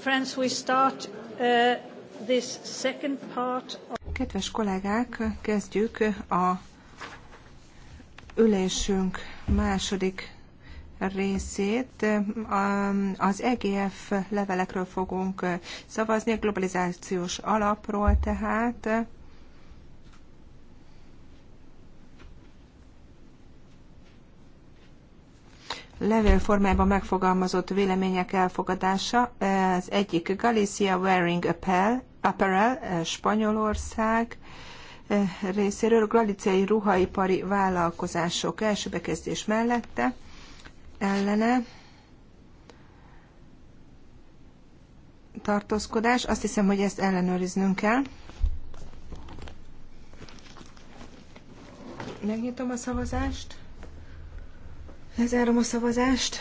Friends, we start uh, this second part of... Kedves kollégák, kezdjük a ülésünk második részét. Az EGF levelekről fogunk szavazni, a globalizációs alapról tehát. levélformájában megfogalmazott vélemények elfogadása az egyik Galicia Wearing Apparel, Apparel eh, Spanyolország eh, részéről, galiciai ruhaipari vállalkozások első bekezdés mellette, ellene tartózkodás. Azt hiszem, hogy ezt ellenőriznünk kell. Megnyitom a szavazást. Lezárom a szavazást.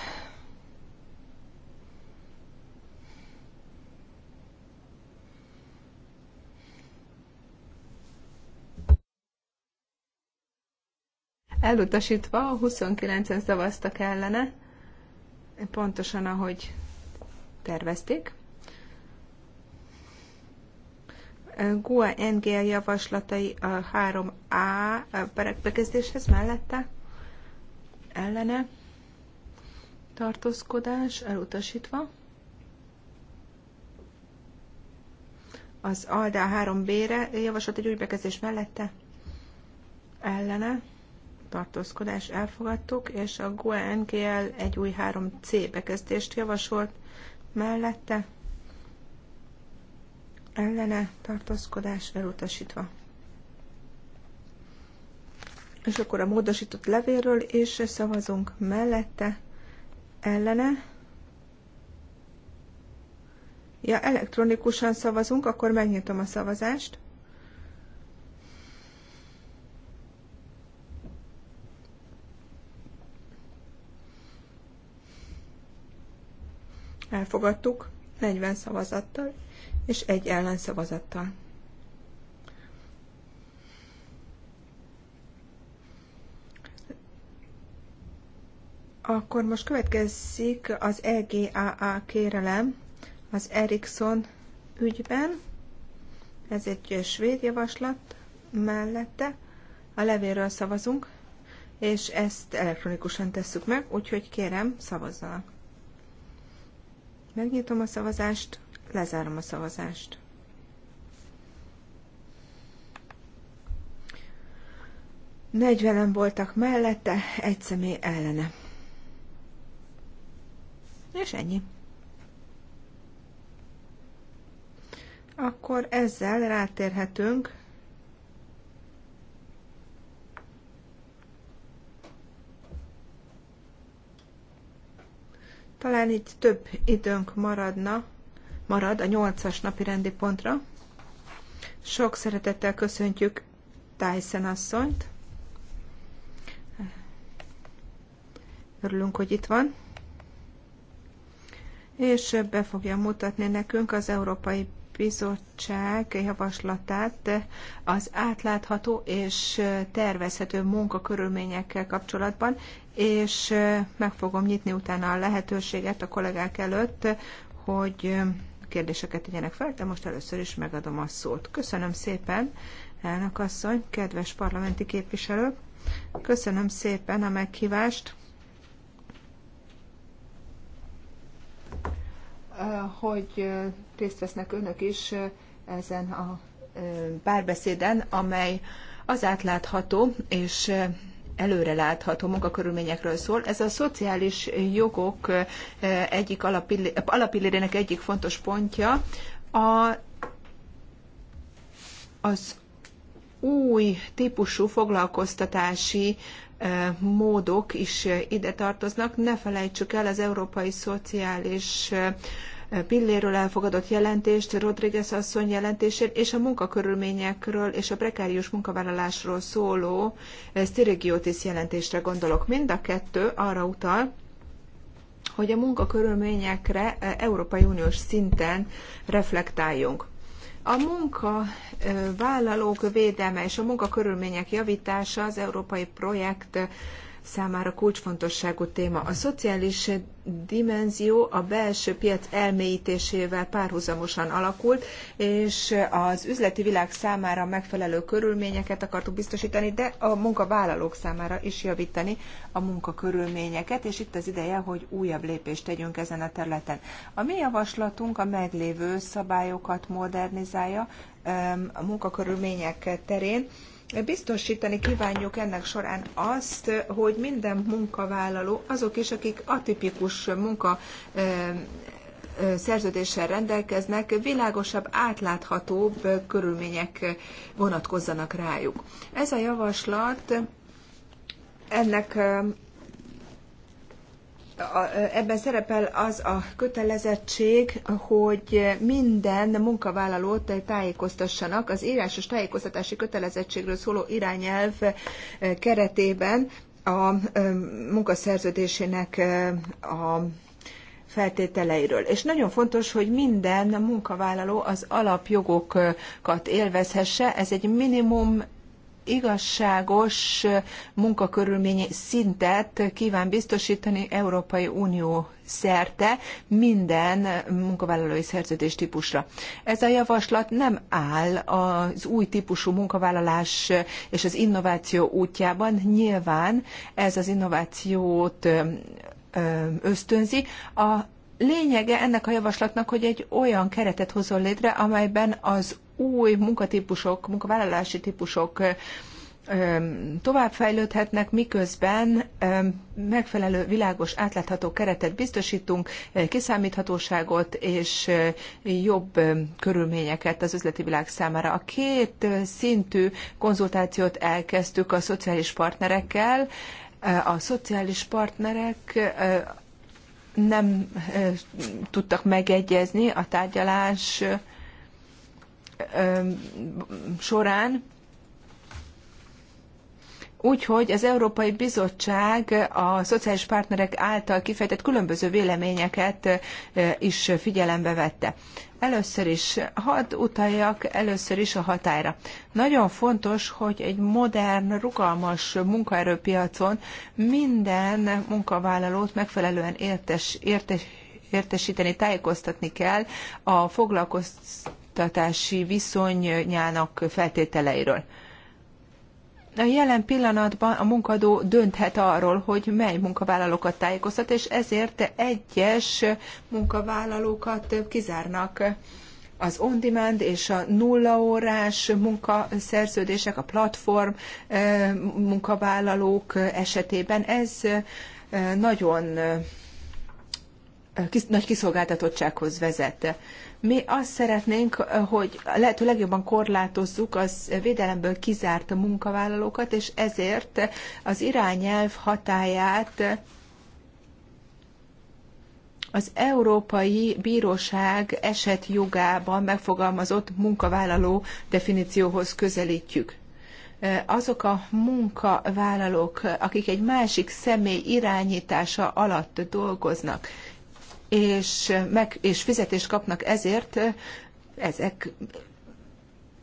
elutasítva, 29-en szavaztak ellene, pontosan ahogy tervezték. GUA NGL javaslatai a 3A bekezdéshez mellette ellene tartózkodás elutasítva. Az ALDA 3B-re javaslat egy új bekezdés mellette ellene tartózkodás elfogadtuk, és a GUE-NGL egy új 3C bekezdést javasolt mellette, ellene tartózkodás elutasítva. És akkor a módosított levélről is szavazunk mellette, ellene. Ja, elektronikusan szavazunk, akkor megnyitom a szavazást. Elfogadtuk 40 szavazattal és egy ellenszavazattal. Akkor most következik az EGAA kérelem az Ericsson ügyben. Ez egy svéd javaslat mellette. A levélről szavazunk, és ezt elektronikusan tesszük meg, úgyhogy kérem, szavazzanak. Megnyitom a szavazást, lezárom a szavazást. Negyvelen voltak mellette, egy személy ellene. És ennyi. Akkor ezzel rátérhetünk Talán itt több időnk maradna, marad a nyolcas napi rendi pontra. Sok szeretettel köszöntjük Tyson asszonyt. Örülünk, hogy itt van. És be fogja mutatni nekünk az Európai bizottság javaslatát az átlátható és tervezhető munkakörülményekkel kapcsolatban, és meg fogom nyitni utána a lehetőséget a kollégák előtt, hogy kérdéseket tegyenek fel, de most először is megadom a szót. Köszönöm szépen, elnök asszony, kedves parlamenti képviselő, köszönöm szépen a meghívást. hogy részt vesznek önök is ezen a párbeszéden, amely az átlátható és előrelátható munkakörülményekről szól. Ez a szociális jogok egyik alapillérének egyik fontos pontja. A, az új típusú foglalkoztatási módok is ide tartoznak. Ne felejtsük el az európai szociális pilléről elfogadott jelentést, Rodriguez asszony jelentését, és a munkakörülményekről és a prekárius munkavállalásról szóló Stirigiotis jelentésre gondolok. Mind a kettő arra utal, hogy a munkakörülményekre Európai Uniós szinten reflektáljunk. A munkavállalók védelme és a munkakörülmények javítása az európai projekt számára kulcsfontosságú téma. A szociális dimenzió a belső piac elmélyítésével párhuzamosan alakult, és az üzleti világ számára megfelelő körülményeket akartuk biztosítani, de a munkavállalók számára is javítani a munkakörülményeket, és itt az ideje, hogy újabb lépést tegyünk ezen a területen. A mi javaslatunk a meglévő szabályokat modernizálja a munkakörülmények terén, Biztosítani kívánjuk ennek során azt, hogy minden munkavállaló, azok is, akik atipikus munka szerződéssel rendelkeznek, világosabb, átláthatóbb körülmények vonatkozzanak rájuk. Ez a javaslat ennek ebben szerepel az a kötelezettség, hogy minden munkavállalót tájékoztassanak az írásos tájékoztatási kötelezettségről szóló irányelv eh, keretében a eh, munkaszerződésének eh, a feltételeiről. És nagyon fontos, hogy minden munkavállaló az alapjogokat élvezhesse, ez egy minimum igazságos munkakörülményi szintet kíván biztosítani Európai Unió szerte minden munkavállalói szerződés típusra. Ez a javaslat nem áll az új típusú munkavállalás és az innováció útjában. Nyilván ez az innovációt ösztönzi. A lényege ennek a javaslatnak, hogy egy olyan keretet hozzon létre, amelyben az új munkatípusok, munkavállalási típusok továbbfejlődhetnek, miközben megfelelő világos, átlátható keretet biztosítunk, kiszámíthatóságot és jobb körülményeket az üzleti világ számára. A két szintű konzultációt elkezdtük a szociális partnerekkel. A szociális partnerek nem tudtak megegyezni a tárgyalás során, Úgyhogy az Európai Bizottság a szociális partnerek által kifejtett különböző véleményeket is figyelembe vette. Először is, hadd utaljak először is a hatályra. Nagyon fontos, hogy egy modern, rugalmas munkaerőpiacon minden munkavállalót megfelelően értes, értes, értesíteni, tájékoztatni kell a foglalkoztatás oktatási viszonyának feltételeiről. A jelen pillanatban a munkadó dönthet arról, hogy mely munkavállalókat tájékoztat, és ezért egyes munkavállalókat kizárnak az on-demand és a nullaórás munkaszerződések, a platform eh, munkavállalók esetében ez eh, nagyon eh, nagy kiszolgáltatottsághoz vezet. Mi azt szeretnénk, hogy lehető legjobban korlátozzuk az védelemből kizárt munkavállalókat, és ezért az irányelv hatáját az Európai Bíróság esetjogában megfogalmazott munkavállaló definícióhoz közelítjük azok a munkavállalók, akik egy másik személy irányítása alatt dolgoznak, és, meg, és fizetést kapnak ezért eh, ezek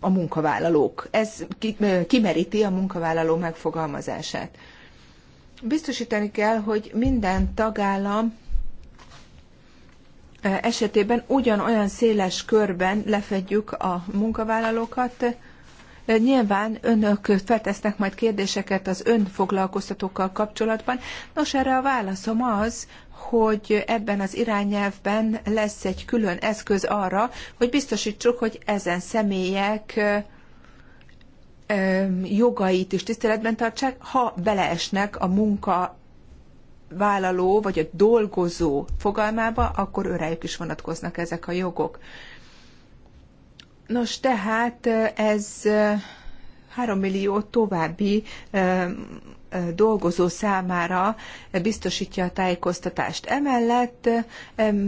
a munkavállalók. Ez eh, kimeríti a munkavállaló megfogalmazását. Biztosítani kell, hogy minden tagállam eh, esetében ugyanolyan széles körben lefedjük a munkavállalókat. Nyilván önök feltesznek majd kérdéseket az önfoglalkoztatókkal kapcsolatban. Nos, erre a válaszom az, hogy ebben az irányelvben lesz egy külön eszköz arra, hogy biztosítsuk, hogy ezen személyek jogait is tiszteletben tartsák, ha beleesnek a munka vállaló vagy a dolgozó fogalmába, akkor őrájuk is vonatkoznak ezek a jogok. Nos, tehát ez 3 millió további dolgozó számára biztosítja a tájékoztatást. Emellett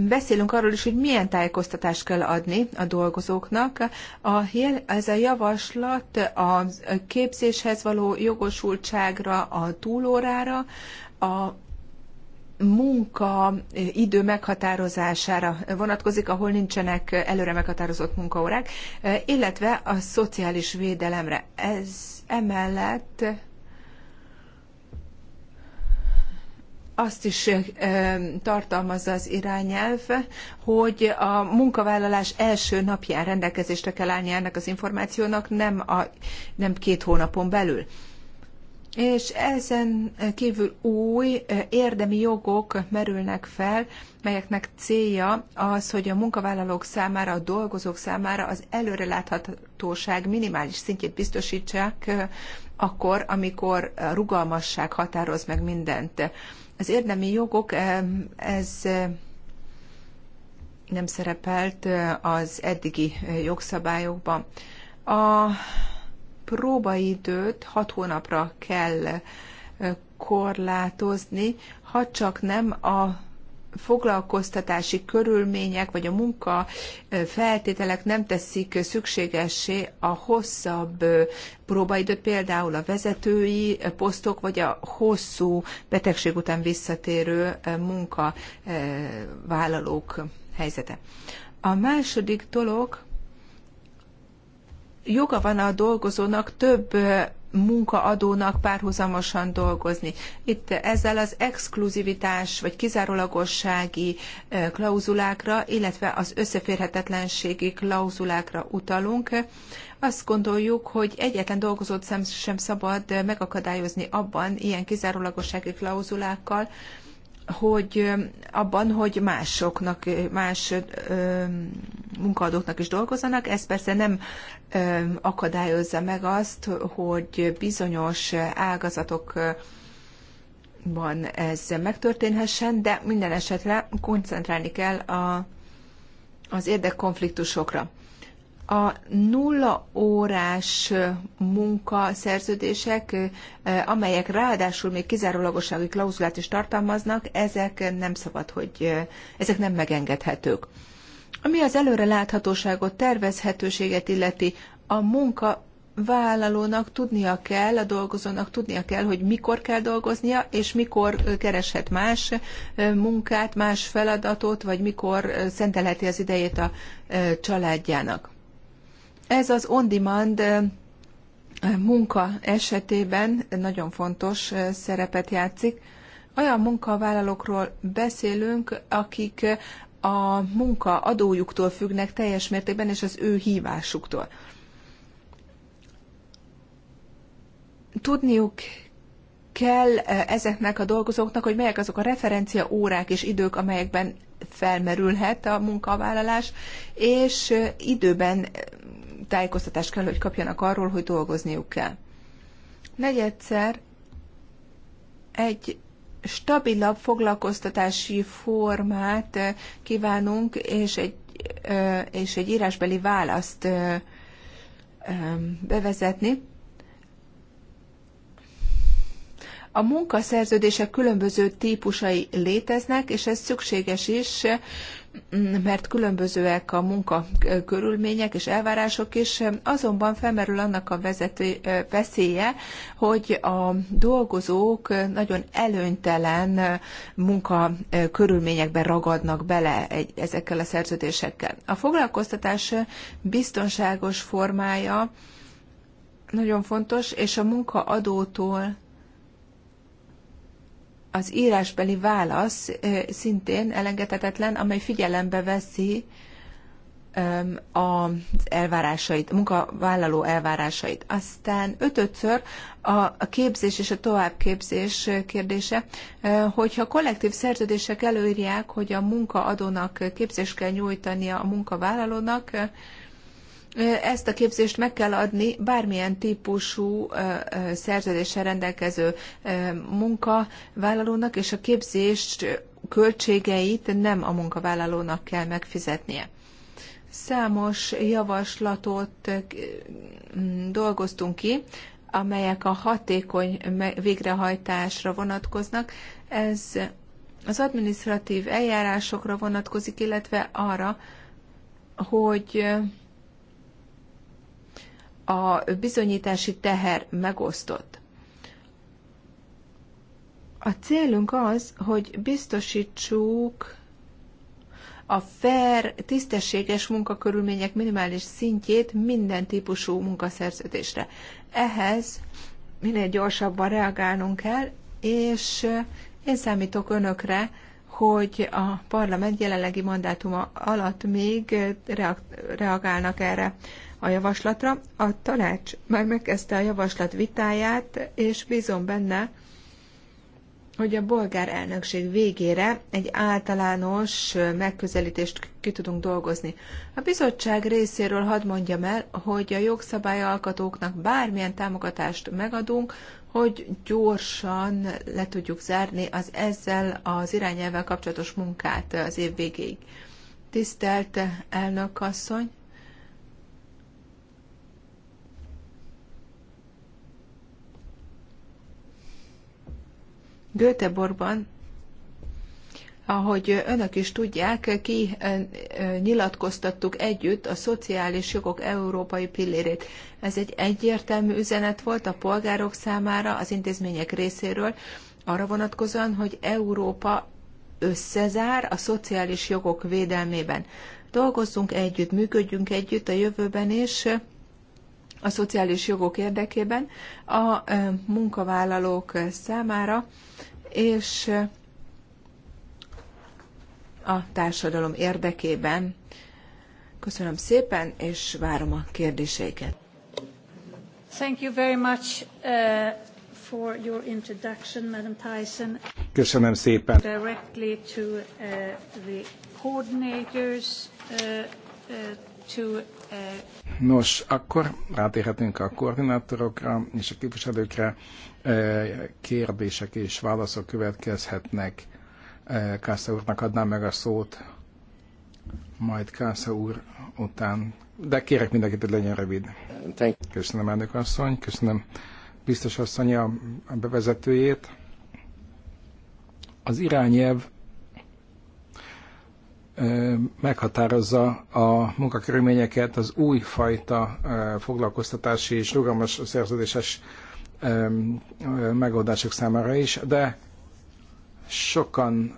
beszélünk arról is, hogy milyen tájékoztatást kell adni a dolgozóknak. A, ez a javaslat a képzéshez való jogosultságra, a túlórára, a munka idő meghatározására vonatkozik, ahol nincsenek előre meghatározott munkaórák, illetve a szociális védelemre. Ez emellett azt is tartalmazza az irányelv, hogy a munkavállalás első napján rendelkezésre kell állnia ennek az információnak, nem, a, nem két hónapon belül. És ezen kívül új érdemi jogok merülnek fel, melyeknek célja az, hogy a munkavállalók számára, a dolgozók számára az előreláthatóság minimális szintjét biztosítsák akkor, amikor rugalmasság határoz meg mindent. Az érdemi jogok, ez nem szerepelt az eddigi jogszabályokban. A próbaidőt hat hónapra kell korlátozni, ha csak nem a foglalkoztatási körülmények vagy a munka feltételek nem teszik szükségessé a hosszabb próbaidőt, például a vezetői posztok vagy a hosszú betegség után visszatérő munkavállalók helyzete. A második dolog, joga van a dolgozónak több munkaadónak párhuzamosan dolgozni. Itt ezzel az exkluzivitás vagy kizárólagossági klauzulákra, illetve az összeférhetetlenségi klauzulákra utalunk. Azt gondoljuk, hogy egyetlen dolgozót sem szabad megakadályozni abban ilyen kizárólagossági klauzulákkal, hogy abban, hogy másoknak, más munkaadóknak is dolgozzanak, ez persze nem akadályozza meg azt, hogy bizonyos van ez megtörténhessen, de minden esetre koncentrálni kell a, az érdekkonfliktusokra a nulla órás munkaszerződések, amelyek ráadásul még kizárólagosági klauzulát is tartalmaznak, ezek nem szabad, hogy ezek nem megengedhetők. Ami az előre láthatóságot, tervezhetőséget illeti, a munka vállalónak tudnia kell, a dolgozónak tudnia kell, hogy mikor kell dolgoznia, és mikor kereshet más munkát, más feladatot, vagy mikor szentelheti az idejét a családjának. Ez az on-demand munka esetében nagyon fontos szerepet játszik. Olyan munkavállalókról beszélünk, akik a munka adójuktól függnek teljes mértékben, és az ő hívásuktól. Tudniuk kell ezeknek a dolgozóknak, hogy melyek azok a referencia órák és idők, amelyekben felmerülhet a munkavállalás, és időben tájékoztatást kell, hogy kapjanak arról, hogy dolgozniuk kell. Negyedszer egy stabilabb foglalkoztatási formát eh, kívánunk, és egy, eh, és egy írásbeli választ eh, bevezetni. A munkaszerződések különböző típusai léteznek, és ez szükséges is mert különbözőek a munka körülmények és elvárások is, azonban felmerül annak a vezető veszélye, hogy a dolgozók nagyon előnytelen munka körülményekben ragadnak bele egy, ezekkel a szerződésekkel. A foglalkoztatás biztonságos formája nagyon fontos, és a munkaadótól az írásbeli válasz szintén elengedhetetlen, amely figyelembe veszi az elvárásait, a munkavállaló elvárásait. Aztán ötödször a képzés és a továbbképzés kérdése, hogyha kollektív szerződések előírják, hogy a munkaadónak képzést kell nyújtania a munkavállalónak, ezt a képzést meg kell adni bármilyen típusú szerződéssel rendelkező munkavállalónak, és a képzés költségeit nem a munkavállalónak kell megfizetnie. Számos javaslatot dolgoztunk ki, amelyek a hatékony végrehajtásra vonatkoznak. Ez az administratív eljárásokra vonatkozik, illetve arra, hogy a bizonyítási teher megosztott. A célunk az, hogy biztosítsuk a fair, tisztességes munkakörülmények minimális szintjét minden típusú munkaszerződésre. Ehhez minél gyorsabban reagálnunk kell, és én számítok önökre, hogy a parlament jelenlegi mandátuma alatt még reagálnak erre a javaslatra. A tanács már megkezdte a javaslat vitáját, és bízom benne, hogy a bolgár elnökség végére egy általános megközelítést ki tudunk dolgozni. A bizottság részéről hadd mondjam el, hogy a jogszabályalkatóknak bármilyen támogatást megadunk, hogy gyorsan le tudjuk zárni az ezzel az irányelvvel kapcsolatos munkát az év végéig. Tisztelt elnök asszony! Göteborgban, ahogy önök is tudják, ki nyilatkoztattuk együtt a szociális jogok európai pillérét. Ez egy egyértelmű üzenet volt a polgárok számára, az intézmények részéről, arra vonatkozóan, hogy Európa összezár a szociális jogok védelmében. Dolgozzunk együtt, működjünk együtt a jövőben is, a szociális jogok érdekében a munkavállalók számára, és a társadalom érdekében. Köszönöm szépen, és várom a kérdéseiket. Thank you very much uh, for your introduction, Madam Tyson. Köszönöm szépen. Directly to uh, the coordinators uh, to, uh, Nos, akkor rátérhetünk a koordinátorokra és a képviselőkre. Eh, kérdések és válaszok következhetnek. Eh, Kásza úrnak adnám meg a szót, majd Kásza úr után. De kérek mindenkit, hogy legyen rövid. Köszönöm, elnök asszony, köszönöm biztos asszony a bevezetőjét. Az irányelv meghatározza a munkakörülményeket az újfajta foglalkoztatási és rugalmas szerződéses megoldások számára is, de sokan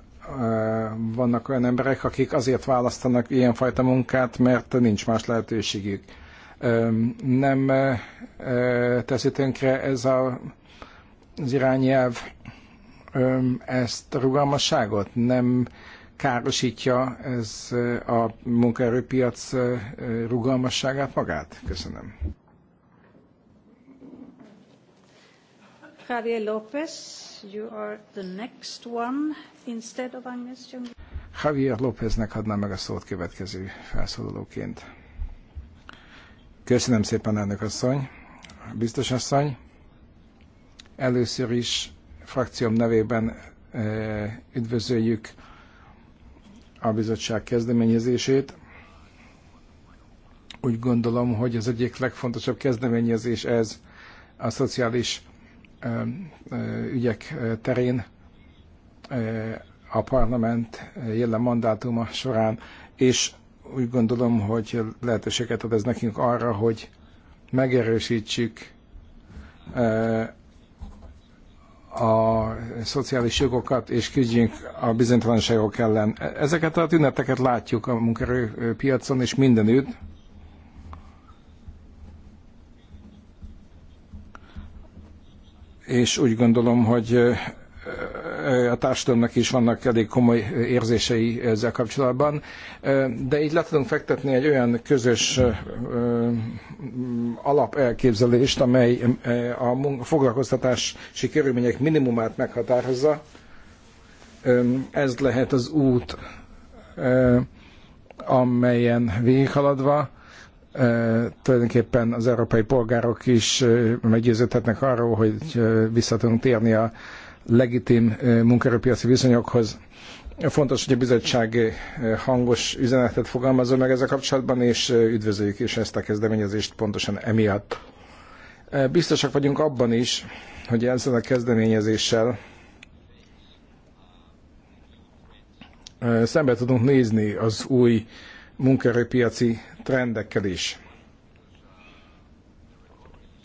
vannak olyan emberek, akik azért választanak ilyenfajta munkát, mert nincs más lehetőségük. Nem teszi tönkre ez a, az irányelv ezt a rugalmasságot? Nem károsítja ez eh, a munkaerőpiac eh, rugalmasságát magát? Köszönöm. Javier López, you are the next one instead of Agnes Jung. Javier Lópeznek adnám meg a szót következő felszólalóként. Köszönöm szépen, elnök asszony, biztos asszony. Először is frakcióm nevében eh, üdvözöljük a bizottság kezdeményezését. Úgy gondolom, hogy az egyik legfontosabb kezdeményezés ez a szociális ügyek terén a parlament jelen mandátuma során, és úgy gondolom, hogy lehetőséget ad ez nekünk arra, hogy megerősítsük a szociális jogokat, és küzdjünk a bizonytalanságok ellen. Ezeket a tüneteket látjuk a munkerőpiacon és mindenütt. És úgy gondolom, hogy a társadalomnak is vannak elég komoly érzései ezzel kapcsolatban, de így le tudunk fektetni egy olyan közös alapelképzelést, amely a foglalkoztatási körülmények minimumát meghatározza. Ez lehet az út, amelyen végighaladva tulajdonképpen az európai polgárok is meggyőződhetnek arról, hogy vissza tudunk térni a legitim eh, munkaerőpiaci viszonyokhoz. Fontos, hogy a bizottság eh, hangos üzenetet fogalmazza meg ezzel kapcsolatban, és eh, üdvözöljük is ezt a kezdeményezést pontosan emiatt. Biztosak vagyunk abban is, hogy ezzel a kezdeményezéssel szembe tudunk nézni az új munkaerőpiaci trendekkel is.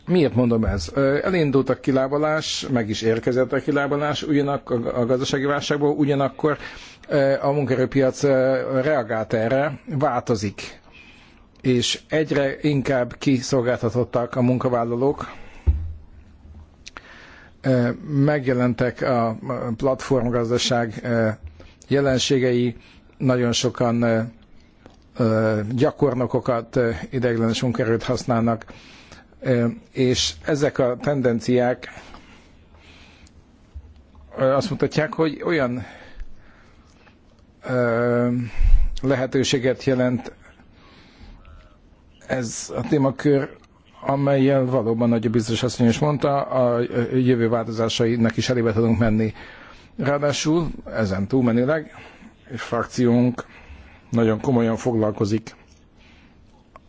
Miért mondom ez? Elindult a kilábalás, meg is érkezett a kilábalás ugyanakkor a gazdasági válságból, ugyanakkor a munkerőpiac reagált erre, változik, és egyre inkább kiszolgáltatottak a munkavállalók. Megjelentek a platformgazdaság jelenségei, nagyon sokan gyakornokokat, ideiglenes munkerőt használnak, és ezek a tendenciák azt mutatják, hogy olyan lehetőséget jelent ez a témakör, amellyel valóban nagy biztos asszony is mondta, a jövő változásainak is elébe tudunk menni. Ráadásul ezen túlmenőleg, és frakciónk nagyon komolyan foglalkozik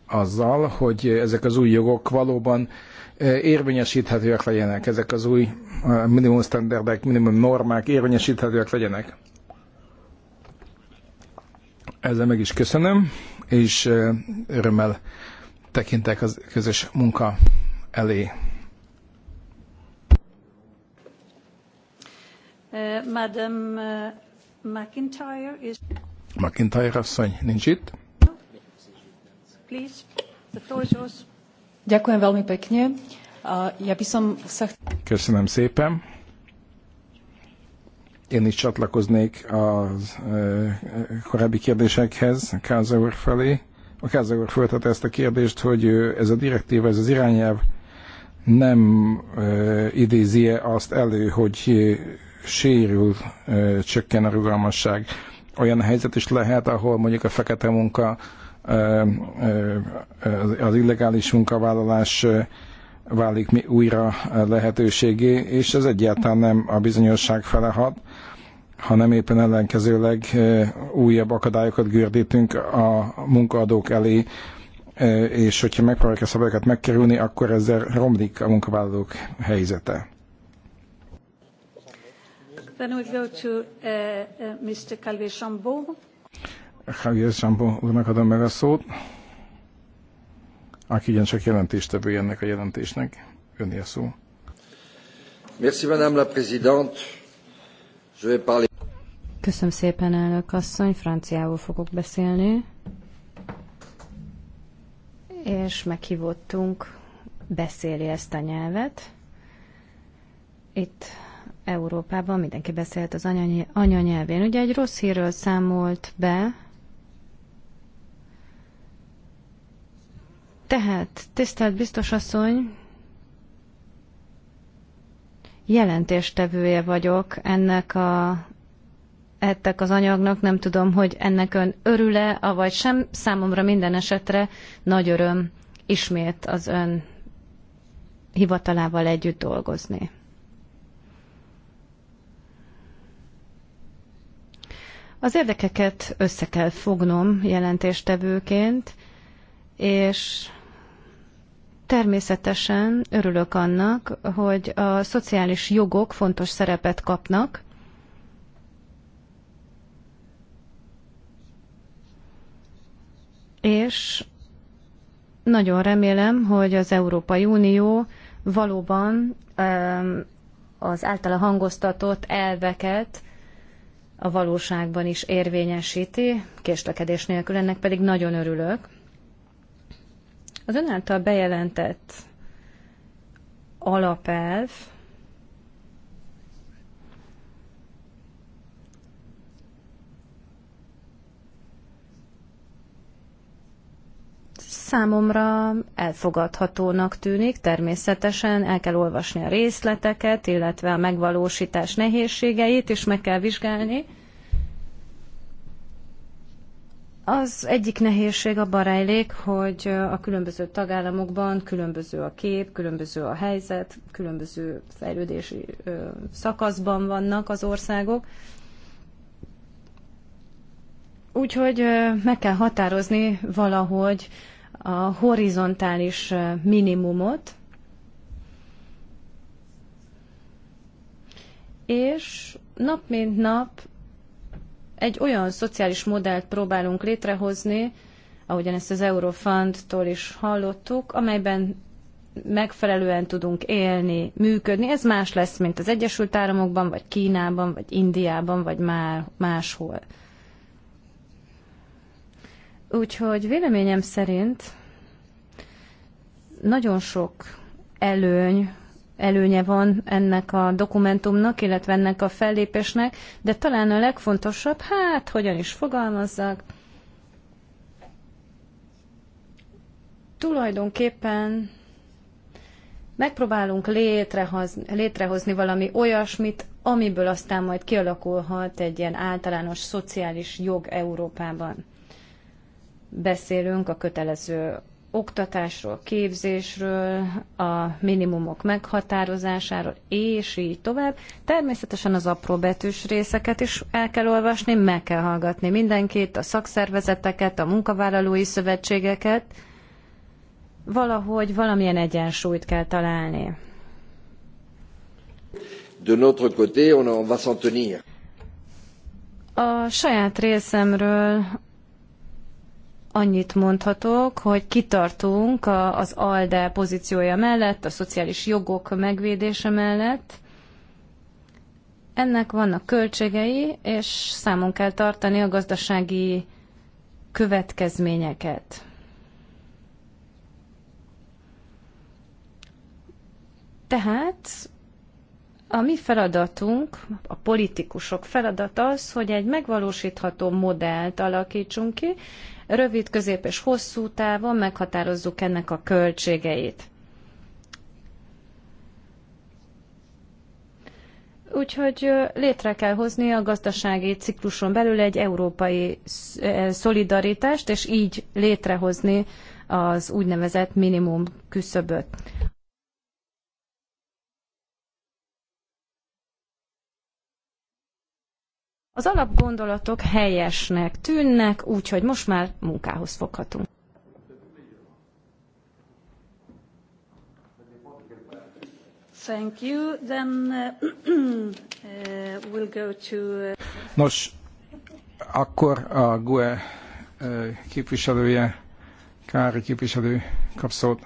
azzal, hogy ezek az új jogok valóban eh, érvényesíthetőek legyenek, ezek az új eh, minimum standardek, minimum normák érvényesíthetőek legyenek. Ezzel meg is köszönöm, és eh, örömmel tekintek az közös munka elé. Madam McIntyre is... McIntyre asszony nincs itt. Please, the floor is yours. Ďakujem veľmi pekne. Ja by som sa... Köszönöm szépen. Én is csatlakoznék a e, e, korábbi kérdésekhez, Káza úr felé. A Káza úr föltette ezt a kérdést, hogy ez a direktíva, ez az irányelv nem idézi -e azt elő, hogy sérül, e, csökken a rugalmasság. Olyan helyzet is lehet, ahol mondjuk a fekete munka az illegális munkavállalás válik újra lehetőségé, és ez egyáltalán nem a bizonyosság fele hat, hanem éppen ellenkezőleg újabb akadályokat gördítünk a munkaadók elé, és hogyha megpróbálják a szabályokat megkerülni, akkor ezzel romlik a munkavállalók helyzete. Then we go to uh, uh, Mr. Calvé-Chambon. Javier Sambó úrnak adom meg a szót, aki ugyancsak jelentéstevő ennek a jelentésnek. a szó. Merci, Madame la Présidente. Je vais parler... Köszönöm szépen, elnök asszony, franciául fogok beszélni. És meghívottunk beszéli ezt a nyelvet. Itt Európában mindenki beszélt az anyanyelvén. Ugye egy rossz hírről számolt be Tehát, tisztelt biztos asszony, jelentéstevője vagyok ennek a ettek az anyagnak, nem tudom, hogy ennek ön örül-e, avagy sem. Számomra minden esetre nagy öröm ismét az ön hivatalával együtt dolgozni. Az érdekeket össze kell fognom jelentéstevőként, és Természetesen örülök annak, hogy a szociális jogok fontos szerepet kapnak, és nagyon remélem, hogy az Európai Unió valóban az általa hangoztatott elveket a valóságban is érvényesíti, késlekedés nélkül ennek pedig nagyon örülök. Az ön által bejelentett alapelv, számomra elfogadhatónak tűnik, természetesen el kell olvasni a részleteket, illetve a megvalósítás nehézségeit, is meg kell vizsgálni. Az egyik nehézség abban rejlik, hogy a különböző tagállamokban különböző a kép, különböző a helyzet, különböző fejlődési szakaszban vannak az országok. Úgyhogy meg kell határozni valahogy a horizontális minimumot, és nap mint nap egy olyan szociális modellt próbálunk létrehozni, ahogyan ezt az Eurofundtól is hallottuk, amelyben megfelelően tudunk élni, működni. Ez más lesz, mint az Egyesült Államokban, vagy Kínában, vagy Indiában, vagy már máshol. Úgyhogy véleményem szerint nagyon sok előny előnye van ennek a dokumentumnak, illetve ennek a fellépésnek, de talán a legfontosabb, hát hogyan is fogalmazzak, tulajdonképpen megpróbálunk létrehozni, létrehozni valami olyasmit, amiből aztán majd kialakulhat egy ilyen általános szociális jog Európában. Beszélünk a kötelező oktatásról, képzésről, a minimumok meghatározásáról, és így tovább. Természetesen az apró betűs részeket is el kell olvasni, meg kell hallgatni mindenkit, a szakszervezeteket, a munkavállalói szövetségeket. Valahogy valamilyen egyensúlyt kell találni. De notre côté, on va s'en tenir. A saját részemről annyit mondhatok, hogy kitartunk az ALDE pozíciója mellett, a szociális jogok megvédése mellett. Ennek vannak költségei, és számon kell tartani a gazdasági következményeket. Tehát a mi feladatunk, a politikusok feladata az, hogy egy megvalósítható modellt alakítsunk ki, rövid, közép és hosszú távon meghatározzuk ennek a költségeit. Úgyhogy létre kell hozni a gazdasági cikluson belül egy európai szolidaritást, és így létrehozni az úgynevezett minimum küszöböt. Az alapgondolatok helyesnek tűnnek, úgyhogy most már munkához foghatunk. Thank you. Then uh, uh we'll go to... Uh, Nos, akkor a GUE uh, képviselője, Kári képviselő kap szót.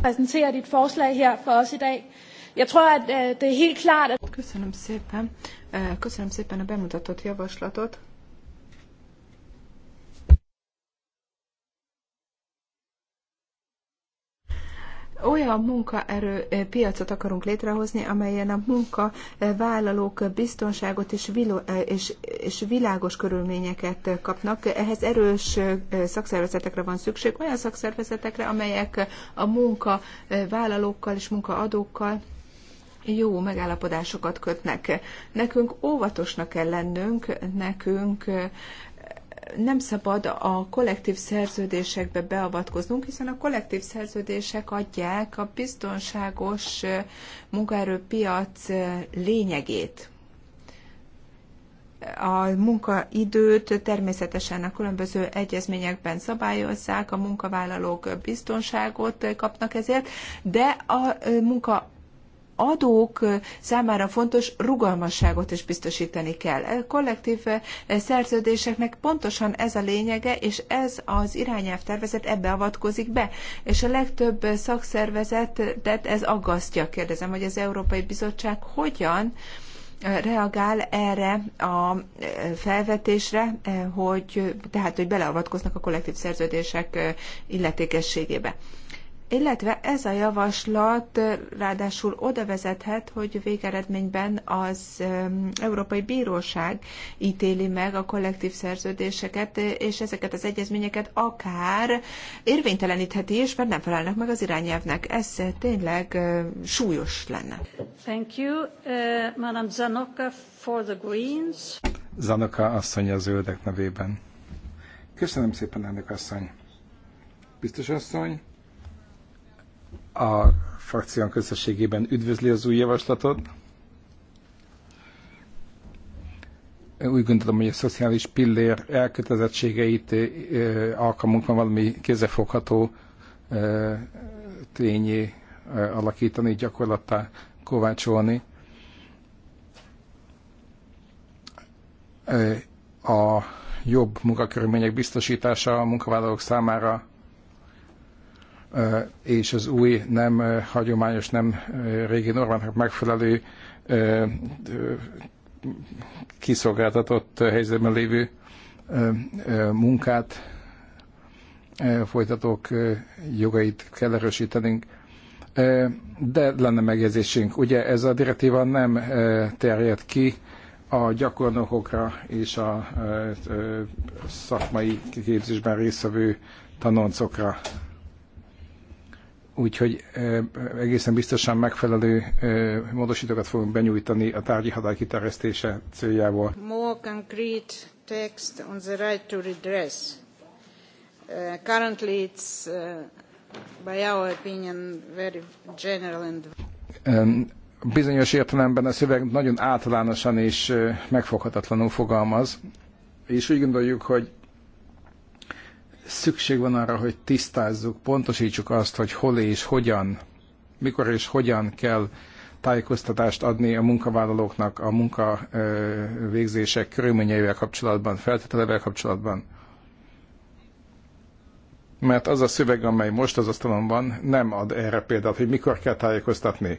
Præsenterer dit forslag her for os i dag. Jeg tror, at øh, det er helt klart, at... Köszönöm szépen. Eh, köszönöm szépen a bemutatott javaslatot. olyan munkaerő eh, piacot akarunk létrehozni, amelyen a munkavállalók eh, biztonságot és, és, és világos körülményeket kapnak. Ehhez erős szakszervezetekre van szükség, olyan szakszervezetekre, amelyek a munkavállalókkal és munkaadókkal jó megállapodásokat kötnek. Nekünk óvatosnak kell lennünk, nekünk nem szabad a kollektív szerződésekbe beavatkoznunk, hiszen a kollektív szerződések adják a biztonságos munkaerőpiac lényegét. A munkaidőt természetesen a különböző egyezményekben szabályozzák, a munkavállalók biztonságot kapnak ezért, de a munka adók számára fontos rugalmasságot is biztosítani kell. A kollektív eh, szerződéseknek pontosan ez a lényege, és ez az irányelv tervezet ebbe avatkozik be. És a legtöbb szakszervezetet ez aggasztja. Kérdezem, hogy az Európai Bizottság hogyan eh, reagál erre a eh, felvetésre, hogy tehát, hogy beleavatkoznak a kollektív szerződések illetékességébe illetve ez a javaslat ráadásul oda vezethet, hogy végeredményben az Európai Bíróság ítéli meg a kollektív szerződéseket, és ezeket az egyezményeket akár érvénytelenítheti is, mert nem felelnek meg az irányelvnek. Ez tényleg súlyos lenne. Thank you, uh, Madam Zanoka for the Greens. Zanoka asszony a zöldek nevében. Köszönöm szépen, elnök asszony. Biztos asszony, a frakción közösségében üdvözli az új javaslatot. Úgy gondolom, hogy a szociális pillér elkötelezettségeit eh, alkalmunkban valami kézefogható eh, tényé eh, alakítani, gyakorlattá kovácsolni. A jobb munkakörülmények biztosítása a munkavállalók számára és az új, nem hagyományos, nem régi normának megfelelő kiszolgáltatott helyzetben lévő munkát folytatók jogait kell erősítenünk. De lenne megjegyzésünk. Ugye ez a direktíva nem terjed ki a gyakornokokra és a szakmai képzésben résztvevő tanoncokra Úgyhogy egészen biztosan megfelelő módosítókat fogunk benyújtani a tárgyi hatály kiterjesztése céljából. More concrete text on the right to redress. Uh, currently it's, uh, by our opinion, very general and... Um, bizonyos értelemben a szöveg nagyon általánosan és megfoghatatlanul fogalmaz, és úgy gondoljuk, hogy szükség van arra, hogy tisztázzuk, pontosítsuk azt, hogy hol és hogyan, mikor és hogyan kell tájékoztatást adni a munkavállalóknak a munka körülményeivel kapcsolatban, feltételevel kapcsolatban. Mert az a szöveg, amely most az asztalon van, nem ad erre példát, hogy mikor kell tájékoztatni.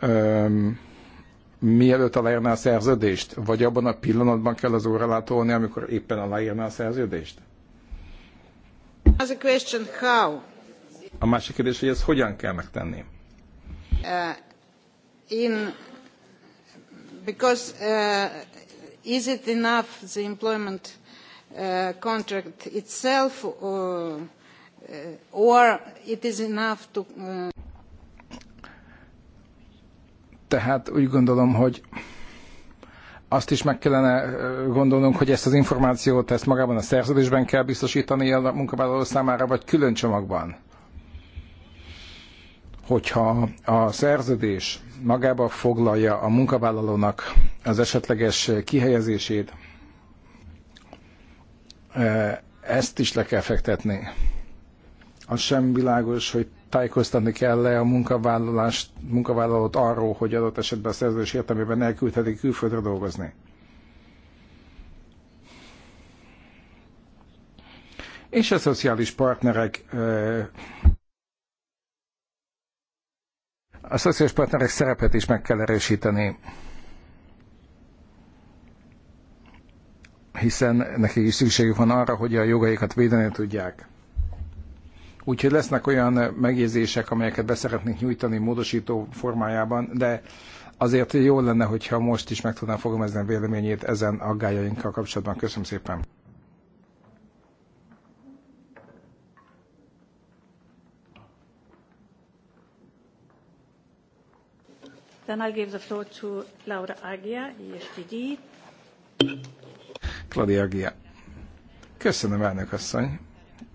Öm, mielőtt aláírná a szerződést, vagy abban a pillanatban kell az óralátolni, amikor éppen aláírná a szerződést? a másik kérdés, hogy ezt hogyan kell megtenni? Uh, because uh, is it enough the employment uh, contract itself, or it is enough to... Tehát úgy gondolom, hogy azt is meg kellene gondolnunk, hogy ezt az információt ezt magában a szerződésben kell biztosítani a munkavállaló számára, vagy külön csomagban. Hogyha a szerződés magába foglalja a munkavállalónak az esetleges kihelyezését, ezt is le kell fektetni. Az sem világos, hogy tájékoztatni kell-e a munkavállalót arról, hogy adott esetben a szerződés értelmében elküldhetik külföldre dolgozni. És a szociális partnerek a szociális partnerek szerepet is meg kell erősíteni. Hiszen nekik is szükségük van arra, hogy a jogaikat védeni tudják. Úgyhogy lesznek olyan megjegyzések, amelyeket beszeretnénk nyújtani módosító formájában, de azért jó lenne, hogyha most is meg tudnám fogalmazni a véleményét ezen aggájainkkal kapcsolatban. Köszönöm szépen! Then I give the floor to Laura Agia, ESTD. Claudia Agia. Köszönöm, elnök asszony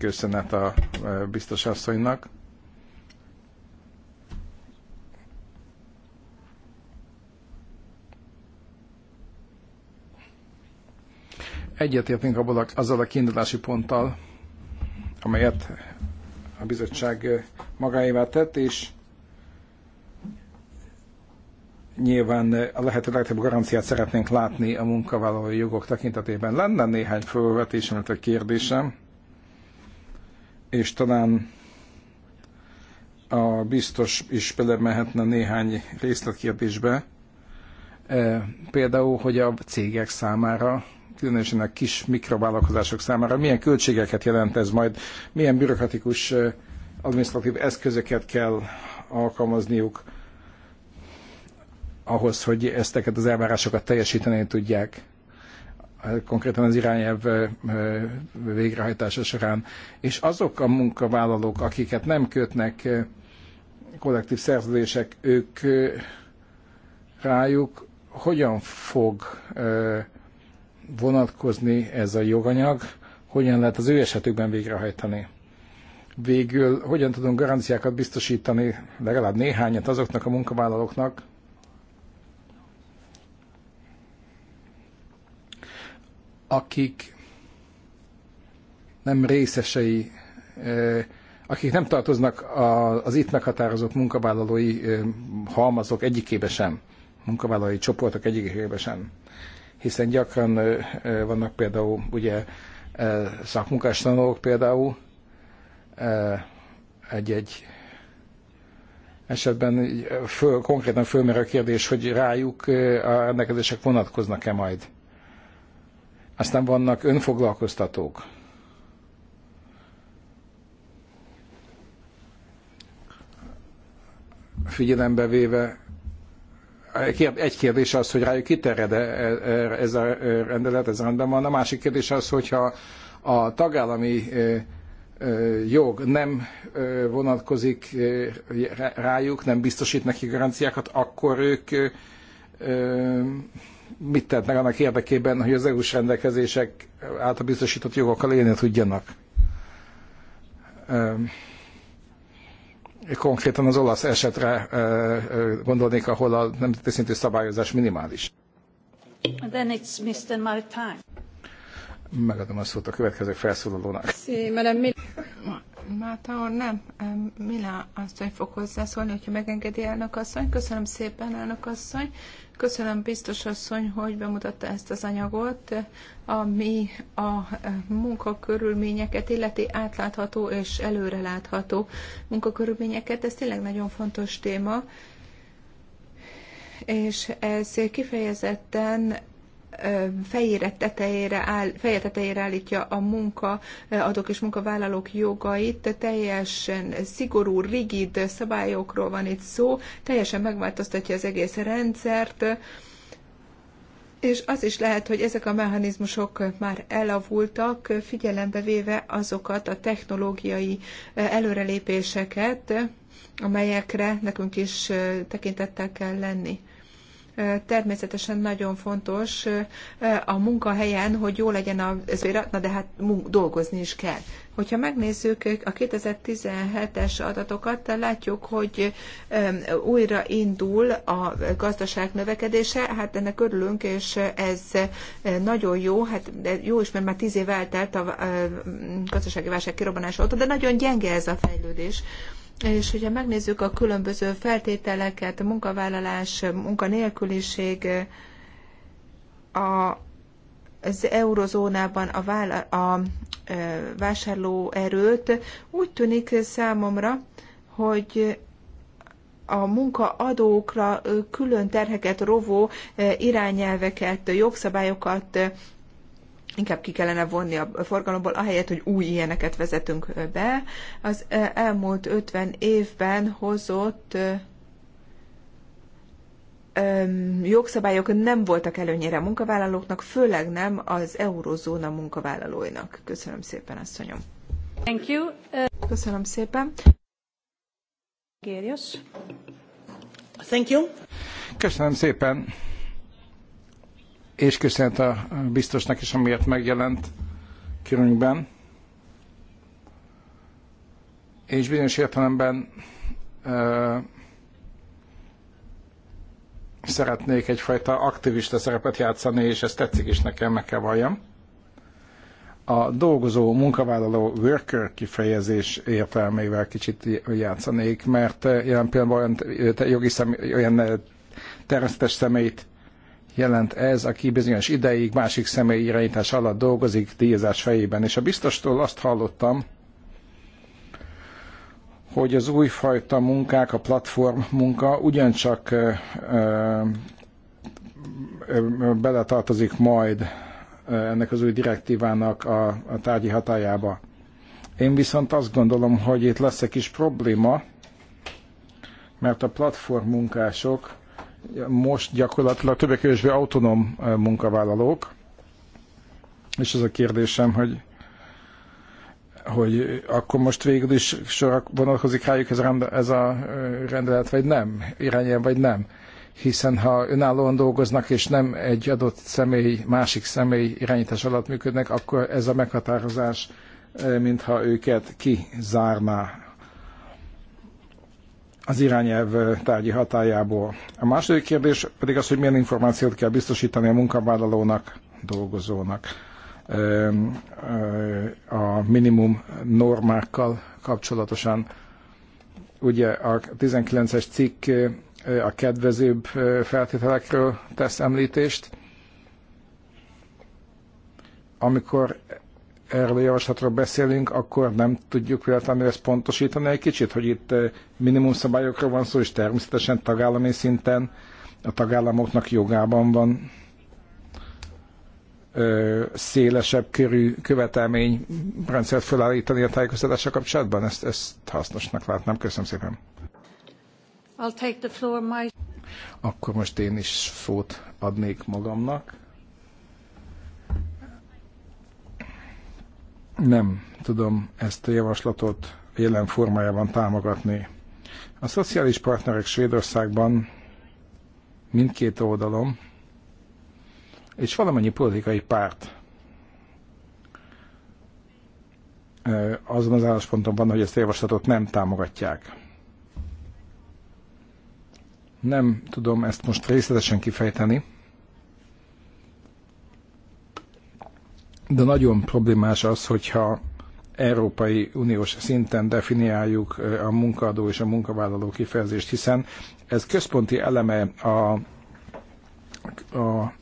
köszönet a e, biztos asszonynak. Egyetértünk abból a, azzal a kiindulási ponttal, amelyet a bizottság magáévá tett, és nyilván a lehető legtöbb garanciát szeretnénk látni a munkavállalói jogok tekintetében. Lenne néhány felvetésem, illetve kérdésem és talán a biztos is belemehetne néhány részletkérdésbe. E, például, hogy a cégek számára, különösen a kis mikrovállalkozások számára milyen költségeket jelent ez majd, milyen bürokratikus e, administratív eszközöket kell alkalmazniuk ahhoz, hogy ezteket az elvárásokat teljesíteni tudják konkrétan az irányelv végrehajtása során, és azok a munkavállalók, akiket nem kötnek kollektív szerződések, ők rájuk hogyan fog vonatkozni ez a joganyag, hogyan lehet az ő esetükben végrehajtani. Végül hogyan tudunk garanciákat biztosítani, legalább néhányat azoknak a munkavállalóknak, akik nem részesei, akik nem tartoznak az itt meghatározott munkavállalói halmazok egyikébe sem, munkavállalói csoportok egyikébe sem. Hiszen gyakran vannak például ugye szakmunkás tanulók például, egy-egy esetben föl, konkrétan fölmerül a kérdés, hogy rájuk a rendelkezések vonatkoznak-e majd. Aztán vannak önfoglalkoztatók. Figyelembe véve, egy kérdés az, hogy rájuk kiterjed e, e, ez a rendelet, ez rendben van. A másik kérdés az, hogyha a tagállami e, jog nem vonatkozik rájuk, nem biztosít neki garanciákat, akkor ők mit tett meg annak érdekében, hogy az EU-s rendelkezések által biztosított jogokkal élni tudjanak? Konkrétan az olasz esetre gondolnék, ahol a nemzeti szintű szabályozás minimális. Then it's Mr. Maritime. Megadom a szót a következő felszólalónak. Sí, Mátor, nem. Mila asszony fog hozzászólni, hogyha megengedi elnök asszony. Köszönöm szépen, elnök asszony. Köszönöm biztos asszony, hogy bemutatta ezt az anyagot, ami a e, munkakörülményeket illeti átlátható és előrelátható munkakörülményeket. Ez tényleg nagyon fontos téma és ez kifejezetten fejére tetejére, áll, feje tetejére állítja a munkaadók és munkavállalók jogait, teljesen szigorú, rigid szabályokról van itt szó, teljesen megváltoztatja az egész rendszert, és az is lehet, hogy ezek a mechanizmusok már elavultak, figyelembe véve azokat a technológiai előrelépéseket, amelyekre nekünk is tekintettel kell lenni természetesen nagyon fontos a munkahelyen, hogy jó legyen a vérat, na de hát dolgozni is kell. Hogyha megnézzük a 2017-es adatokat, látjuk, hogy újra indul a gazdaság növekedése, hát ennek örülünk, és ez nagyon jó, hát jó is, mert már tíz év eltelt a gazdasági válság kirobbanása óta, de nagyon gyenge ez a fejlődés. És hogyha megnézzük a különböző feltételeket, a munkavállalás, munkanélküliség, a, az eurozónában a, vála, a vásárlóerőt, úgy tűnik számomra, hogy a munkaadókra külön terheket rovó irányelveket, jogszabályokat inkább ki kellene vonni a forgalomból, ahelyett, hogy új ilyeneket vezetünk be. Az e, elmúlt 50 évben hozott e, jogszabályok nem voltak előnyére a munkavállalóknak, főleg nem az eurozóna munkavállalóinak. Köszönöm szépen, asszonyom. Thank you. E, Köszönöm szépen. Gérius. Thank you. Köszönöm szépen és köszönet a biztosnak is, amiért megjelent körünkben. És bizonyos értelemben ö, szeretnék egyfajta aktivista szerepet játszani, és ez tetszik is nekem, meg kell valljam. A dolgozó, munkavállaló worker kifejezés értelmével kicsit játszanék, mert jelen pillanatban olyan, jogi szem, olyan természetes személyt jelent ez, aki bizonyos ideig másik személy irányítás alatt dolgozik díjazás fejében. És a biztostól azt hallottam, hogy az újfajta munkák, a platform munka ugyancsak ö, ö, ö, beletartozik majd ennek az új direktívának a, a tárgyi hatájába. Én viszont azt gondolom, hogy itt lesz egy kis probléma, mert a platform munkások most gyakorlatilag többek kevésbé autonóm munkavállalók, és az a kérdésem, hogy hogy akkor most végül is sorra vonatkozik rájuk ez, rende, ez a rendelet, vagy nem, irányel, vagy nem. Hiszen ha önállóan dolgoznak, és nem egy adott személy, másik személy irányítás alatt működnek, akkor ez a meghatározás, mintha őket kizárná az irányelv tárgyi hatájából. A második kérdés pedig az, hogy milyen információt kell biztosítani a munkavállalónak, dolgozónak a minimum normákkal kapcsolatosan. Ugye a 19-es cikk a kedvezőbb feltételekről tesz említést. Amikor erről a javaslatról beszélünk, akkor nem tudjuk véletlenül ezt pontosítani egy kicsit, hogy itt eh, minimum szabályokról van szó, és természetesen tagállami szinten a tagállamoknak jogában van ö, eh, szélesebb körű követelményrendszert felállítani a tájékoztatása kapcsolatban? Ezt, ezt hasznosnak látnám. Köszönöm szépen. I'll take the floor, my... Akkor most én is szót adnék magamnak. nem tudom ezt a javaslatot jelen formájában támogatni. A szociális partnerek Svédországban mindkét oldalom és valamennyi politikai párt eh, azon az állásponton van, hogy ezt a javaslatot nem támogatják. Nem tudom ezt most részletesen kifejteni, de nagyon problémás az, hogyha Európai Uniós szinten definiáljuk a munkaadó és a munkavállaló kifejezést, hiszen ez központi eleme a, a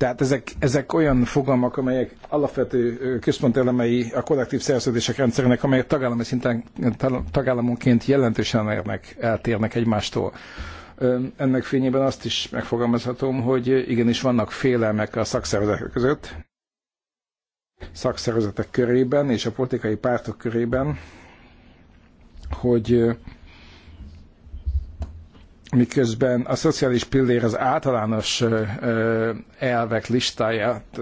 Tehát ezek, ezek olyan fogalmak, amelyek alapvető központelemei a kollektív szerződések rendszerének, amelyek tagállami szinten, tagállamonként jelentősen érnek, eltérnek egymástól. Ennek fényében azt is megfogalmazhatom, hogy igenis vannak félelmek a szakszervezetek között, szakszervezetek körében és a politikai pártok körében, hogy miközben a szociális pillér az általános elvek listáját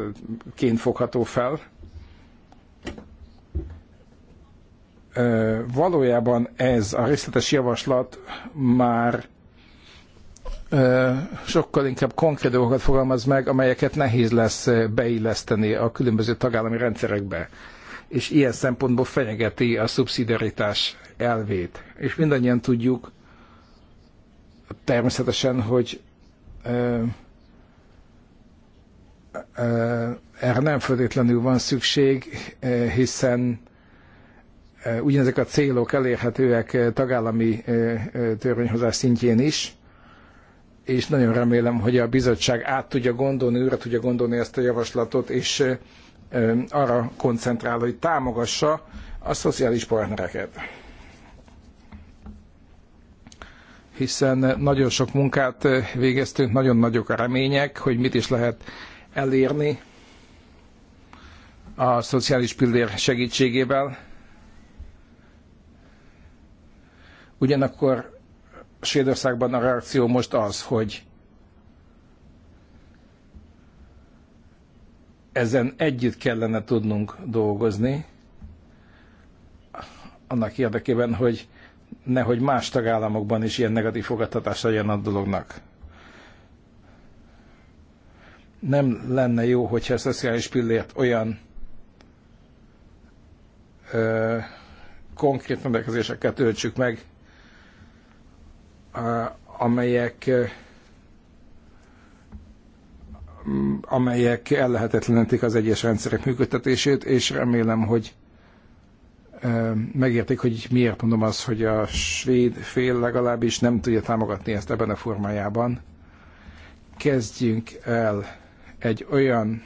fogható fel. Valójában ez a részletes javaslat már sokkal inkább konkrét dolgokat fogalmaz meg, amelyeket nehéz lesz beilleszteni a különböző tagállami rendszerekbe. És ilyen szempontból fenyegeti a szubszidiaritás elvét. És mindannyian tudjuk, természetesen, hogy erre nem feltétlenül van szükség, hiszen ugyanezek a célok elérhetőek tagállami törvényhozás szintjén is, és nagyon remélem, hogy a bizottság át tudja gondolni, őre tudja gondolni ezt a javaslatot, és arra koncentrál, hogy támogassa a szociális partnereket. hiszen nagyon sok munkát eh, végeztünk, nagyon nagyok a remények, hogy mit is lehet elérni a szociális pillér segítségével. Ugyanakkor Svédországban a reakció most az, hogy ezen együtt kellene tudnunk dolgozni, annak érdekében, hogy nehogy más tagállamokban is ilyen negatív fogadtatás legyen a dolognak. Nem lenne jó, hogyha a szociális pillért olyan ö, konkrét rendelkezésekkel töltsük meg, ö, amelyek ö, amelyek ellehetetlenítik az egyes rendszerek működtetését, és remélem, hogy megértik, hogy miért mondom azt, hogy a svéd fél legalábbis nem tudja támogatni ezt ebben a formájában. Kezdjünk el egy olyan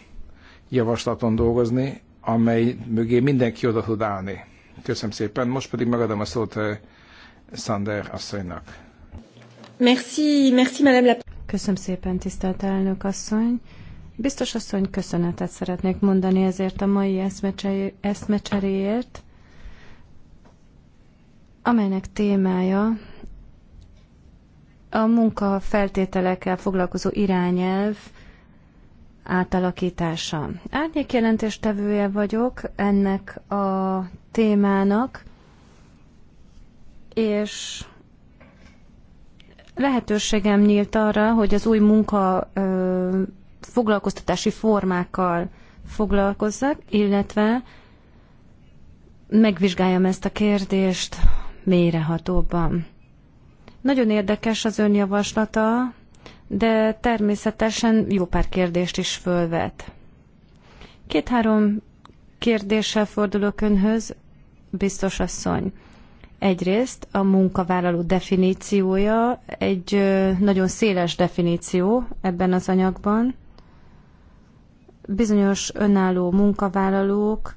javaslaton dolgozni, amely mögé mindenki oda tud állni. Köszönöm szépen. Most pedig megadom a szót Sander asszonynak. Merci, merci, madame la... Köszönöm szépen, tisztelt elnök asszony. Biztos asszony, köszönetet szeretnék mondani ezért a mai eszmecseréért amelynek témája a munka feltételekkel foglalkozó irányelv átalakítása. Árnyék jelentéstevője vagyok ennek a témának, és lehetőségem nyílt arra, hogy az új munka ö, foglalkoztatási formákkal foglalkozzak, illetve megvizsgáljam ezt a kérdést Mélyrehatóban. Nagyon érdekes az ön javaslata, de természetesen jó pár kérdést is fölvet. Két-három kérdéssel fordulok önhöz, biztos asszony. Egyrészt a munkavállaló definíciója egy nagyon széles definíció ebben az anyagban. Bizonyos önálló munkavállalók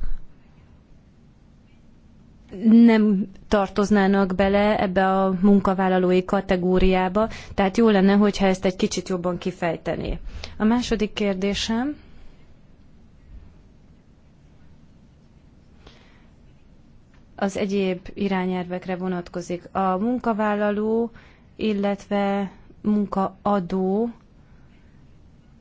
nem tartoznának bele ebbe a munkavállalói kategóriába, tehát jó lenne, hogyha ezt egy kicsit jobban kifejtené. A második kérdésem. Az egyéb irányelvekre vonatkozik. A munkavállaló, illetve munkaadó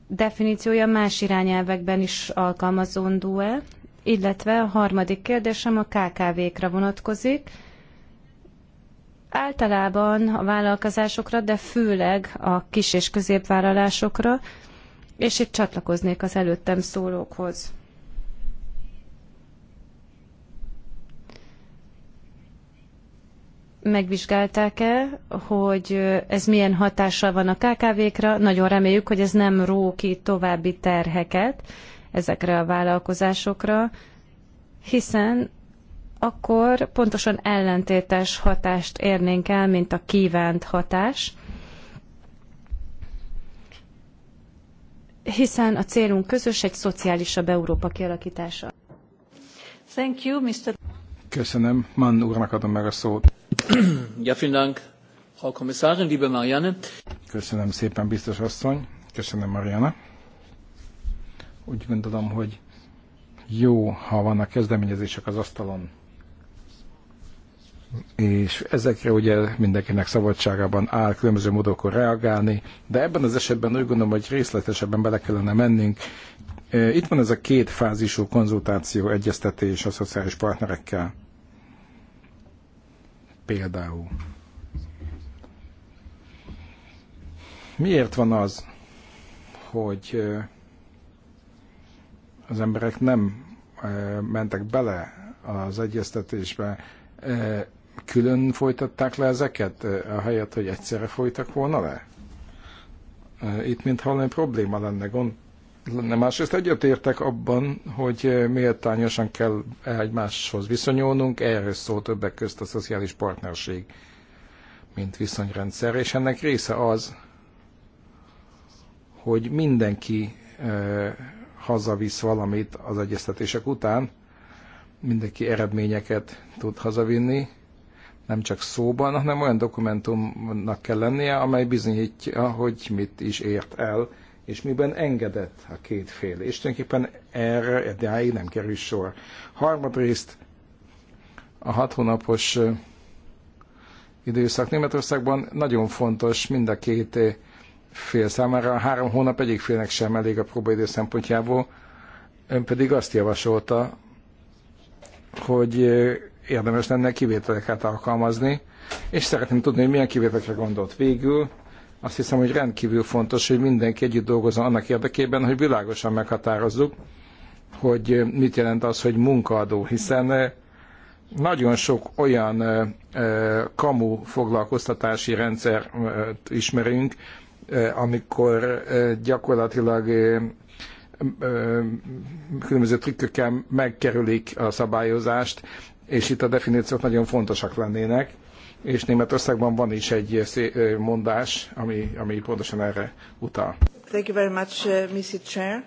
definíciója más irányelvekben is alkalmazandó-e? illetve a harmadik kérdésem a KKV-kra vonatkozik. Általában a vállalkozásokra, de főleg a kis- és középvállalásokra, és itt csatlakoznék az előttem szólókhoz. megvizsgálták-e, hogy ez milyen hatással van a KKV-kra. Nagyon reméljük, hogy ez nem ró ki további terheket, ezekre a vállalkozásokra, hiszen akkor pontosan ellentétes hatást érnénk el, mint a kívánt hatás. Hiszen a célunk közös egy szociálisabb Európa kialakítása. Thank you, Mr. Köszönöm. Mann úrnak adom meg a szót. ja, vielen Dank, Frau Kommissarin, liebe Marianne. Köszönöm szépen, biztos asszony. Köszönöm, Marianne. Úgy gondolom, hogy jó, ha vannak kezdeményezések az asztalon. És ezekre ugye mindenkinek szabadságában áll különböző módokon reagálni, de ebben az esetben úgy gondolom, hogy részletesebben bele kellene mennünk. E, itt van ez a két fázisú konzultáció, egyeztetés a szociális partnerekkel. Például. Miért van az, hogy e, az emberek nem mentek bele az egyeztetésbe, külön folytatták le ezeket, ahelyett, hogy egyszerre folytak volna le? Itt mint valami probléma lenne, gond lenne. Másrészt egyetértek abban, hogy méltányosan kell egymáshoz viszonyulnunk, erről szól többek közt a szociális partnerség, mint viszonyrendszer, és ennek része az, hogy mindenki hazavisz valamit az egyeztetések után, mindenki eredményeket tud hazavinni, nem csak szóban, hanem olyan dokumentumnak kell lennie, amely bizonyítja, hogy mit is ért el, és miben engedett a két fél. És tulajdonképpen erre edáig nem kerül sor. Harmadrészt a hat hónapos időszak Németországban nagyon fontos mind a két fél számára, három hónap egyik félnek sem elég a próbaidő szempontjából. Ön pedig azt javasolta, hogy érdemes lenne kivételeket alkalmazni, és szeretném tudni, hogy milyen kivételekre gondolt végül. Azt hiszem, hogy rendkívül fontos, hogy mindenki együtt dolgozzon annak érdekében, hogy világosan meghatározzuk, hogy mit jelent az, hogy munkaadó, hiszen nagyon sok olyan kamu foglalkoztatási rendszer ismerünk, amikor gyakorlatilag különböző trükkökkel megkerülik a szabályozást, és itt a definíciók nagyon fontosak lennének, és Németországban van is egy mondás, ami, ami pontosan erre utal. Thank you very much, uh, Mrs. Chair.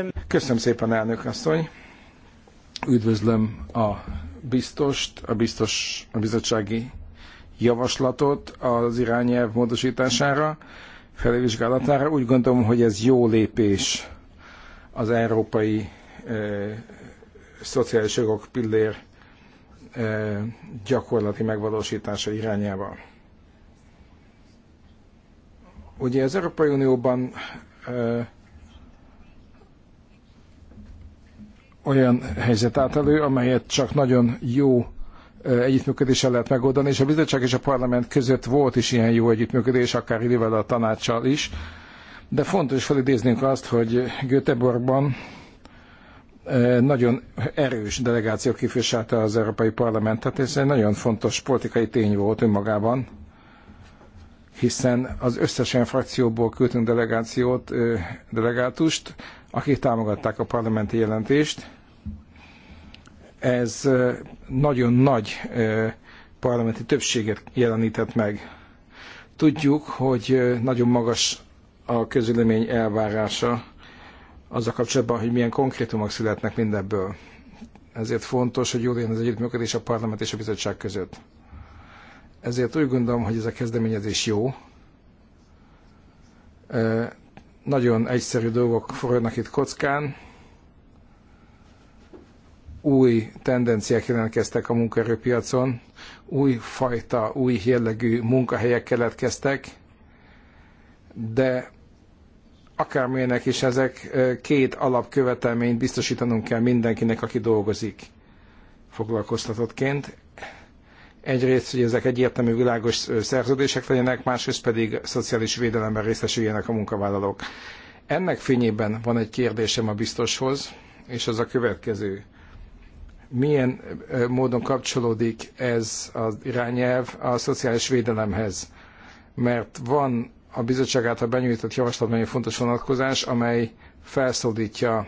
Um... Köszönöm szépen, elnök asszony. Üdvözlöm a biztost, a biztos, a bizottsági javaslatot az irányelv módosítására, felvizsgálatára. Úgy gondolom, hogy ez jó lépés az európai eh, szociális jogok pillér eh, gyakorlati megvalósítása irányába. Ugye az Európai Unióban eh, olyan helyzet állt elő, amelyet csak nagyon jó együttműködéssel lehet megoldani, és a bizottság és a parlament között volt is ilyen jó együttműködés, akár idővel a tanácssal is, de fontos felidéznünk azt, hogy Göteborgban nagyon erős delegáció képviselte az Európai Parlamentet, és ez egy nagyon fontos politikai tény volt önmagában, hiszen az összes olyan frakcióból küldtünk delegációt, delegátust, akik támogatták a parlamenti jelentést, ez nagyon nagy parlamenti többséget jelenített meg. Tudjuk, hogy nagyon magas a közülemény elvárása azzal kapcsolatban, hogy milyen konkrétumok születnek mindebből. Ezért fontos, hogy jól legyen az együttműködés a parlament és a bizottság között. Ezért úgy gondolom, hogy ez a kezdeményezés jó. Nagyon egyszerű dolgok forognak itt kockán, új tendenciák jelentkeztek a munkaerőpiacon, új fajta, új jellegű munkahelyek keletkeztek, de akármilyenek is ezek, két alapkövetelményt biztosítanunk kell mindenkinek, aki dolgozik foglalkoztatottként. Egyrészt, hogy ezek egyértelmű világos szerződések legyenek, másrészt pedig szociális védelemben részesüljenek a munkavállalók. Ennek fényében van egy kérdésem a biztoshoz, és az a következő milyen módon kapcsolódik ez az irányelv a szociális védelemhez. Mert van a bizottság által benyújtott javaslatban egy fontos vonatkozás, amely felszólítja,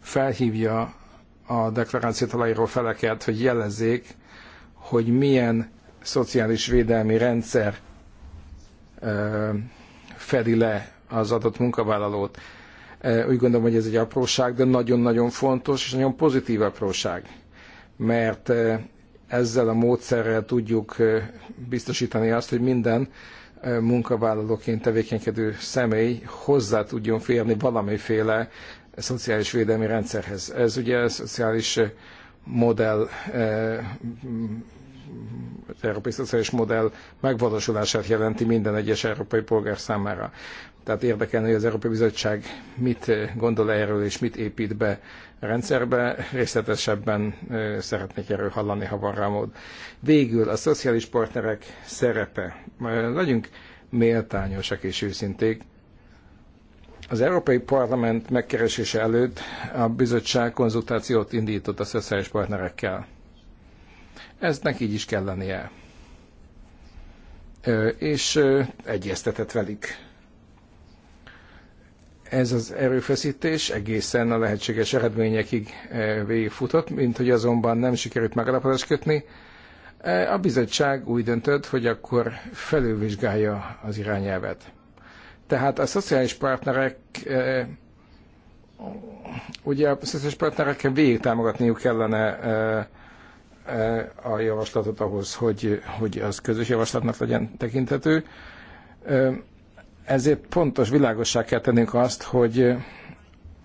felhívja a deklarációt aláíró feleket, hogy jelezzék, hogy milyen szociális védelmi rendszer fedi le az adott munkavállalót. Úgy gondolom, hogy ez egy apróság, de nagyon-nagyon fontos és nagyon pozitív apróság, mert ezzel a módszerrel tudjuk biztosítani azt, hogy minden munkavállalóként tevékenykedő személy hozzá tudjon férni valamiféle szociális védelmi rendszerhez. Ez ugye a szociális modell, az európai szociális modell megvalósulását jelenti minden egyes európai polgár számára. Tehát érdekelne, hogy az Európai Bizottság mit eh, gondol erről, és mit épít be a rendszerbe. Részletesebben eh, szeretnék erről hallani, ha van rá mód. Végül a szociális partnerek szerepe. Eh, legyünk méltányosak és őszinték. Az Európai Parlament megkeresése előtt a bizottság konzultációt indított a szociális partnerekkel. Eznek így is kell lennie. És egyeztetett velük ez az erőfeszítés egészen a lehetséges eredményekig eh, végigfutott, mint hogy azonban nem sikerült megalapodást kötni. Eh, a bizottság úgy döntött, hogy akkor felülvizsgálja az irányelvet. Tehát a szociális partnerek eh, ugye a szociális partnereken végig támogatniuk kellene a javaslatot ahhoz, hogy, hogy az közös javaslatnak legyen tekintető ezért pontos világossá kell tennünk azt, hogy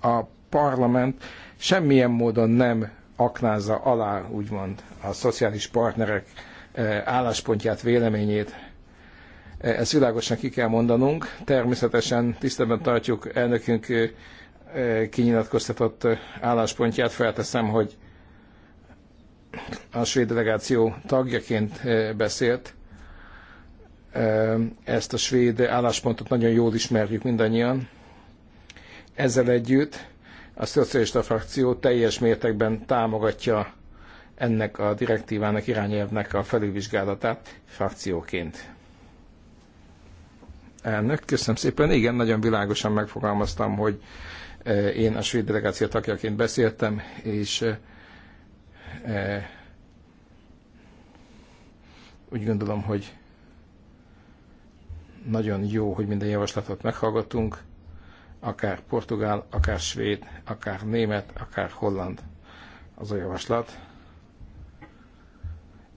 a parlament semmilyen módon nem aknázza alá, úgymond, a szociális partnerek eh, álláspontját, véleményét. Eh, ezt világosan ki kell mondanunk. Természetesen tiszteletben tartjuk elnökünk eh, kinyilatkoztatott álláspontját. Felteszem, hogy a svéd delegáció tagjaként beszélt ezt a svéd álláspontot nagyon jól ismerjük mindannyian. Ezzel együtt a szocialista frakció teljes mértékben támogatja ennek a direktívának, irányelvnek a felülvizsgálatát frakcióként. Elnök, köszönöm szépen. Igen, nagyon világosan megfogalmaztam, hogy én a svéd delegáció tagjaként beszéltem, és úgy gondolom, hogy nagyon jó, hogy minden javaslatot meghallgatunk, akár portugál, akár svéd, akár német, akár holland az a javaslat.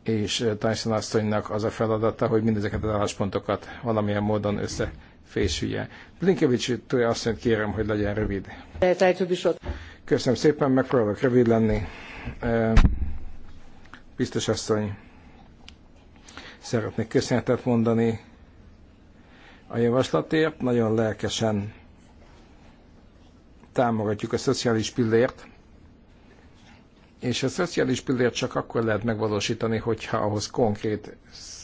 És eh, Tyson asszonynak az a feladata, hogy mindezeket az álláspontokat valamilyen módon összefésülje. Blinkevics asszonyt kérem, hogy legyen rövid. Köszönöm szépen, megpróbálok rövid lenni. Eh, biztos asszony, szeretnék köszönetet mondani a javaslatért, nagyon lelkesen támogatjuk a szociális pillért, és a szociális pillért csak akkor lehet megvalósítani, hogyha ahhoz konkrét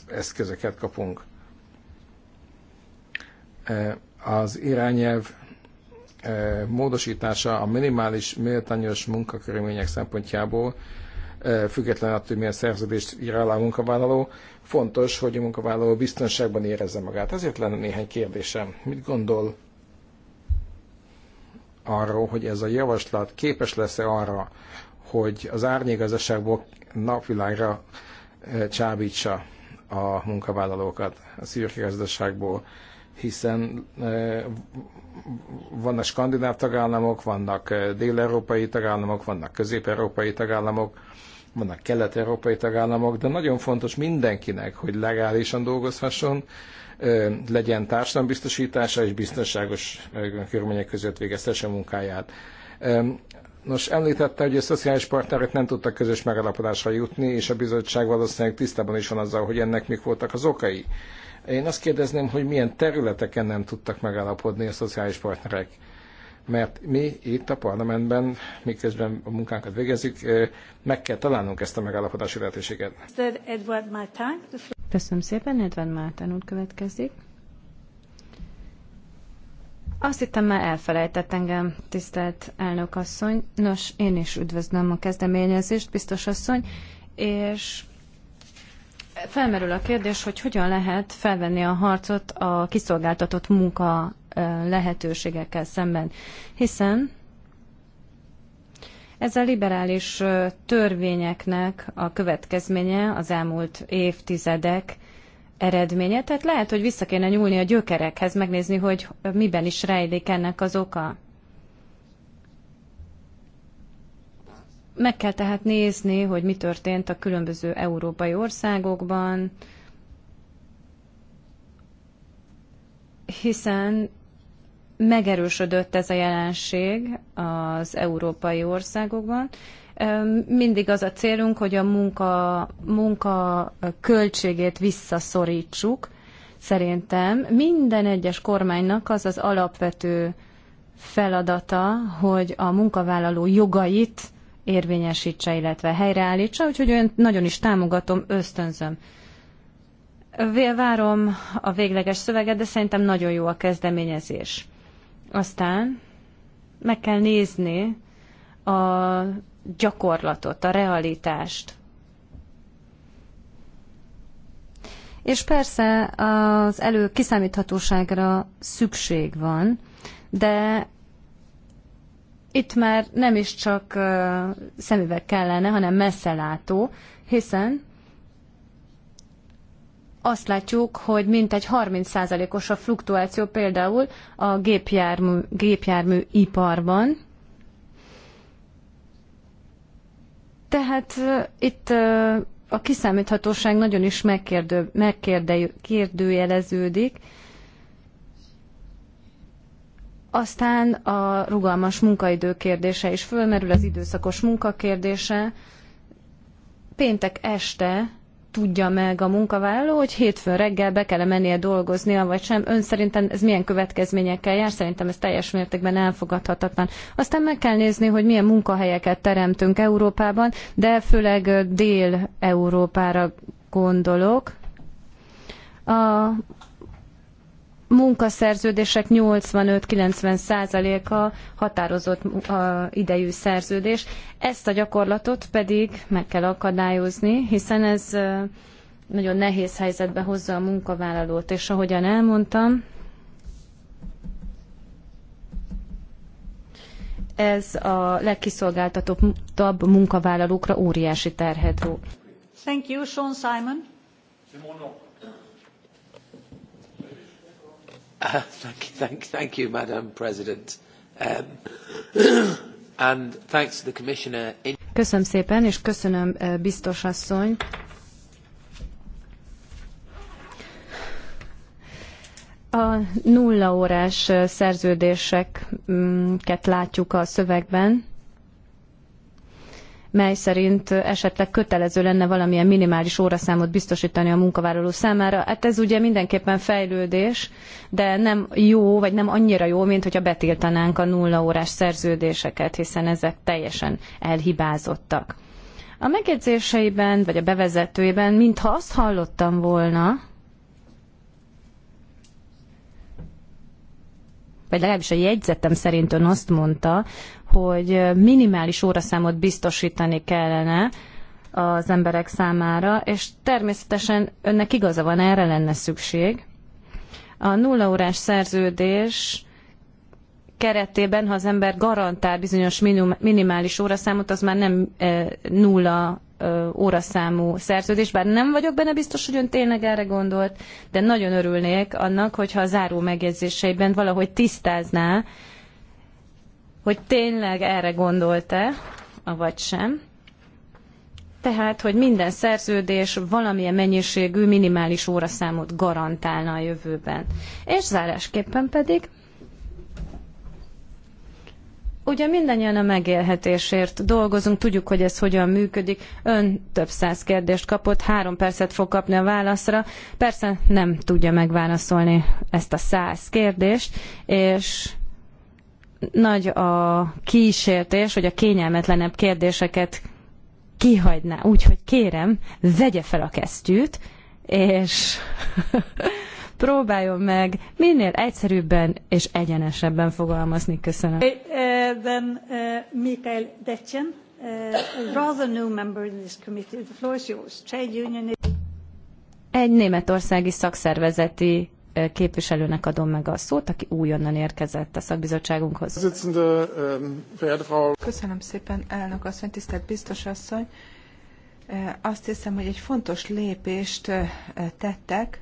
eszközöket kapunk. E, az irányelv e, módosítása a minimális méltányos munkakörülmények szempontjából, e, független attól, hogy milyen szerződést ír alá a munkavállaló, Fontos, hogy a munkavállaló biztonságban érezze magát. Ezért lenne néhány kérdésem. Mit gondol arról, hogy ez a javaslat képes lesz-e arra, hogy az árnyékgazdaságból napvilágra eh, csábítsa a munkavállalókat a szürke gazdaságból, hiszen eh, vannak skandináv tagállamok, vannak eh, dél-európai tagállamok, vannak közép-európai tagállamok, vannak kelet-európai tagállamok, de nagyon fontos mindenkinek, hogy legálisan dolgozhasson, legyen társadalombiztosítása és biztonságos körülmények között végeztesse munkáját. Nos, említette, hogy a szociális partnerek nem tudtak közös megalapodásra jutni, és a bizottság valószínűleg tisztában is van azzal, hogy ennek mik voltak az okai. Én azt kérdezném, hogy milyen területeken nem tudtak megállapodni a szociális partnerek mert mi itt a parlamentben, miközben a munkánkat végezzük, eh, meg kell találnunk ezt a megállapodási lehetőséget. Köszönöm szépen, Edward Márten úr következik. Azt hittem már elfelejtett engem, tisztelt elnök asszony. Nos, én is üdvözlöm a kezdeményezést, biztos asszony, és felmerül a kérdés, hogy hogyan lehet felvenni a harcot a kiszolgáltatott munka lehetőségekkel szemben, hiszen ez a liberális törvényeknek a következménye az elmúlt évtizedek eredménye, tehát lehet, hogy vissza kéne nyúlni a gyökerekhez, megnézni, hogy miben is rejlik ennek az oka. Meg kell tehát nézni, hogy mi történt a különböző európai országokban, hiszen megerősödött ez a jelenség az európai országokban. Mindig az a célunk, hogy a munka, munka költségét visszaszorítsuk. Szerintem minden egyes kormánynak az az alapvető feladata, hogy a munkavállaló jogait érvényesítse, illetve helyreállítsa, úgyhogy én nagyon is támogatom, ösztönzöm. Várom a végleges szöveget, de szerintem nagyon jó a kezdeményezés. Aztán meg kell nézni a gyakorlatot, a realitást. És persze az elő kiszámíthatóságra szükség van, de itt már nem is csak szemüveg kellene, hanem messzelátó, hiszen azt látjuk, hogy mintegy 30%-os a fluktuáció például a gépjármű, gépjármű iparban. Tehát itt a kiszámíthatóság nagyon is megkérdő, megkérdőjeleződik. Aztán a rugalmas munkaidő kérdése is fölmerül, az időszakos munka kérdése. Péntek este tudja meg a munkavállaló, hogy hétfőn reggel be kell -e mennie dolgoznia, vagy sem. Ön szerintem ez milyen következményekkel jár? Szerintem ez teljes mértékben elfogadhatatlan. Aztán meg kell nézni, hogy milyen munkahelyeket teremtünk Európában, de főleg Dél-Európára gondolok. A munkaszerződések 85-90%-a határozott idejű szerződés. Ezt a gyakorlatot pedig meg kell akadályozni, hiszen ez nagyon nehéz helyzetbe hozza a munkavállalót, és ahogyan elmondtam, ez a legkiszolgáltatottabb munkavállalókra óriási terhet ró. Thank you, Sean Simon. Simon. Uh, thank, thank, thank you, Madam President. Um, and thanks to the Commissioner. Köszönöm szépen, és köszönöm, uh, biztos asszony. A nullaórás uh, szerződéseket látjuk a szövegben, mely szerint esetleg kötelező lenne valamilyen minimális óraszámot biztosítani a munkavállaló számára. Hát ez ugye mindenképpen fejlődés, de nem jó, vagy nem annyira jó, mint hogyha betiltanánk a nulla órás szerződéseket, hiszen ezek teljesen elhibázottak. A megjegyzéseiben, vagy a bevezetőjében, mintha azt hallottam volna, vagy legalábbis a jegyzetem szerint ön azt mondta, hogy minimális óraszámot biztosítani kellene az emberek számára, és természetesen önnek igaza van, erre lenne szükség. A nullaórás szerződés keretében, ha az ember garantál bizonyos minimális óraszámot, az már nem eh, nulla óraszámú szerződés, bár nem vagyok benne biztos, hogy ön tényleg erre gondolt, de nagyon örülnék annak, hogyha a záró megjegyzéseiben valahogy tisztázná, hogy tényleg erre gondolt-e, vagy sem. Tehát, hogy minden szerződés valamilyen mennyiségű minimális óraszámot garantálna a jövőben. És zárásképpen pedig Ugye mindannyian a megélhetésért dolgozunk, tudjuk, hogy ez hogyan működik. Ön több száz kérdést kapott, három percet fog kapni a válaszra. Persze nem tudja megválaszolni ezt a száz kérdést, és nagy a kísértés, hogy a kényelmetlenebb kérdéseket kihagyná. Úgyhogy kérem, vegye fel a kesztyűt, és próbáljon meg minél egyszerűbben és egyenesebben fogalmazni. Köszönöm. Uh, then, uh, Mikael Detjen, uh, rather new member in this committee. The floor is yours. Trade union Egy németországi szakszervezeti uh, képviselőnek adom meg a szót, aki újonnan érkezett a szakbizottságunkhoz. Um, Köszönöm szépen, elnök asszony, tisztelt biztos asszony. Uh, azt hiszem, hogy egy fontos lépést tettek,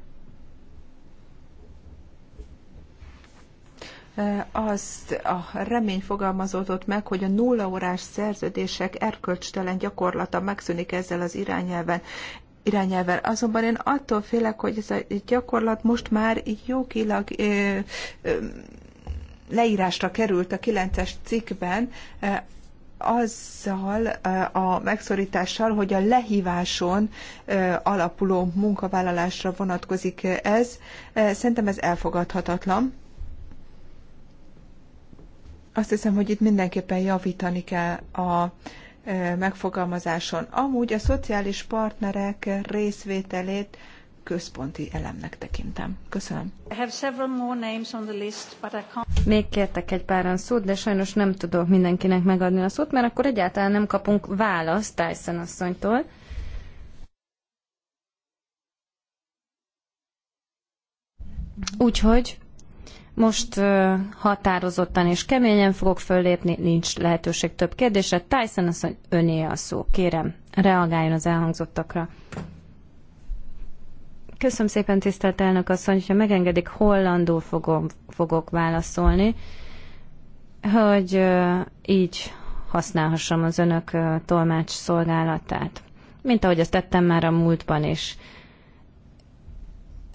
azt a remény fogalmazódott meg, hogy a nullaórás szerződések erkölcstelen gyakorlata megszűnik ezzel az irányelven irányelvel. Azonban én attól félek, hogy ez a gyakorlat most már jókilag ö, ö, leírásra került a 9-es cikkben, azzal a megszorítással, hogy a lehíváson alapuló munkavállalásra vonatkozik ez. Szerintem ez elfogadhatatlan. Azt hiszem, hogy itt mindenképpen javítani kell a e, megfogalmazáson. Amúgy a szociális partnerek részvételét központi elemnek tekintem. Köszönöm. Még kértek egy páran szót, de sajnos nem tudok mindenkinek megadni a szót, mert akkor egyáltalán nem kapunk választ Tyson asszonytól. Úgyhogy most határozottan és keményen fogok föllépni, nincs lehetőség több kérdésre. Tyson asszony, öné a szó. Kérem, reagáljon az elhangzottakra. Köszönöm szépen, tisztelt elnök asszony, hogyha megengedik, hollandul fogom, fogok válaszolni, hogy így használhassam az önök tolmács szolgálatát. Mint ahogy azt tettem már a múltban is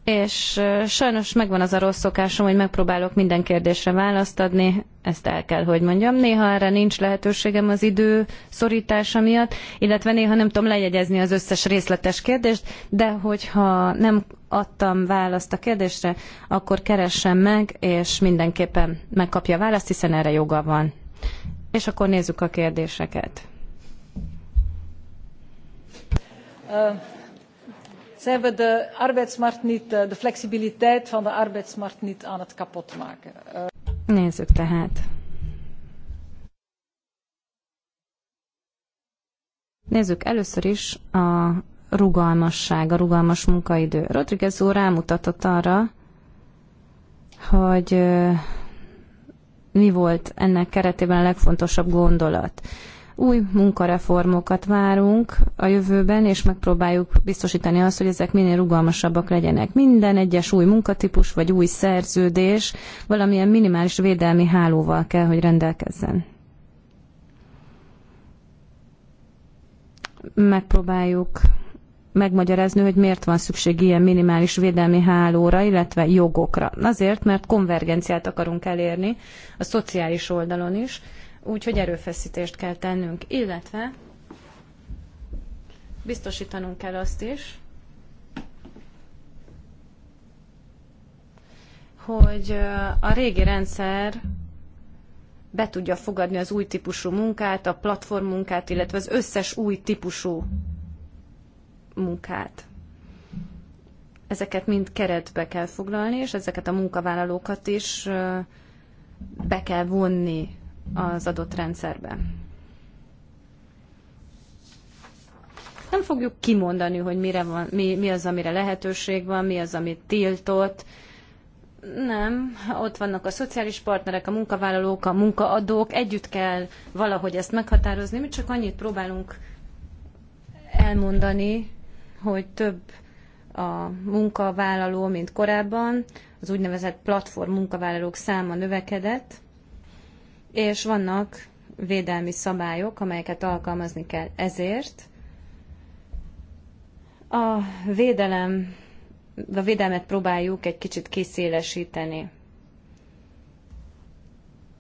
és sajnos megvan az a rossz szokásom, hogy megpróbálok minden kérdésre választ adni, ezt el kell, hogy mondjam. Néha erre nincs lehetőségem az idő szorítása miatt, illetve néha nem tudom lejegyezni az összes részletes kérdést, de hogyha nem adtam választ a kérdésre, akkor keressen meg, és mindenképpen megkapja a választ, hiszen erre joga van. És akkor nézzük a kérdéseket. Uh zijn we de arbeidsmarkt niet, eh, de flexibiliteit van de arbeidsmarkt niet aan het kapot maken. Eh, Nézzük tehát. Nézzük először is a rugalmasság, a rugalmas munkaidő. Rodriguez úr rámutatott arra, hogy eh, mi volt ennek keretében a legfontosabb gondolat. Új munkareformokat várunk a jövőben, és megpróbáljuk biztosítani azt, hogy ezek minél rugalmasabbak legyenek. Minden egyes új munkatípus vagy új szerződés valamilyen minimális védelmi hálóval kell, hogy rendelkezzen. Megpróbáljuk megmagyarázni, hogy miért van szükség ilyen minimális védelmi hálóra, illetve jogokra. Azért, mert konvergenciát akarunk elérni a szociális oldalon is, úgyhogy erőfeszítést kell tennünk, illetve biztosítanunk kell azt is, hogy a régi rendszer be tudja fogadni az új típusú munkát, a platform munkát, illetve az összes új típusú munkát. Ezeket mind keretbe kell foglalni, és ezeket a munkavállalókat is be kell vonni az adott rendszerbe. Nem fogjuk kimondani, hogy mire van, mi, mi az, amire lehetőség van, mi az, amit tiltott. Nem, ott vannak a szociális partnerek, a munkavállalók, a munkaadók, együtt kell valahogy ezt meghatározni. Mi csak annyit próbálunk elmondani, hogy több a munkavállaló, mint korábban, az úgynevezett platform munkavállalók száma növekedett, és vannak védelmi szabályok, amelyeket alkalmazni kell ezért. A védelem, a védelmet próbáljuk egy kicsit kiszélesíteni.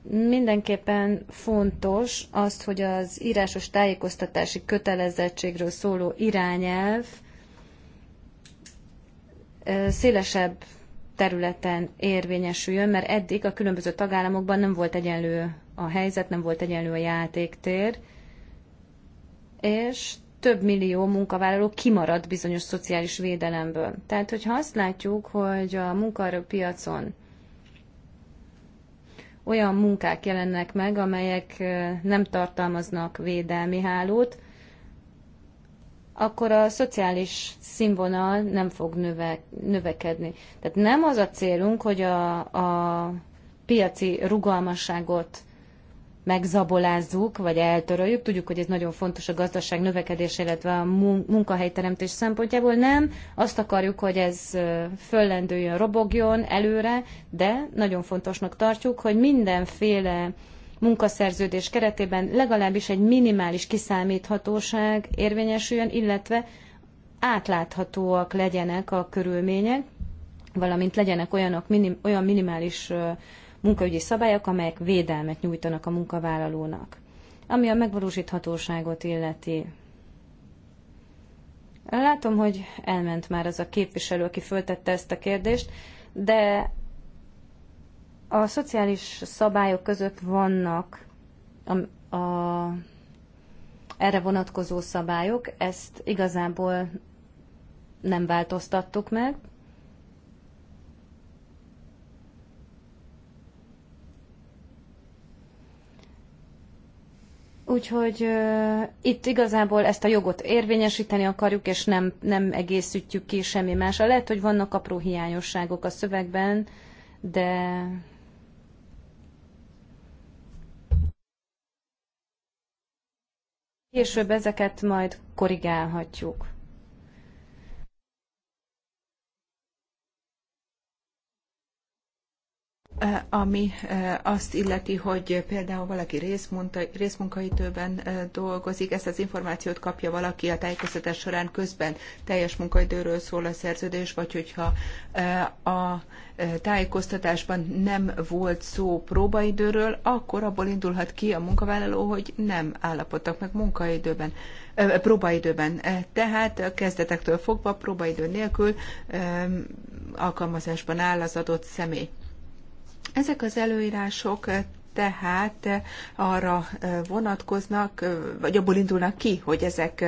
Mindenképpen fontos azt, hogy az írásos tájékoztatási kötelezettségről szóló irányelv szélesebb területen érvényesüljön, mert eddig a különböző tagállamokban nem volt egyenlő a helyzet, nem volt egyenlő a játéktér, és több millió munkavállaló kimarad bizonyos szociális védelemből. Tehát, hogyha azt látjuk, hogy a munkaerőpiacon olyan munkák jelennek meg, amelyek eh, nem tartalmaznak védelmi hálót, akkor a szociális színvonal nem fog növe, növekedni. Tehát nem az a célunk, hogy a, a piaci rugalmasságot megzabolázzuk, vagy eltöröljük. Tudjuk, hogy ez nagyon fontos a gazdaság növekedés, illetve a munkahelyteremtés szempontjából. Nem, azt akarjuk, hogy ez föllendüljön, robogjon előre, de nagyon fontosnak tartjuk, hogy mindenféle munkaszerződés keretében legalábbis egy minimális kiszámíthatóság érvényesüljön, illetve átláthatóak legyenek a körülmények, valamint legyenek olyanok, minim, olyan minimális munkaügyi szabályok, amelyek védelmet nyújtanak a munkavállalónak. Ami a megvalósíthatóságot illeti, Látom, hogy elment már az a képviselő, aki föltette ezt a kérdést, de a szociális szabályok között vannak a, a, erre vonatkozó szabályok, ezt igazából nem változtattuk meg. Úgyhogy uh, itt igazából ezt a jogot érvényesíteni akarjuk, és nem, nem egészítjük ki semmi másra. Lehet, hogy vannak apró hiányosságok a szövegben, de Később ezeket majd korrigálhatjuk. ami azt illeti, hogy például valaki részmunkaidőben dolgozik, ezt az információt kapja valaki a tájékoztatás során közben teljes munkaidőről szól a szerződés, vagy hogyha a tájékoztatásban nem volt szó próbaidőről, akkor abból indulhat ki a munkavállaló, hogy nem állapodtak meg munkaidőben próbaidőben. Tehát a kezdetektől fogva próbaidő nélkül alkalmazásban áll az adott személy. Ezek az előírások eh, tehát eh, arra eh, vonatkoznak, vagy abból indulnak ki, hogy ezek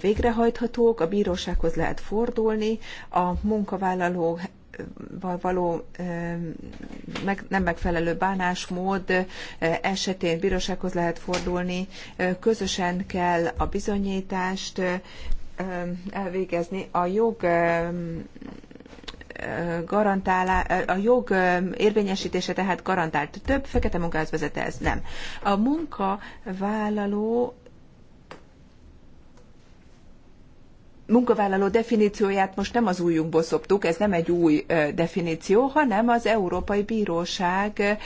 végrehajthatók, a bírósághoz lehet fordulni, a munkavállaló való meg, nem megfelelő bánásmód esetén bírósághoz lehet fordulni, közösen kell a bizonyítást elvégezni. A jog garantálá, a jog érvényesítése tehát garantált. Több fekete munkához vezet ez? Nem. A munkavállaló munkavállaló definícióját most nem az újunkból szoptuk, ez nem egy új definíció, hanem az Európai Bíróság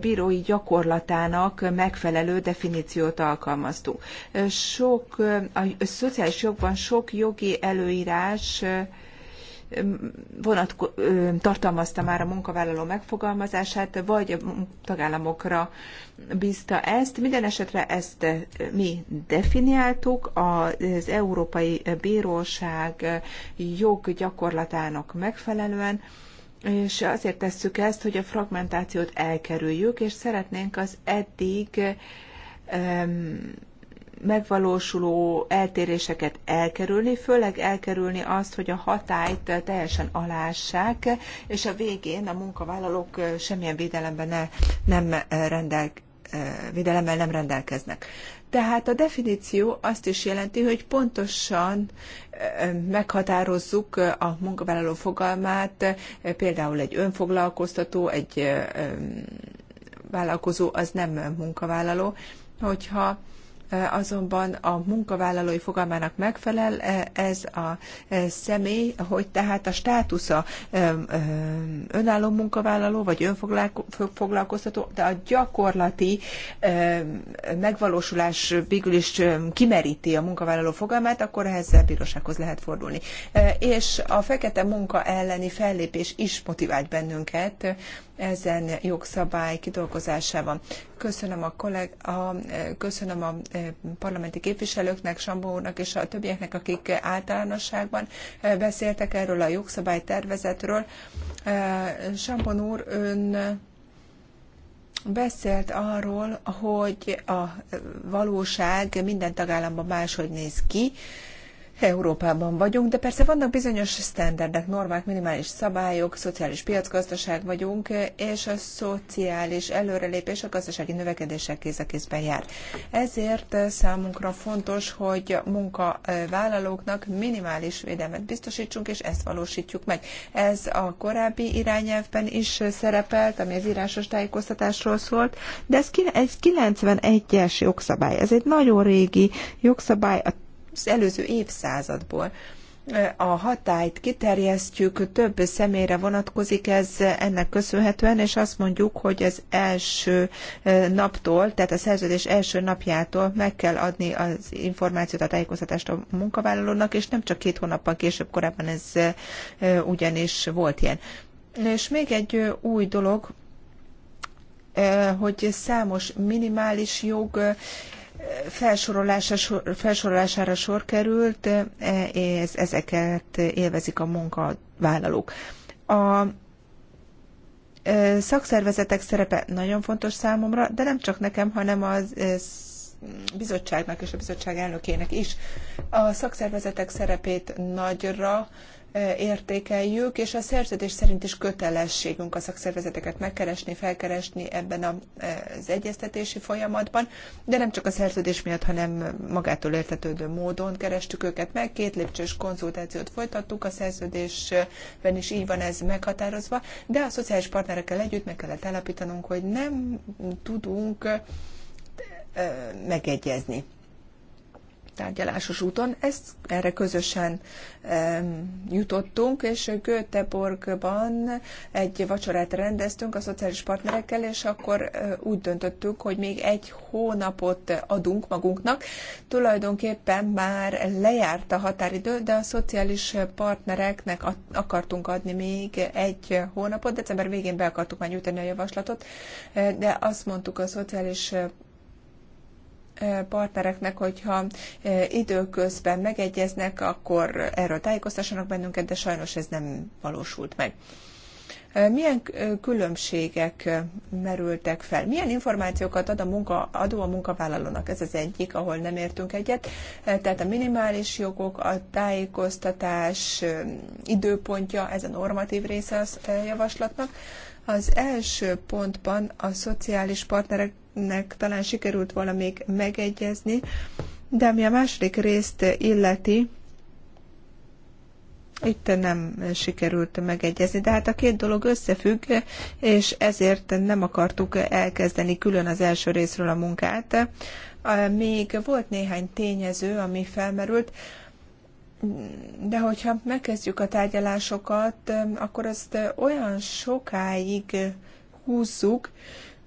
bírói gyakorlatának megfelelő definíciót alkalmaztunk. Sok, a szociális jogban sok jogi előírás vonatko- tartalmazta már a munkavállaló megfogalmazását, vagy a tagállamokra bízta ezt. Minden esetre ezt mi definiáltuk, az Európai Bíróság joggyakorlatának megfelelően, és azért tesszük ezt, hogy a fragmentációt elkerüljük, és szeretnénk az eddig megvalósuló eltéréseket elkerülni, főleg elkerülni azt, hogy a hatályt teljesen alássák, és a végén a munkavállalók semmilyen védelemben ne, nem rendelk, védelemmel nem rendelkeznek. Tehát a definíció azt is jelenti, hogy pontosan meghatározzuk a munkavállaló fogalmát, például egy önfoglalkoztató, egy vállalkozó az nem munkavállaló, hogyha azonban a munkavállalói fogalmának megfelel e, ez a e, személy, hogy tehát a státusza e, önálló munkavállaló vagy önfoglalkoztató, de a gyakorlati megvalósulás végül is kimeríti a munkavállaló fogalmát, akkor ehhez a bírósághoz lehet fordulni. És a fekete munka elleni fellépés is motivált bennünket, ezen jogszabály kidolgozásában. Köszönöm a, kolleg, a, eh, köszönöm a eh, parlamenti képviselőknek, Sambó úrnak és a többieknek, akik általánosságban eh, beszéltek erről a jogszabálytervezetről. Sambon úr, ön beszélt arról, hogy a valóság minden tagállamban máshogy néz ki, Európában vagyunk, de persze vannak bizonyos sztenderdek, normák, minimális szabályok, szociális piacgazdaság vagyunk, és a szociális előrelépés a gazdasági növekedéssel kéz a kézben jár. Ezért számunkra fontos, hogy munkavállalóknak minimális védelmet biztosítsunk, és ezt valósítjuk meg. Ez a korábbi irányelvben is szerepelt, ami az írásos tájékoztatásról szólt, de ez egy 91-es jogszabály. Ez egy nagyon régi jogszabály, a az előző évszázadból. A hatályt kiterjesztjük, több személyre vonatkozik ez ennek köszönhetően, és azt mondjuk, hogy az első eh, naptól, tehát a szerződés első napjától meg kell adni az információt, a tájékoztatást a munkavállalónak, és nem csak két hónappal később, korábban ez eh, ugyanis volt ilyen. És még egy eh, új dolog, hogy számos minimális jog felsorolása, felsorolására sor került, e, és ezeket élvezik a munkavállalók. A e, szakszervezetek szerepe nagyon fontos számomra, de nem csak nekem, hanem az e, bizottságnak és a bizottság elnökének is. A szakszervezetek szerepét nagyra értékeljük, és a szerződés szerint is kötelességünk a szakszervezeteket megkeresni, felkeresni ebben az egyeztetési folyamatban, de nem csak a szerződés miatt, hanem magától értetődő módon kerestük őket meg, két lépcsős konzultációt folytattuk, a szerződésben is így van ez meghatározva, de a szociális partnerekkel együtt meg kellett állapítanunk, hogy nem tudunk megegyezni tárgyalásos úton. Ezt erre közösen um, jutottunk, és Göteborgban egy vacsorát rendeztünk a szociális partnerekkel, és akkor úgy döntöttünk, hogy még egy hónapot adunk magunknak. Tulajdonképpen már lejárt a határidő, de a szociális partnereknek akartunk adni még egy hónapot. December végén be akartuk már nyújtani a javaslatot, de azt mondtuk a szociális partnereknek, hogyha időközben megegyeznek, akkor erről tájékoztassanak bennünket, de sajnos ez nem valósult meg. Milyen különbségek merültek fel? Milyen információkat ad a munka, adó a munkavállalónak? Ez az egyik, ahol nem értünk egyet. Tehát a minimális jogok, a tájékoztatás időpontja, ez a normatív része a javaslatnak az első pontban a szociális partnereknek talán sikerült volna még megegyezni, de ami a második részt illeti, itt nem sikerült megegyezni, de hát a két dolog összefügg, és ezért nem akartuk elkezdeni külön az első részről a munkát. Még volt néhány tényező, ami felmerült de hogyha megkezdjük a tárgyalásokat, akkor ezt olyan sokáig húzzuk,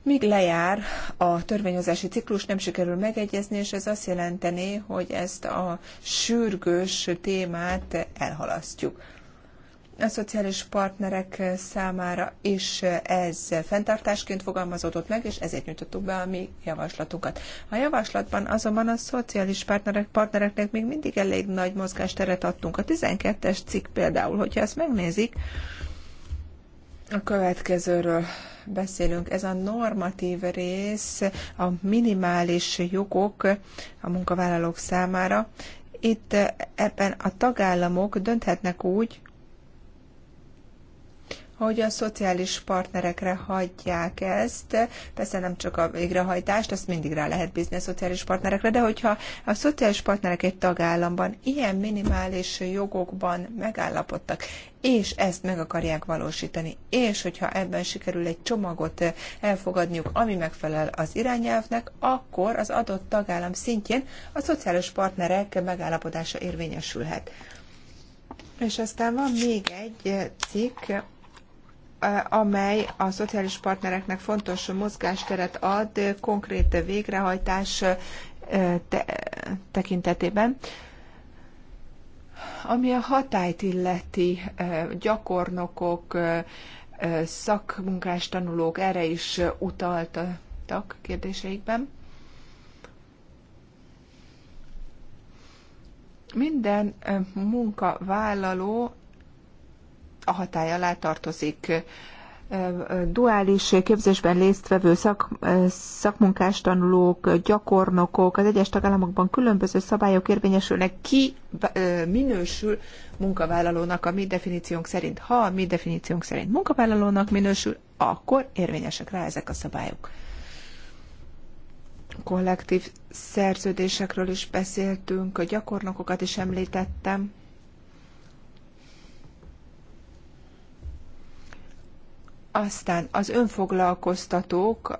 míg lejár a törvényhozási ciklus, nem sikerül megegyezni, és ez azt jelenteni, hogy ezt a sürgős témát elhalasztjuk a szociális partnerek számára is ez fenntartásként fogalmazódott meg, és ezért nyújtottuk be a mi javaslatunkat. A javaslatban azonban a szociális partnerek, partnereknek még mindig elég nagy mozgásteret adtunk. A 12-es cikk például, hogyha ezt megnézik, a következőről beszélünk. Ez a normatív rész, a minimális jogok a munkavállalók számára. Itt ebben a tagállamok dönthetnek úgy, hogy a szociális partnerekre hagyják ezt. Persze nem csak a végrehajtást, azt mindig rá lehet bízni a szociális partnerekre, de hogyha a szociális partnerek egy tagállamban ilyen minimális jogokban megállapodtak, és ezt meg akarják valósítani, és hogyha ebben sikerül egy csomagot elfogadniuk, ami megfelel az irányelvnek, akkor az adott tagállam szintjén a szociális partnerek megállapodása érvényesülhet. És aztán van még egy cikk, amely a szociális partnereknek fontos mozgásteret ad konkrét végrehajtás tekintetében. Ami a hatályt illeti, gyakornokok, szakmunkás tanulók erre is utaltak kérdéseikben. Minden munkavállaló a hatály alá tartozik. Duális képzésben résztvevő szak, szakmunkás tanulók, gyakornokok az egyes tagállamokban különböző szabályok érvényesülnek, ki minősül munkavállalónak a mi definíciónk szerint. Ha a mi definíciónk szerint munkavállalónak minősül, akkor érvényesek rá ezek a szabályok kollektív szerződésekről is beszéltünk, a gyakornokokat is említettem. Aztán az önfoglalkoztatók,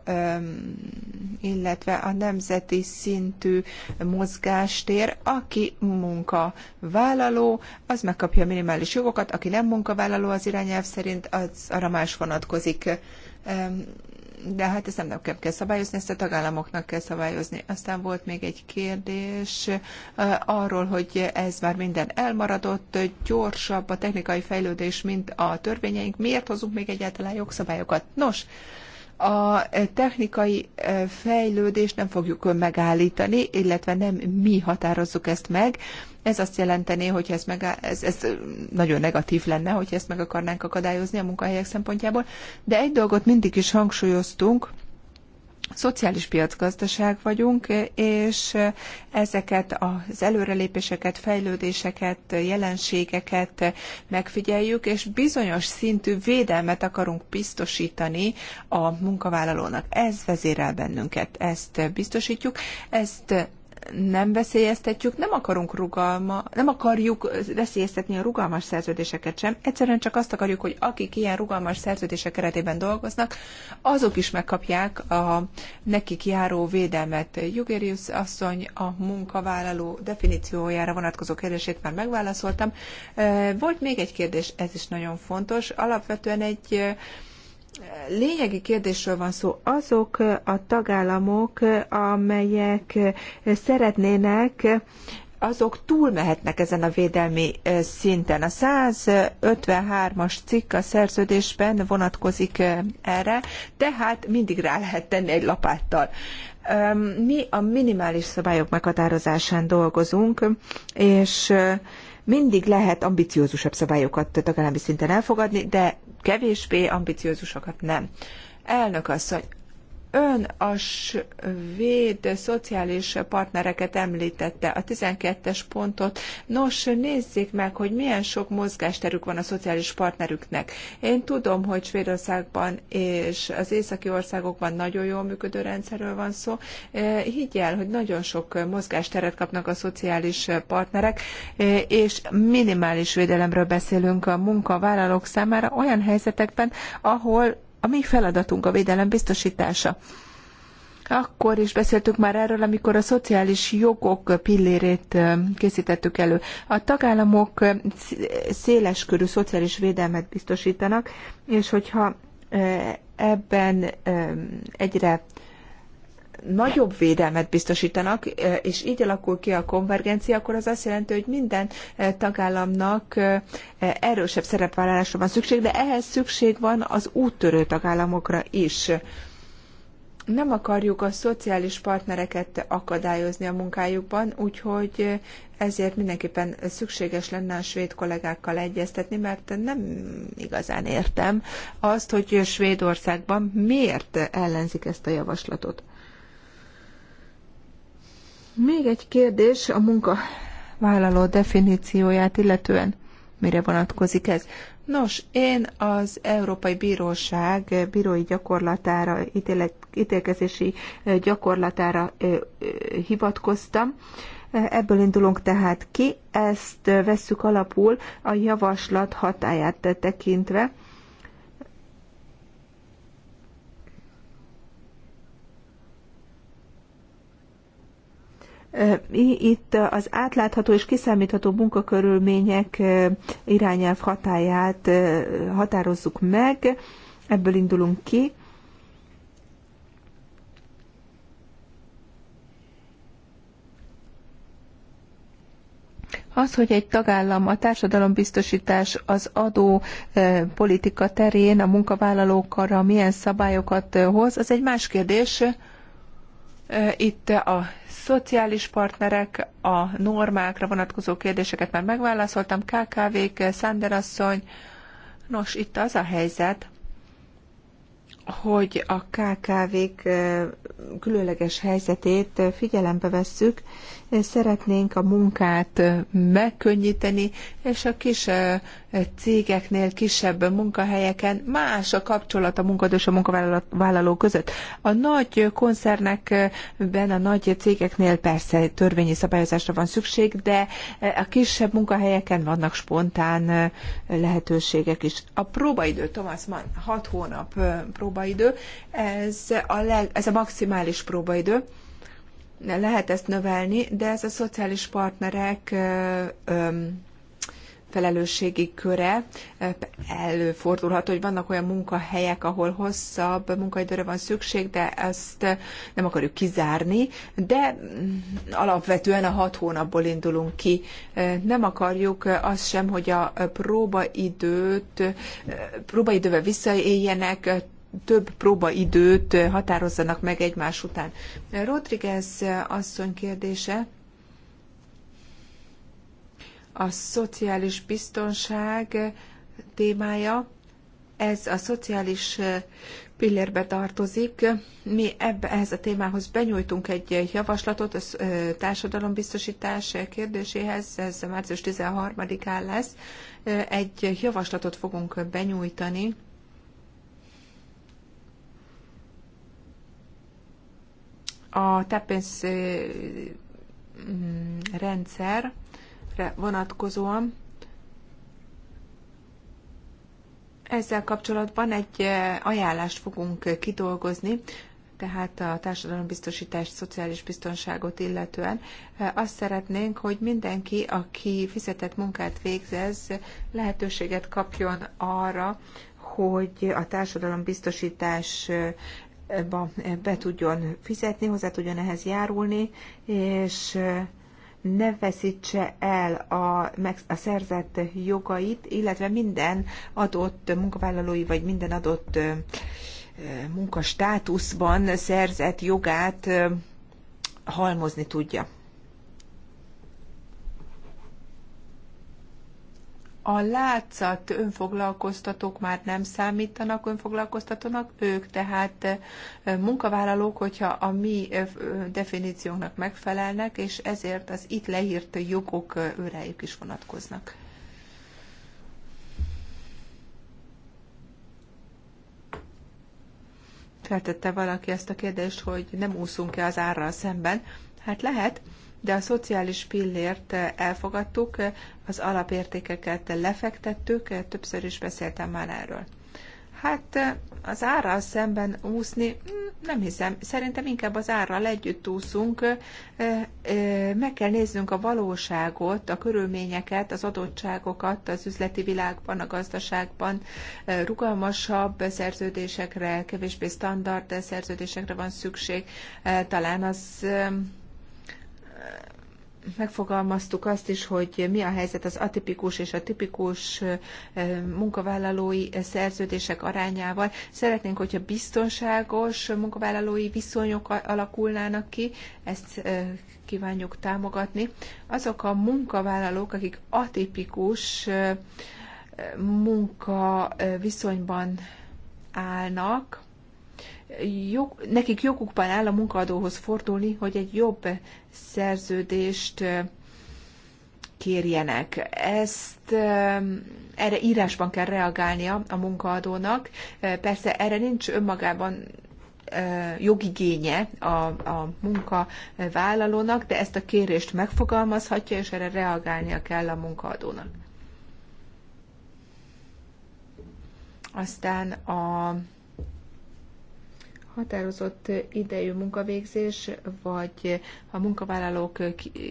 illetve a nemzeti szintű mozgástér, aki munkavállaló, az megkapja minimális jogokat, aki nem munkavállaló az irányelv szerint, az arra más vonatkozik de hát ezt nem kell, kell szabályozni, ezt a tagállamoknak kell szabályozni. Aztán volt még egy kérdés arról, hogy ez már minden elmaradott, gyorsabb a technikai fejlődés, mint a törvényeink. Miért hozunk még egyáltalán jogszabályokat? Nos, a technikai e, fejlődést nem fogjuk megállítani, illetve nem mi határozzuk ezt meg. Ez azt jelenteni, hogy ez, meg, ez, ez nagyon negatív lenne, hogy ezt meg akarnánk akadályozni a munkahelyek szempontjából. De egy dolgot mindig is hangsúlyoztunk, szociális piacgazdaság vagyunk, és ezeket az előrelépéseket, fejlődéseket, jelenségeket megfigyeljük, és bizonyos szintű védelmet akarunk biztosítani a munkavállalónak. Ez vezérel bennünket, ezt biztosítjuk, ezt nem veszélyeztetjük, nem akarunk rugalma, nem akarjuk veszélyeztetni a rugalmas szerződéseket sem, egyszerűen csak azt akarjuk, hogy akik ilyen rugalmas szerződések keretében dolgoznak, azok is megkapják a nekik járó védelmet. Jugerius asszony a munkavállaló definíciójára vonatkozó kérdését már megválaszoltam. Volt még egy kérdés, ez is nagyon fontos. Alapvetően egy lényegi kérdésről van szó. Azok a tagállamok, amelyek szeretnének, azok túlmehetnek ezen a védelmi szinten. A 153-as cikk a szerződésben vonatkozik erre, tehát mindig rá lehet tenni egy lapáttal. Mi a minimális szabályok meghatározásán dolgozunk, és mindig lehet ambiciózusabb szabályokat tagállami szinten elfogadni, de kevésbé ambiciózusokat nem. Elnök asszony, Ön a svéd szociális partnereket említette, a 12-es pontot. Nos, nézzék meg, hogy milyen sok mozgásterük van a szociális partnerüknek. Én tudom, hogy Svédországban és az északi országokban nagyon jól működő rendszerről van szó. E, el, hogy nagyon sok mozgásteret kapnak a szociális partnerek, e, és minimális védelemről beszélünk a munkavállalók számára olyan helyzetekben, ahol a mi feladatunk a védelem biztosítása. Akkor is beszéltük már erről, amikor a szociális jogok pillérét készítettük elő. A tagállamok széleskörű szociális védelmet biztosítanak, és hogyha ebben egyre nagyobb védelmet biztosítanak, és így alakul ki a konvergencia, akkor az azt jelenti, hogy minden tagállamnak erősebb szerepvállalásra van szükség, de ehhez szükség van az úttörő tagállamokra is. Nem akarjuk a szociális partnereket akadályozni a munkájukban, úgyhogy ezért mindenképpen szükséges lenne a svéd kollégákkal egyeztetni, mert nem igazán értem azt, hogy Svédországban miért ellenzik ezt a javaslatot. Még egy kérdés a munkavállaló definícióját illetően. Mire vonatkozik ez? Nos, én az Európai Bíróság bírói gyakorlatára, ítélkezési gyakorlatára hivatkoztam. Ebből indulunk tehát ki, ezt vesszük alapul a javaslat hatáját tekintve. Itt az átlátható és kiszámítható munkakörülmények irányelv hatáját határozzuk meg, ebből indulunk ki. Az, hogy egy tagállam a társadalombiztosítás az adó politika terén a munkavállalókra milyen szabályokat hoz, az egy más kérdés. Itt a szociális partnerek, a normákra vonatkozó kérdéseket már megválaszoltam, KKV-k, Szánderasszony. Nos, itt az a helyzet, hogy a KKV-k eh, különleges helyzetét figyelembe vesszük, szeretnénk a munkát megkönnyíteni, és a kis cégeknél, kisebb munkahelyeken más a kapcsolat a munkadó és a munkavállaló között. A nagy koncernekben, a nagy cégeknél persze törvényi szabályozásra van szükség, de a kisebb munkahelyeken vannak spontán lehetőségek is. A próbaidő, Thomas Mann, 6 hónap próbaidő, ez a, leg, ez a maximális próbaidő lehet ezt növelni, de ez a szociális partnerek felelősségi köre. Előfordulhat, hogy vannak olyan munkahelyek, ahol hosszabb munkaidőre van szükség, de ezt nem akarjuk kizárni, de mm, alapvetően a hat hónapból indulunk ki. Nem akarjuk azt sem, hogy a próbaidőt, próbaidővel visszaéljenek, több próbaidőt határozzanak meg egymás után. Rodriguez asszony kérdése. A szociális biztonság témája, ez a szociális pillérbe tartozik. Mi ebbe, ehhez a témához benyújtunk egy javaslatot a társadalombiztosítás kérdéséhez, ez március 13-án lesz. Egy javaslatot fogunk benyújtani a tepénz mm, rendszerre vonatkozóan ezzel kapcsolatban egy ajánlást fogunk kidolgozni, tehát a társadalombiztosítás, szociális biztonságot illetően. Azt szeretnénk, hogy mindenki, aki fizetett munkát végzez, lehetőséget kapjon arra, hogy a társadalombiztosítás be tudjon fizetni, hozzá tudjon ehhez járulni, és ne veszítse el a, a szerzett jogait, illetve minden adott munkavállalói vagy minden adott munkastátuszban szerzett jogát halmozni tudja. a látszat önfoglalkoztatók már nem számítanak önfoglalkoztatónak, ők tehát eh, munkavállalók, hogyha a mi eh, definíciónknak megfelelnek, és ezért az itt leírt jogok eh, őrejük is vonatkoznak. Feltette valaki ezt a kérdést, hogy nem úszunk-e az árral szemben. Hát lehet, de a szociális pillért eh, elfogadtuk, eh, az alapértékeket lefektettük, eh, többször is beszéltem már erről. Hát az árral szemben úszni, hm, nem hiszem, szerintem inkább az árral együtt úszunk, meg kell néznünk a valóságot, a körülményeket, az adottságokat az üzleti világban, a gazdaságban, rugalmasabb szerződésekre, kevésbé standard szerződésekre van szükség, talán az megfogalmaztuk azt is, hogy mi a helyzet az atipikus és a tipikus munkavállalói szerződések arányával. Szeretnénk, hogyha biztonságos munkavállalói viszonyok alakulnának ki, ezt kívánjuk támogatni. Azok a munkavállalók, akik atipikus munkaviszonyban állnak, jog, nekik jogukban áll a munkaadóhoz fordulni, hogy egy jobb szerződést kérjenek. Ezt erre írásban kell reagálnia a munkaadónak. Persze erre nincs önmagában jogigénye a, a munkavállalónak, de ezt a kérést megfogalmazhatja, és erre reagálnia kell a munkaadónak. Aztán a határozott idejű munkavégzés, vagy a munkavállalók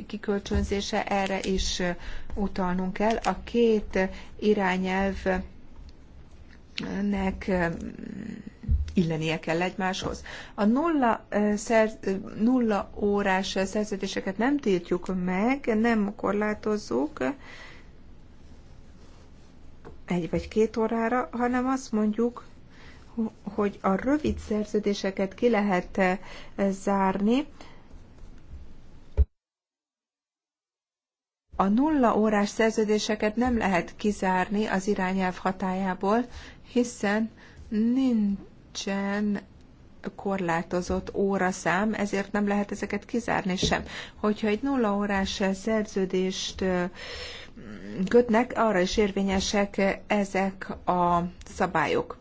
kikölcsönzése, erre is utalnunk kell. A két irányelvnek mm, illenie kell egymáshoz. A nulla, szer, nulla órás szerződéseket nem tiltjuk meg, nem korlátozzuk egy vagy két órára, hanem azt mondjuk, hogy a rövid szerződéseket ki lehet eh, zárni. A nulla órás szerződéseket nem lehet kizárni az irányelv hatájából, hiszen nincsen korlátozott óraszám, ezért nem lehet ezeket kizárni sem. Hogyha egy nulla órás szerződést eh, kötnek, arra is érvényesek ezek a szabályok.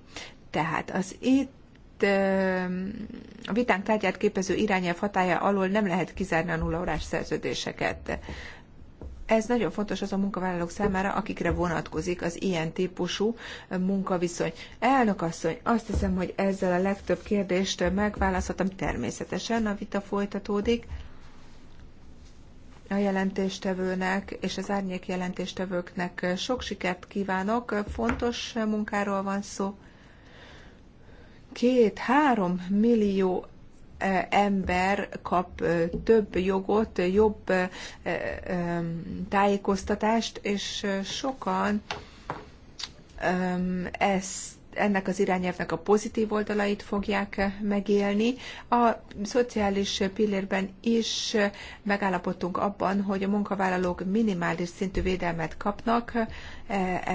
Tehát az itt a vitánk tárgyát képező irányelv hatája alól nem lehet kizárni a nullaórás szerződéseket. Ez nagyon fontos az a munkavállalók számára, akikre vonatkozik az ilyen típusú munkaviszony. Elnök asszony, azt hiszem, hogy ezzel a legtöbb kérdést megválaszoltam. Természetesen a vita folytatódik a jelentéstevőnek és az árnyék jelentéstevőknek sok sikert kívánok. Fontos munkáról van szó két-három millió ember kap több jogot, jobb tájékoztatást, és sokan ezt ennek az irányelvnek a pozitív oldalait fogják megélni. A szociális pillérben is megállapodtunk abban, hogy a munkavállalók minimális szintű védelmet kapnak.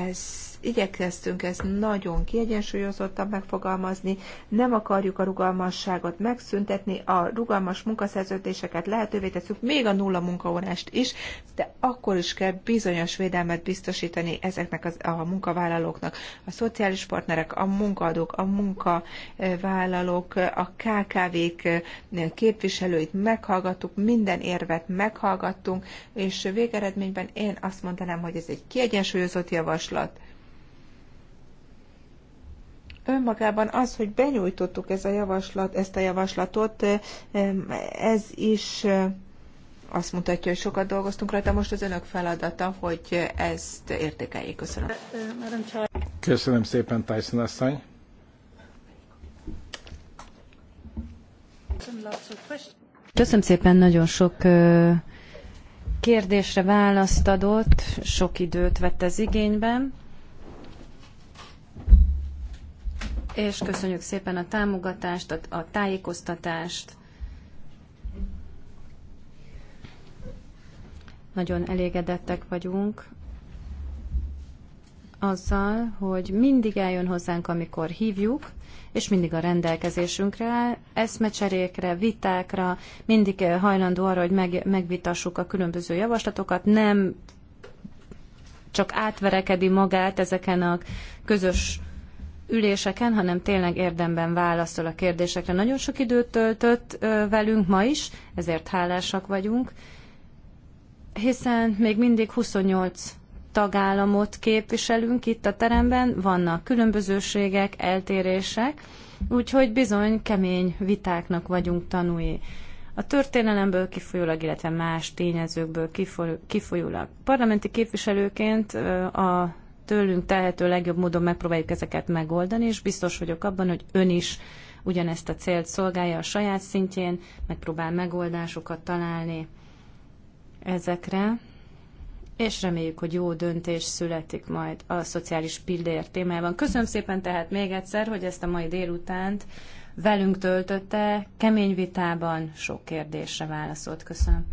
Ez igyekeztünk ezt nagyon kiegyensúlyozottan megfogalmazni, nem akarjuk a rugalmasságot megszüntetni, a rugalmas munkaszerződéseket lehetővé tesszük, még a nulla munkaórást is, de akkor is kell bizonyos védelmet biztosítani ezeknek az, a munkavállalóknak. A szociális partnerek, a munkaadók, a munkavállalók, a KKV-k képviselőit meghallgattuk, minden érvet meghallgattunk, és végeredményben én azt mondanám, hogy ez egy kiegyensúlyozott javaslat, önmagában az, hogy benyújtottuk ez a javaslat, ezt a javaslatot, ez is azt mutatja, hogy sokat dolgoztunk rajta. Most az önök feladata, hogy ezt értékeljék. Köszönöm. Köszönöm szépen, Tyson asszony. Köszönöm szépen, nagyon sok kérdésre választ adott, sok időt vett ez igényben. és köszönjük szépen a támogatást, a, a tájékoztatást. Nagyon elégedettek vagyunk azzal, hogy mindig eljön hozzánk, amikor hívjuk, és mindig a rendelkezésünkre áll, eszmecserékre, vitákra, mindig eh, hajlandó arra, hogy meg, megvitassuk a különböző javaslatokat, nem csak átverekedi magát ezeken a közös üléseken, hanem tényleg érdemben válaszol a kérdésekre. Nagyon sok időt töltött velünk ma is, ezért hálásak vagyunk, hiszen még mindig 28 tagállamot képviselünk itt a teremben, vannak különbözőségek, eltérések, úgyhogy bizony kemény vitáknak vagyunk tanúi. A történelemből kifolyólag, illetve más tényezőkből kifolyólag. Parlamenti képviselőként a tőlünk tehető legjobb módon megpróbáljuk ezeket megoldani, és biztos vagyok abban, hogy ön is ugyanezt a célt szolgálja a saját szintjén, megpróbál megoldásokat találni ezekre, és reméljük, hogy jó döntés születik majd a szociális pillér témában. Köszönöm szépen tehát még egyszer, hogy ezt a mai délutánt velünk töltötte, kemény vitában sok kérdésre válaszolt. Köszönöm.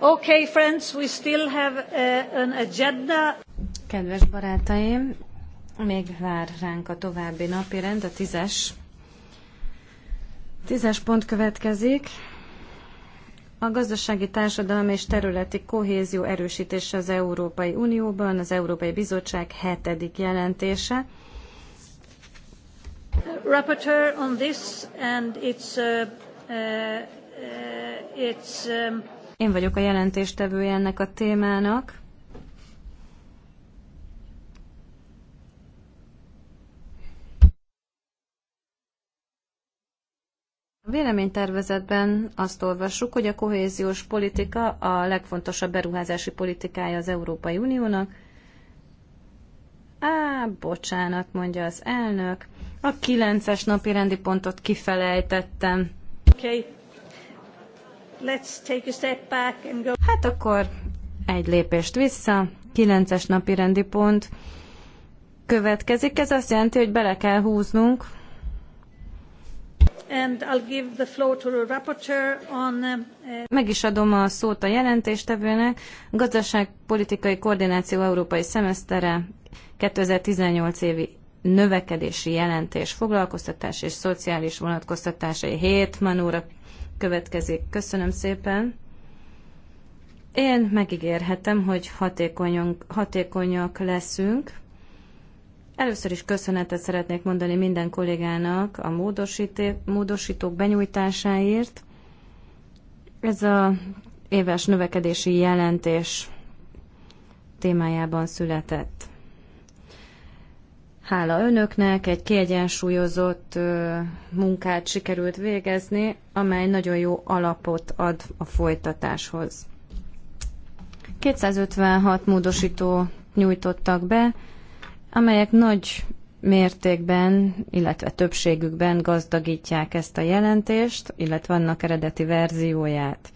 Okay, friends, we still have uh, an agenda. Kedves barátaim, még vár ránk a további napi rend, a tízes. Tízes pont következik. A gazdasági, társadalmi és területi kohézió erősítése az Európai Unióban, az Európai Bizottság hetedik jelentése. Rapporteur on this, and it's, uh, uh, uh it's um, én vagyok a jelentéstevője ennek a témának. A véleménytervezetben azt olvassuk, hogy a kohéziós politika a legfontosabb beruházási politikája az Európai Uniónak. Á, bocsánat, mondja az elnök. A kilences napi rendi pontot kifelejtettem. Okay. Let's take a step back and go. Hát akkor egy lépést vissza, kilences napi rendi pont következik. Ez azt jelenti, hogy bele kell húznunk. And I'll give the floor to the rapporteur on, um, uh, Meg is adom a szót a jelentéstevőnek. Gazdaságpolitikai koordináció európai szemesztere 2018 évi növekedési jelentés, foglalkoztatás és szociális vonatkoztatásai. 7 manóra következik. Köszönöm szépen. Én megígérhetem, hogy hatékonyak leszünk. Először is köszönetet szeretnék mondani minden kollégának a módosítók benyújtásáért. Ez a éves növekedési jelentés témájában született. Hála önöknek egy kiegyensúlyozott munkát sikerült végezni, amely nagyon jó alapot ad a folytatáshoz. 256 módosító nyújtottak be, amelyek nagy mértékben, illetve többségükben gazdagítják ezt a jelentést, illetve annak eredeti verzióját.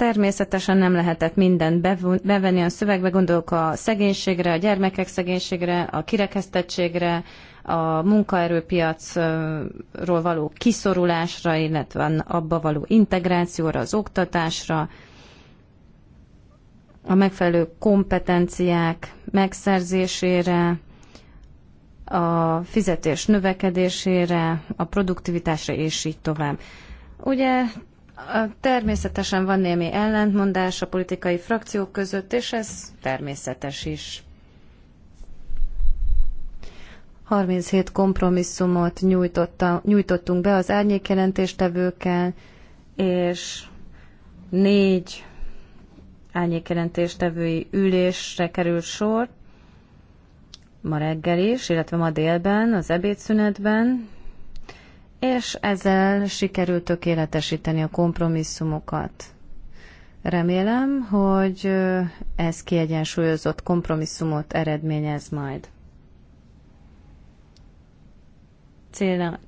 Természetesen nem lehetett mindent bevenni a szövegbe, gondolok a szegénységre, a gyermekek szegénységre, a kirekesztettségre, a munkaerőpiacról való kiszorulásra, illetve abba való integrációra, az oktatásra, a megfelelő kompetenciák megszerzésére, a fizetés növekedésére, a produktivitásra, és így tovább. Ugye Természetesen van némi ellentmondás a politikai frakciók között, és ez természetes is. 37 kompromisszumot nyújtottunk be az árnyékjelentéstevőkkel, és négy árnyékjelentéstevői ülésre került sor ma reggel is, illetve ma délben, az ebédszünetben, és ezzel sikerült tökéletesíteni a kompromisszumokat. Remélem, hogy ez kiegyensúlyozott kompromisszumot eredményez majd.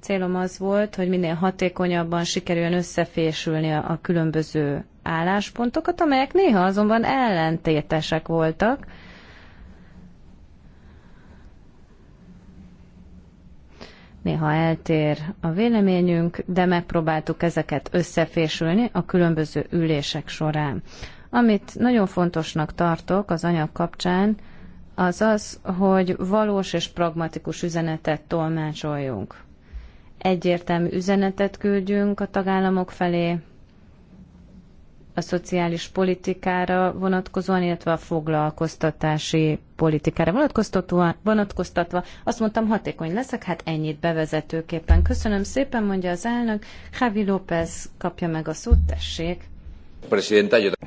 Célom az volt, hogy minél hatékonyabban sikerüljön összefésülni a különböző álláspontokat, amelyek néha azonban ellentétesek voltak, néha eltér a véleményünk, de megpróbáltuk ezeket összefésülni a különböző ülések során. Amit nagyon fontosnak tartok az anyag kapcsán, az az, hogy valós és pragmatikus üzenetet tolmácsoljunk. Egyértelmű üzenetet küldjünk a tagállamok felé, a szociális politikára vonatkozóan, illetve a foglalkoztatási politikára vonatkoztatva. Azt mondtam, hatékony leszek, hát ennyit bevezetőképpen. Köszönöm szépen, mondja az elnök. Javi López kapja meg a szót, tessék.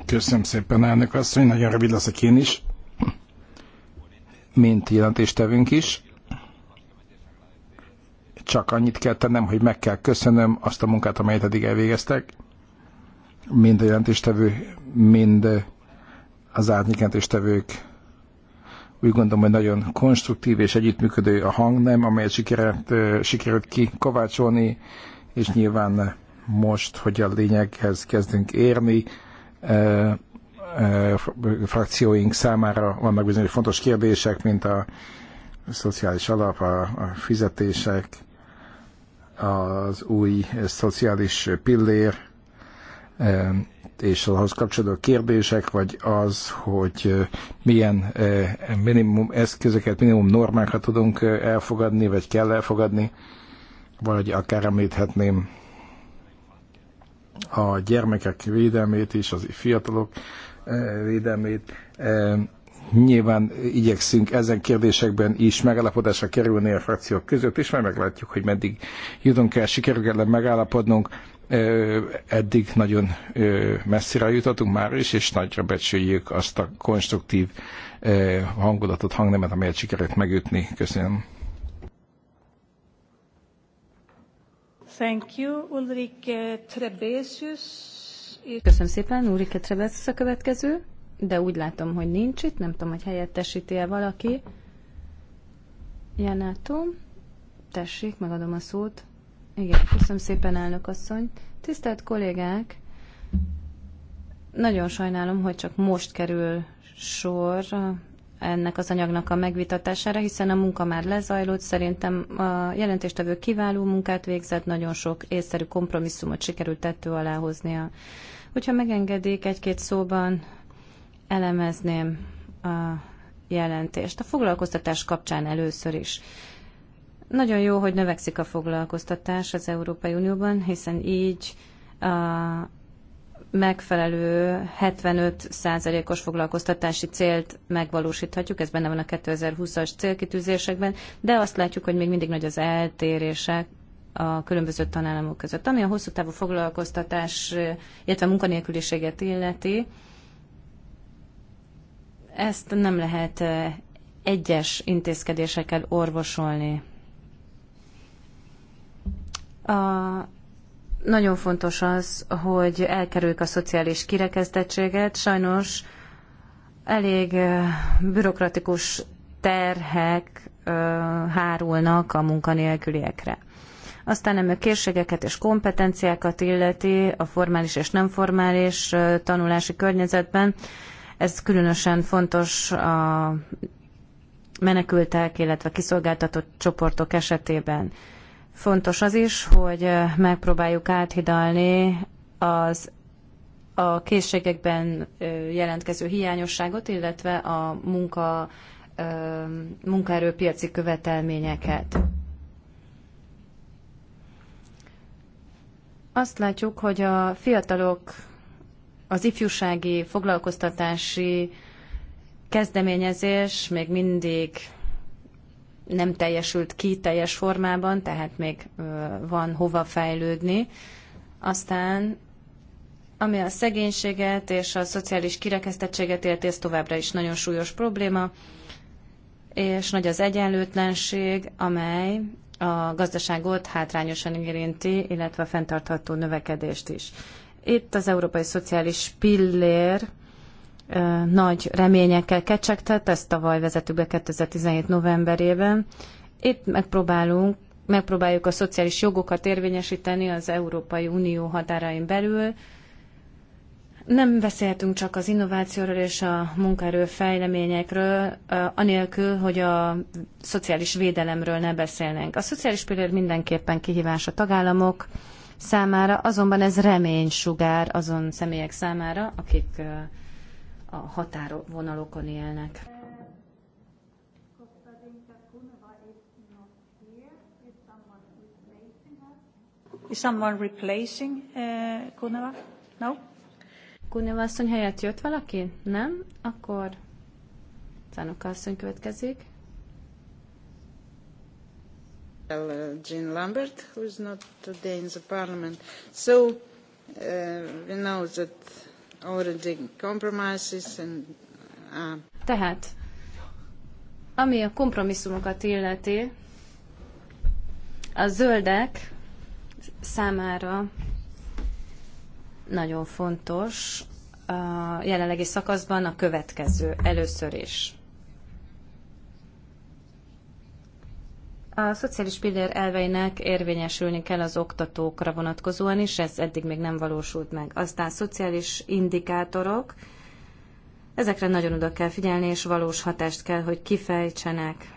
Köszönöm szépen, elnök asszony, nagyon rövid leszek én is, mint jelentéstevünk is. Csak annyit kell tennem, hogy meg kell köszönöm azt a munkát, amelyet eddig elvégeztek mind a jelentéstevő, mind az árnyékentéstevők úgy gondolom, hogy nagyon konstruktív és együttműködő a hangnem, amelyet sikerült, sikerült kikovácsolni, és nyilván most, hogy a lényeghez kezdünk érni, frakcióink számára vannak bizonyos fontos kérdések, mint a szociális alap, a fizetések, az új szociális pillér, és ahhoz kapcsolódó kérdések, vagy az, hogy milyen minimum eszközöket, minimum normákat tudunk elfogadni, vagy kell elfogadni, vagy akár említhetném a gyermekek védelmét is, az fiatalok védelmét. Nyilván igyekszünk ezen kérdésekben is megállapodásra kerülni a frakciók között, és majd meglátjuk, hogy meddig jutunk el, sikerül megállapodnunk eddig nagyon messzire jutottunk már is, és nagyra becsüljük azt a konstruktív hangulatot, hangnemet, amelyet sikerült megütni. Köszönöm. Thank you, Ulrike Trebesius. Köszönöm szépen, Ulrike Trebesius a következő, de úgy látom, hogy nincs itt, nem tudom, hogy helyettesíti-e valaki. Janátó, tessék, megadom a szót. Igen, köszönöm szépen, elnök asszony. Tisztelt kollégák, nagyon sajnálom, hogy csak most kerül sor ennek az anyagnak a megvitatására, hiszen a munka már lezajlott. Szerintem a jelentéstevő kiváló munkát végzett, nagyon sok észszerű kompromisszumot sikerült tettő alá hoznia. Hogyha megengedik, egy-két szóban elemezném a jelentést. A foglalkoztatás kapcsán először is. Nagyon jó, hogy növekszik a foglalkoztatás az Európai Unióban, hiszen így a megfelelő 75%-os foglalkoztatási célt megvalósíthatjuk, ez benne van a 2020-as célkitűzésekben, de azt látjuk, hogy még mindig nagy az eltérések a különböző tanállamok között. Ami a hosszú távú foglalkoztatás, illetve munkanélküliséget illeti, ezt nem lehet egyes intézkedésekkel orvosolni. A, nagyon fontos az, hogy elkerüljük a szociális kirekesztettséget. Sajnos elég bürokratikus terhek hárulnak a munkanélküliekre. Aztán ami a készségeket és kompetenciákat illeti a formális és nem formális tanulási környezetben, ez különösen fontos a menekültek, illetve kiszolgáltatott csoportok esetében. Fontos az is, hogy megpróbáljuk áthidalni az a készségekben jelentkező hiányosságot, illetve a munka, munkaerőpiaci követelményeket. Azt látjuk, hogy a fiatalok az ifjúsági foglalkoztatási kezdeményezés még mindig nem teljesült ki teljes formában, tehát még van hova fejlődni. Aztán ami a szegénységet és a szociális kirekesztettséget illeti, ez továbbra is nagyon súlyos probléma, és nagy az egyenlőtlenség, amely a gazdaságot hátrányosan érinti, illetve a fenntartható növekedést is. Itt az európai szociális pillér nagy reményekkel kecsegtett, ezt tavaly vezettük be 2017 novemberében. Itt megpróbálunk, megpróbáljuk a szociális jogokat érvényesíteni az Európai Unió határain belül. Nem beszéltünk csak az innovációról és a munkaerő fejleményekről, anélkül, hogy a szociális védelemről ne beszélnénk. A szociális pillér mindenképpen kihívás a tagállamok számára, azonban ez reménysugár azon személyek számára, akik a határvonalokon élnek. Is someone replacing uh, Kuneva? No? Kuneva asszony helyett jött valaki? Nem? Akkor Cánoka asszony következik. Well, uh, Jean Lambert, who is not today in the parliament. So uh, we know that Uh, Tehát, ami a kompromisszumokat illeti, a zöldek számára nagyon fontos a uh, jelenlegi szakaszban a következő először is. A szociális pillér elveinek érvényesülni kell az oktatókra vonatkozóan is, ez eddig még nem valósult meg. Aztán szociális indikátorok, ezekre nagyon oda kell figyelni, és valós hatást kell, hogy kifejtsenek.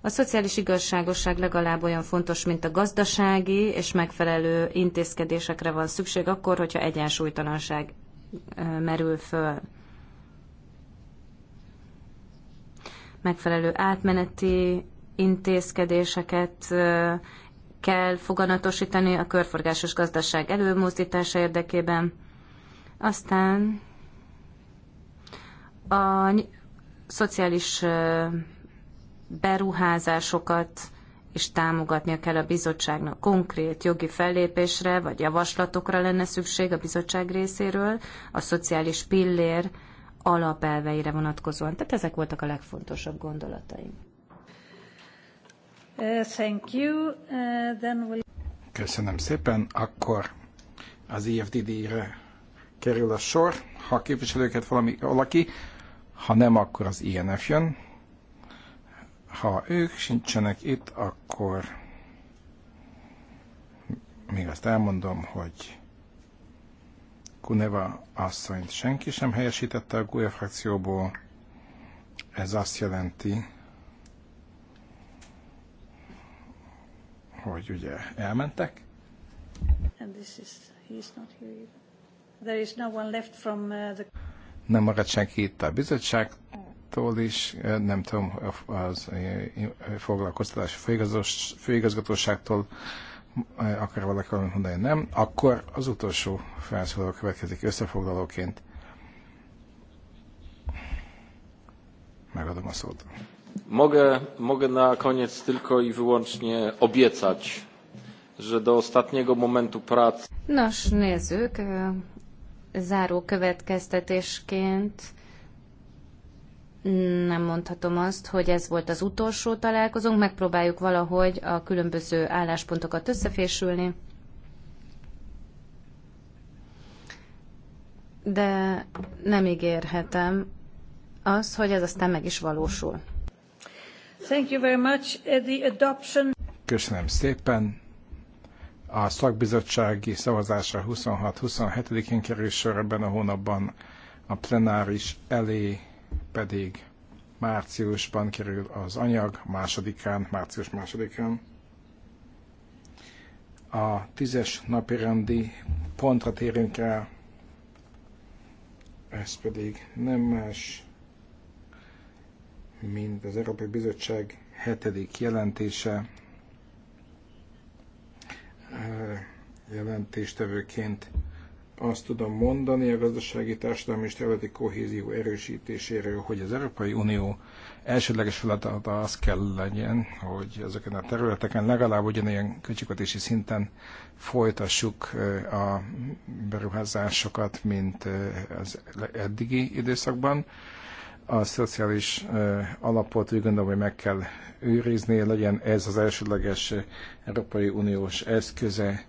A szociális igazságosság legalább olyan fontos, mint a gazdasági, és megfelelő intézkedésekre van szükség akkor, hogyha egyensúlytalanság merül föl. megfelelő átmeneti intézkedéseket kell foganatosítani a körforgásos gazdaság előmozdítása érdekében. Aztán a szociális beruházásokat is támogatnia kell a bizottságnak. Konkrét jogi fellépésre vagy javaslatokra lenne szükség a bizottság részéről. A szociális pillér alapelveire vonatkozóan. Tehát ezek voltak a legfontosabb gondolataim. Uh, thank you. Uh, then we. Köszönöm szépen. Akkor az IFDD-re kerül a sor, ha a képviselőket valami valaki, ha nem, akkor az INF jön. Ha ők sincsenek itt, akkor még azt elmondom, hogy Kuneva asszonyt senki sem helyesítette a GUE frakcióból. Ez azt jelenti, hogy ugye elmentek. And this is, he is not here either. There is no one left from uh, the... Nem maradt senki itt a bizottságtól is, nem tudom, az foglalkoztatási főigazgatóságtól Eh, akar valaki valamit mondani, nem, akkor az utolsó felszóló következik összefoglalóként. Megadom a szót. Mogę, mogę na koniec tylko i wyłącznie obiecać, że do ostatniego momentu pracy... Nos, nézzük, e, záró következtetésként nem mondhatom azt, hogy ez volt az utolsó találkozónk, megpróbáljuk valahogy a különböző álláspontokat összefésülni. De nem ígérhetem az, hogy ez aztán meg is valósul. Thank you very much. The adoption... Köszönöm szépen. A szakbizottsági szavazásra 26-27-én kerül sor ebben a hónapban a plenáris elé pedig márciusban kerül az anyag, másodikán, március másodikán. A tízes napi rendi pontra térünk rá, ez pedig nem más, mint az Európai Bizottság hetedik jelentése. Jelentéstevőként azt tudom mondani a gazdasági társadalmi és területi kohézió erősítéséről, hogy az Európai Unió elsődleges feladata az kell legyen, hogy ezeken a területeken legalább ugyanilyen költségvetési szinten folytassuk a beruházásokat, mint az eddigi időszakban. A szociális alapot úgy gondolom, hogy meg kell őrizni, legyen ez az elsődleges Európai Uniós eszköze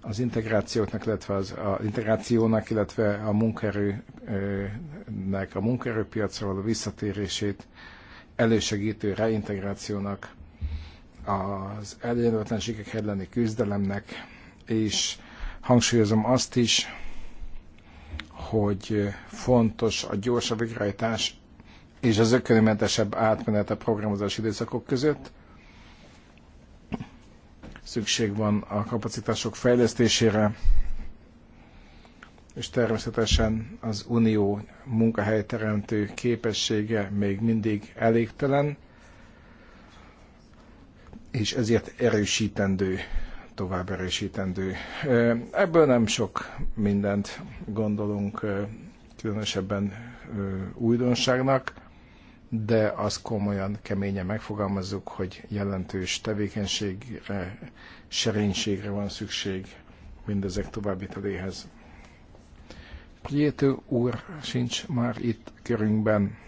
az integrációknak, illetve az, az integrációnak, illetve a munkaerőnek, a munkaerőpiacról való visszatérését elősegítő reintegrációnak, az egyenlőtlenségek elleni küzdelemnek, és hangsúlyozom azt is, hogy fontos a gyorsabb végrehajtás és az ökönömentesebb átmenet a programozási időszakok között, szükség van a kapacitások fejlesztésére, és természetesen az unió munkahelyteremtő képessége még mindig elégtelen, és ezért erősítendő, tovább erősítendő. Ebből nem sok mindent gondolunk különösebben újdonságnak de azt komolyan, keményen megfogalmazzuk, hogy jelentős tevékenységre, serénységre van szükség mindezek teléhez. Prieto úr sincs már itt körünkben.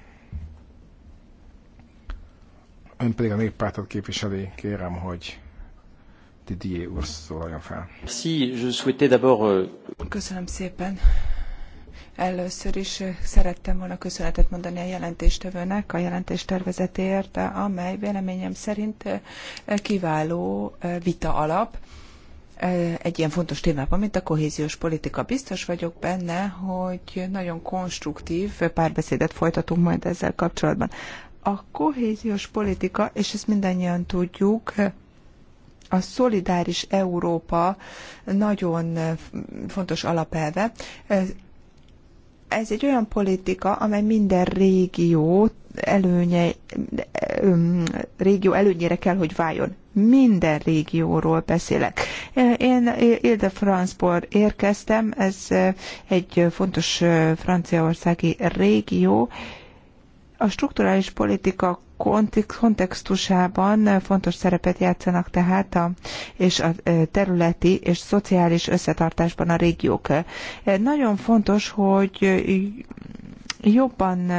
Ön pedig a néppártot képviseli, kérem, hogy Didier úr szólaljon fel. Euh, Köszönöm szépen. Először is szerettem volna köszönetet mondani a jelentéstevőnek a jelentés tervezetéért, amely véleményem szerint kiváló vita alap egy ilyen fontos témában, mint a kohéziós politika. Biztos vagyok benne, hogy nagyon konstruktív párbeszédet folytatunk majd ezzel kapcsolatban. A kohéziós politika, és ezt mindannyian tudjuk, a szolidáris Európa nagyon fontos alapelve ez egy olyan politika, amely minden régió előnye, régió előnyére kell, hogy váljon. Minden régióról beszélek. Én Ilde de franceból érkeztem, ez egy fontos franciaországi régió. A strukturális politika kontextusában fontos szerepet játszanak tehát a, és a területi és szociális összetartásban a régiók. Nagyon fontos, hogy jobban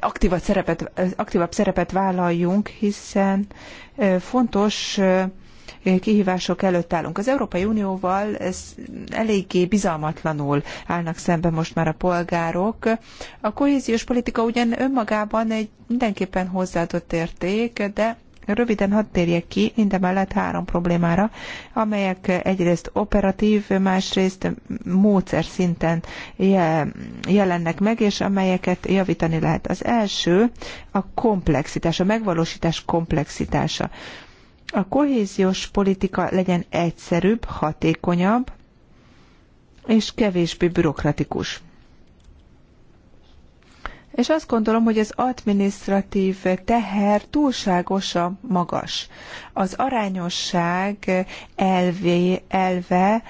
aktívabb szerepet, aktívabb szerepet vállaljunk, hiszen fontos kihívások előtt állunk. Az Európai Unióval ez eléggé bizalmatlanul állnak szembe most már a polgárok. A kohéziós politika ugyan önmagában egy mindenképpen hozzáadott érték, de Röviden hadd térjek ki mindemellett három problémára, amelyek egyrészt operatív, másrészt módszer szinten jelennek meg, és amelyeket javítani lehet. Az első a komplexitás, a megvalósítás komplexitása a kohéziós politika legyen egyszerűbb, hatékonyabb és kevésbé bürokratikus. És azt gondolom, hogy az administratív teher túlságosan magas. Az arányosság elvé, elve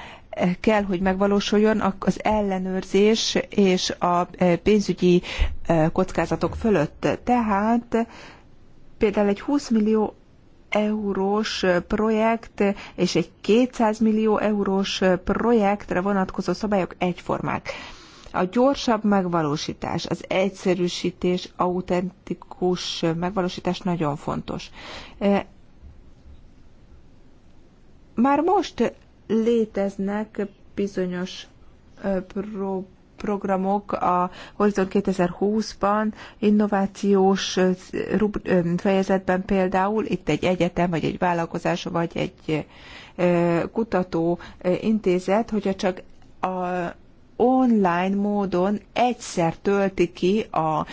kell, hogy megvalósuljon az ellenőrzés és a pénzügyi kockázatok fölött. Tehát például egy 20 millió eurós projekt és egy 200 millió eurós projektre vonatkozó szabályok egyformák. A gyorsabb megvalósítás, az egyszerűsítés, autentikus megvalósítás nagyon fontos. Már most léteznek bizonyos prób programok a Horizon 2020-ban, innovációs fejezetben például, itt egy egyetem, vagy egy vállalkozás, vagy egy kutató intézet, hogyha csak a online módon egyszer tölti ki a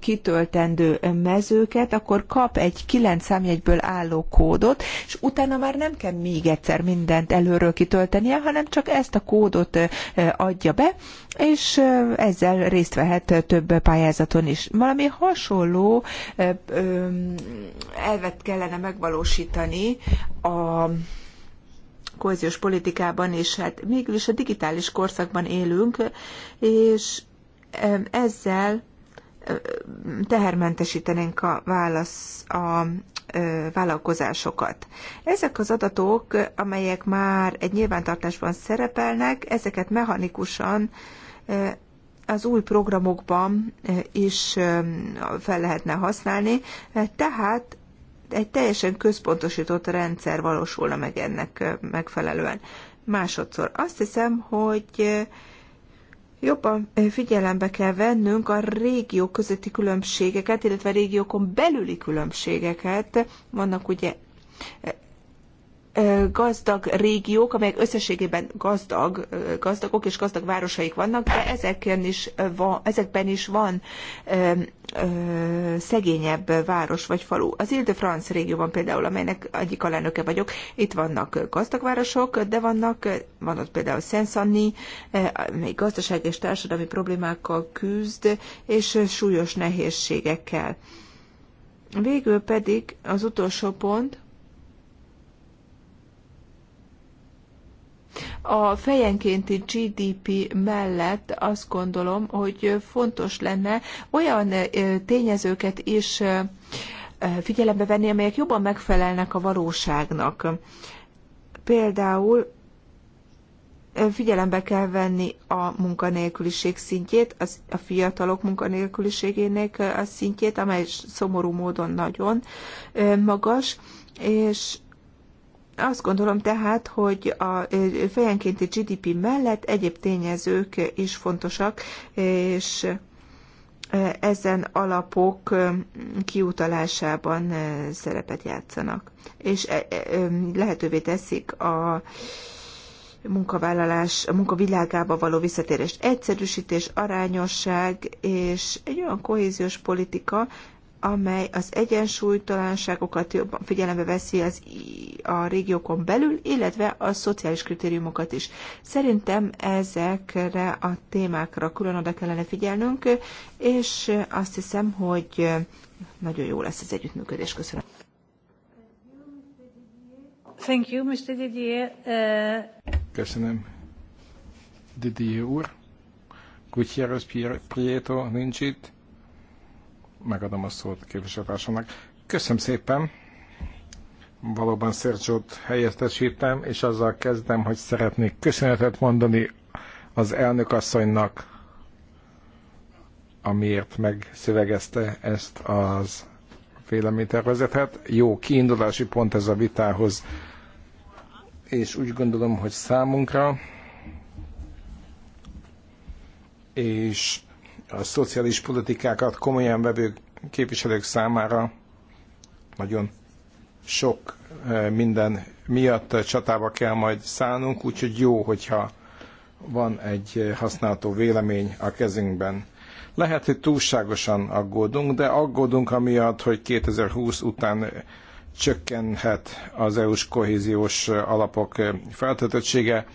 kitöltendő mezőket, akkor kap egy kilenc számjegyből álló kódot, és utána már nem kell még egyszer mindent előről kitöltenie, hanem csak ezt a kódot adja be, és ezzel részt vehet több pályázaton is. Valami hasonló elvet kellene megvalósítani a kohéziós politikában is. Hát mégis a digitális korszakban élünk, és ezzel tehermentesítenénk a válasz a vállalkozásokat. Ezek az adatok, amelyek már egy nyilvántartásban szerepelnek, ezeket mechanikusan az új programokban is fel lehetne használni, tehát egy teljesen központosított rendszer valósulna meg ennek megfelelően. Másodszor azt hiszem, hogy jobban figyelembe kell vennünk a régió közötti különbségeket, illetve a régiókon belüli különbségeket. Vannak ugye gazdag régiók, amelyek összességében gazdag, gazdagok és gazdag városaik vannak, de ezeken is van, ezekben is van ö, ö, szegényebb város vagy falu. Az Ile-de-France régióban például, amelynek egyik alelnöke vagyok, itt vannak gazdag városok, de vannak, van ott például Szenszanni, amely gazdaság és társadalmi problémákkal küzd, és súlyos nehézségekkel. Végül pedig az utolsó pont, a fejenkénti GDP mellett azt gondolom, hogy fontos lenne olyan tényezőket is figyelembe venni, amelyek jobban megfelelnek a valóságnak. Például figyelembe kell venni a munkanélküliség szintjét, az, a fiatalok munkanélküliségének a szintjét, amely szomorú módon nagyon magas, és azt gondolom tehát, hogy a fejenkénti GDP mellett egyéb tényezők is fontosak, és ezen alapok kiutalásában szerepet játszanak, és e, e, lehetővé teszik a munkavállalás, a munkavilágába való visszatérést. Egyszerűsítés, arányosság és egy olyan kohéziós politika, amely az egyensúlytalanságokat jobban figyelembe veszi az, a régiókon belül, illetve a szociális kritériumokat is. Szerintem ezekre a témákra külön oda kellene figyelnünk, és azt hiszem, hogy nagyon jó lesz az együttműködés. Köszönöm. Thank you, Mr. Didier. Uh... Köszönöm, Didier úr. Gutierrez Prieto nincs itt megadom a szót képviselőtársamnak. Köszönöm szépen! Valóban Szercsót helyettesítem, és azzal kezdem, hogy szeretnék köszönetet mondani az elnök asszonynak, amiért megszövegezte ezt az véleménytervezetet. Jó kiindulási pont ez a vitához, és úgy gondolom, hogy számunkra, és a szociális politikákat komolyan vevő képviselők számára nagyon sok eh, minden miatt csatába kell majd szállnunk, úgyhogy jó, hogyha van egy használható vélemény a kezünkben. Lehet, hogy túlságosan aggódunk, de aggódunk amiatt, hogy 2020 után csökkenhet az EU-s kohéziós alapok eh, feltöltöttsége,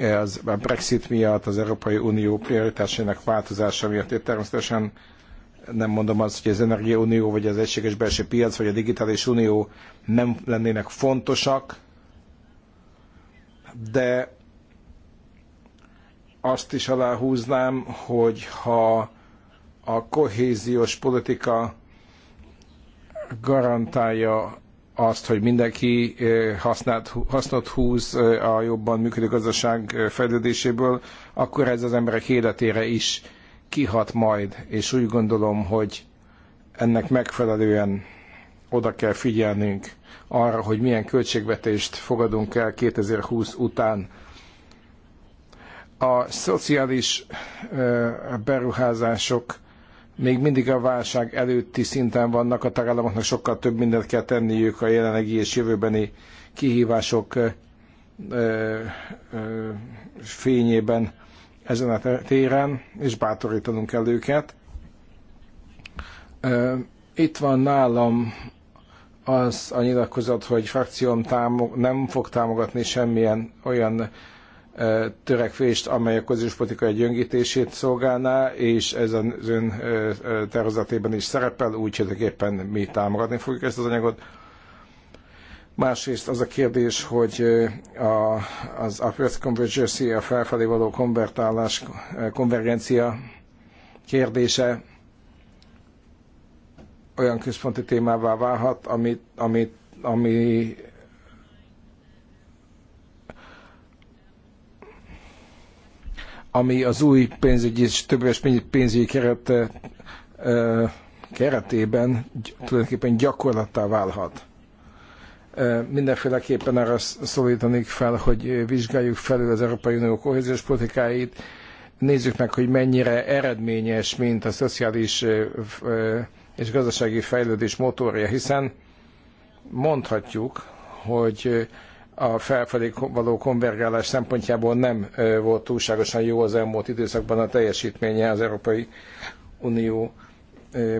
az, a Brexit miatt, az Európai Unió prioritásainak változása miatt. Én természetesen nem mondom azt, hogy az Energiaunió, vagy az Egységes Belső Piac, vagy a Digitális Unió nem lennének fontosak, de azt is aláhúznám, hogy ha a kohéziós politika garantálja azt, hogy mindenki hasznát, hasznot húz a jobban működő gazdaság fejlődéséből, akkor ez az emberek életére is kihat majd, és úgy gondolom, hogy ennek megfelelően oda kell figyelnünk arra, hogy milyen költségvetést fogadunk el 2020 után. A szociális beruházások még mindig a válság előtti szinten vannak, a tagállamoknak sokkal több mindent kell tenniük a jelenlegi és jövőbeni kihívások fényében ezen a téren, és bátorítanunk kell őket. Itt van nálam az a nyilatkozat, hogy frakcióm támog- nem fog támogatni semmilyen olyan törekvést, amely a közös politikai gyöngítését szolgálná, és ez az ön tervezetében is szerepel, úgyhogy éppen mi támogatni fogjuk ezt az anyagot. Másrészt az a kérdés, hogy a, az upward convergency, a felfelé való konvertálás, konvergencia kérdése olyan központi témává válhat, amit, amit, ami, ami ami az új pénzügyi és többes pénzügyi keret keretében tulajdonképpen gyakorlattá válhat. Mindenféleképpen arra szólítanék fel, hogy vizsgáljuk felül az Európai Unió kohéziós politikáit, nézzük meg, hogy mennyire eredményes, mint a szociális és gazdasági fejlődés motorja, hiszen mondhatjuk, hogy a felfelé való konvergálás szempontjából nem volt túlságosan jó az elmúlt időszakban a teljesítménye az Európai Unió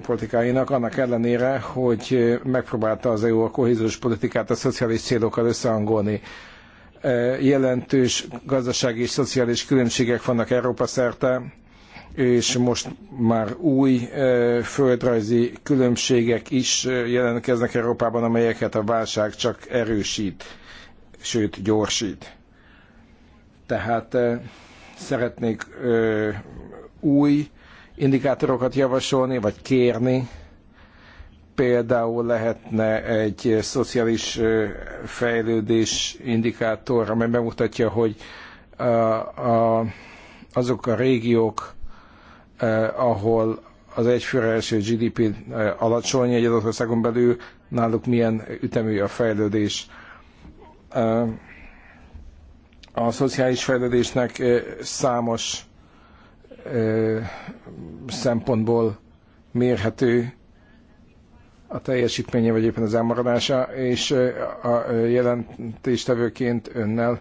politikáinak, annak ellenére, hogy megpróbálta az EU a kohéziós politikát a szociális célokkal összehangolni. Jelentős gazdasági és szociális különbségek vannak Európa szerte, és most már új földrajzi különbségek is jelentkeznek Európában, amelyeket a válság csak erősít sőt gyorsít. Tehát szeretnék új indikátorokat javasolni, vagy kérni, például lehetne egy szociális fejlődés indikátor, amely bemutatja, hogy a, a, azok a régiók, ahol az egyfőre első GDP alacsony egy adott országon belül, náluk milyen ütemű a fejlődés a szociális fejlődésnek számos szempontból mérhető a teljesítménye, vagy éppen az elmaradása, és a jelentéstevőként önnel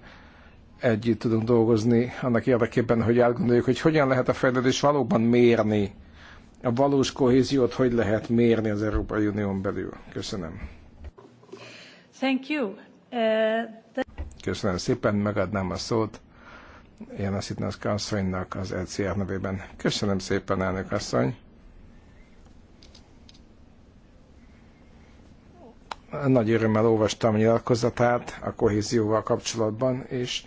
együtt tudunk dolgozni annak érdekében, hogy átgondoljuk, hogy hogyan lehet a fejlődés valóban mérni, a valós kohéziót hogy lehet mérni az Európai Unión belül. Köszönöm. Thank you. Köszönöm szépen, megadnám a szót Jana Szitnaszka asszonynak az ECR nevében. Köszönöm szépen, elnök asszony. Nagy örömmel olvastam nyilatkozatát a kohézióval kapcsolatban, és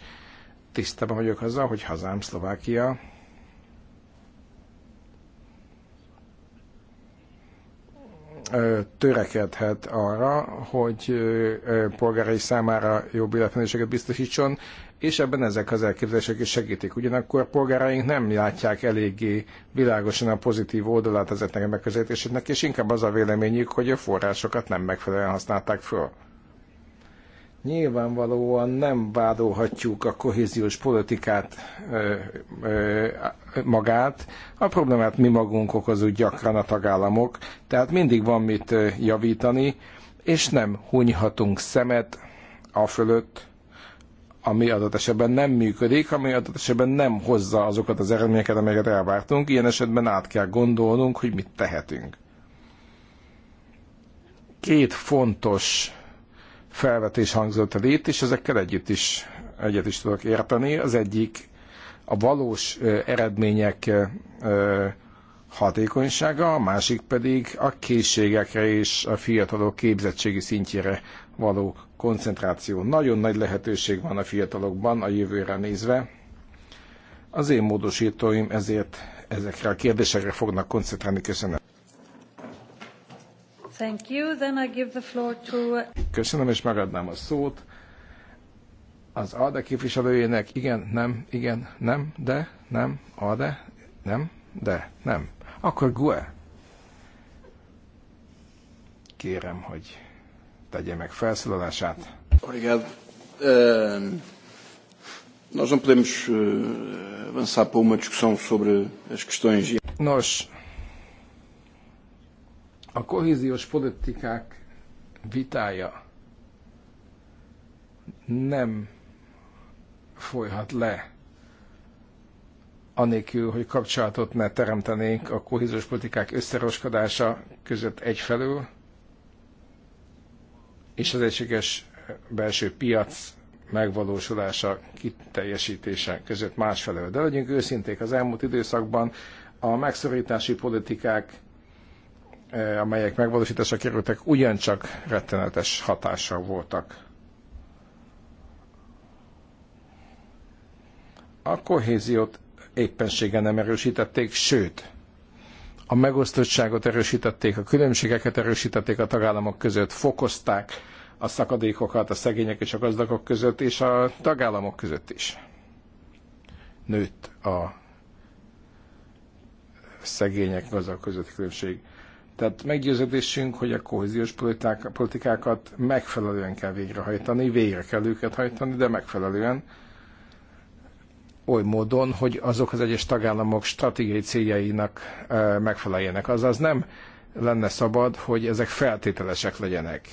tisztában vagyok azzal, hogy hazám Szlovákia törekedhet arra, hogy polgárai számára jobb életmenőséget biztosítson, és ebben ezek az elképzelések is segítik. Ugyanakkor polgáraink nem látják eléggé világosan a pozitív oldalát ezeknek a megközelítéseknek, és inkább az a véleményük, hogy a forrásokat nem megfelelően használták föl nyilvánvalóan nem vádolhatjuk a kohéziós politikát ö, ö, magát. A problémát mi magunk okozunk gyakran a tagállamok, tehát mindig van mit javítani, és nem hunyhatunk szemet a fölött, ami adott esetben nem működik, ami adott esetben nem hozza azokat az eredményeket, amelyeket elvártunk. Ilyen esetben át kell gondolnunk, hogy mit tehetünk. Két fontos felvetés hangzott el itt, és ezekkel együtt is egyet is tudok érteni. Az egyik a valós eredmények hatékonysága, a másik pedig a készségekre és a fiatalok képzettségi szintjére való koncentráció. Nagyon nagy lehetőség van a fiatalokban a jövőre nézve. Az én módosítóim ezért ezekre a kérdésekre fognak koncentrálni. Köszönöm. Thank you. Then I give the floor to... Köszönöm, és megadnám a szót az ALDE képviselőjének. Igen, nem, igen, nem, de, nem, ALDE, nem, de, nem. Akkor GUE. Kérem, hogy tegye meg felszólalását. Ehm, nós não podemos eh, avançar para uma discussão sobre as questões. Nos, a kohéziós politikák vitája nem folyhat le anélkül, hogy kapcsolatot ne teremtenénk a kohéziós politikák összeroskodása között egyfelől, és az egységes belső piac megvalósulása, kiteljesítése között másfelől. De legyünk őszinték, az elmúlt időszakban a megszorítási politikák E, amelyek megvalósításra kerültek, ugyancsak rettenetes hatással voltak. A kohéziót éppenséggel nem erősítették, sőt, a megosztottságot erősítették, a különbségeket erősítették a tagállamok között, fokozták a szakadékokat a szegények és a gazdagok között, és a tagállamok között is. Nőtt a szegények gazdagok közötti különbség tehát meggyőződésünk, hogy a kohéziós politikák, politikákat megfelelően kell végrehajtani, végre kell őket hajtani, de megfelelően oly módon, hogy azok az egyes tagállamok stratégiai céljainak megfeleljenek. Azaz nem lenne szabad, hogy ezek feltételesek legyenek.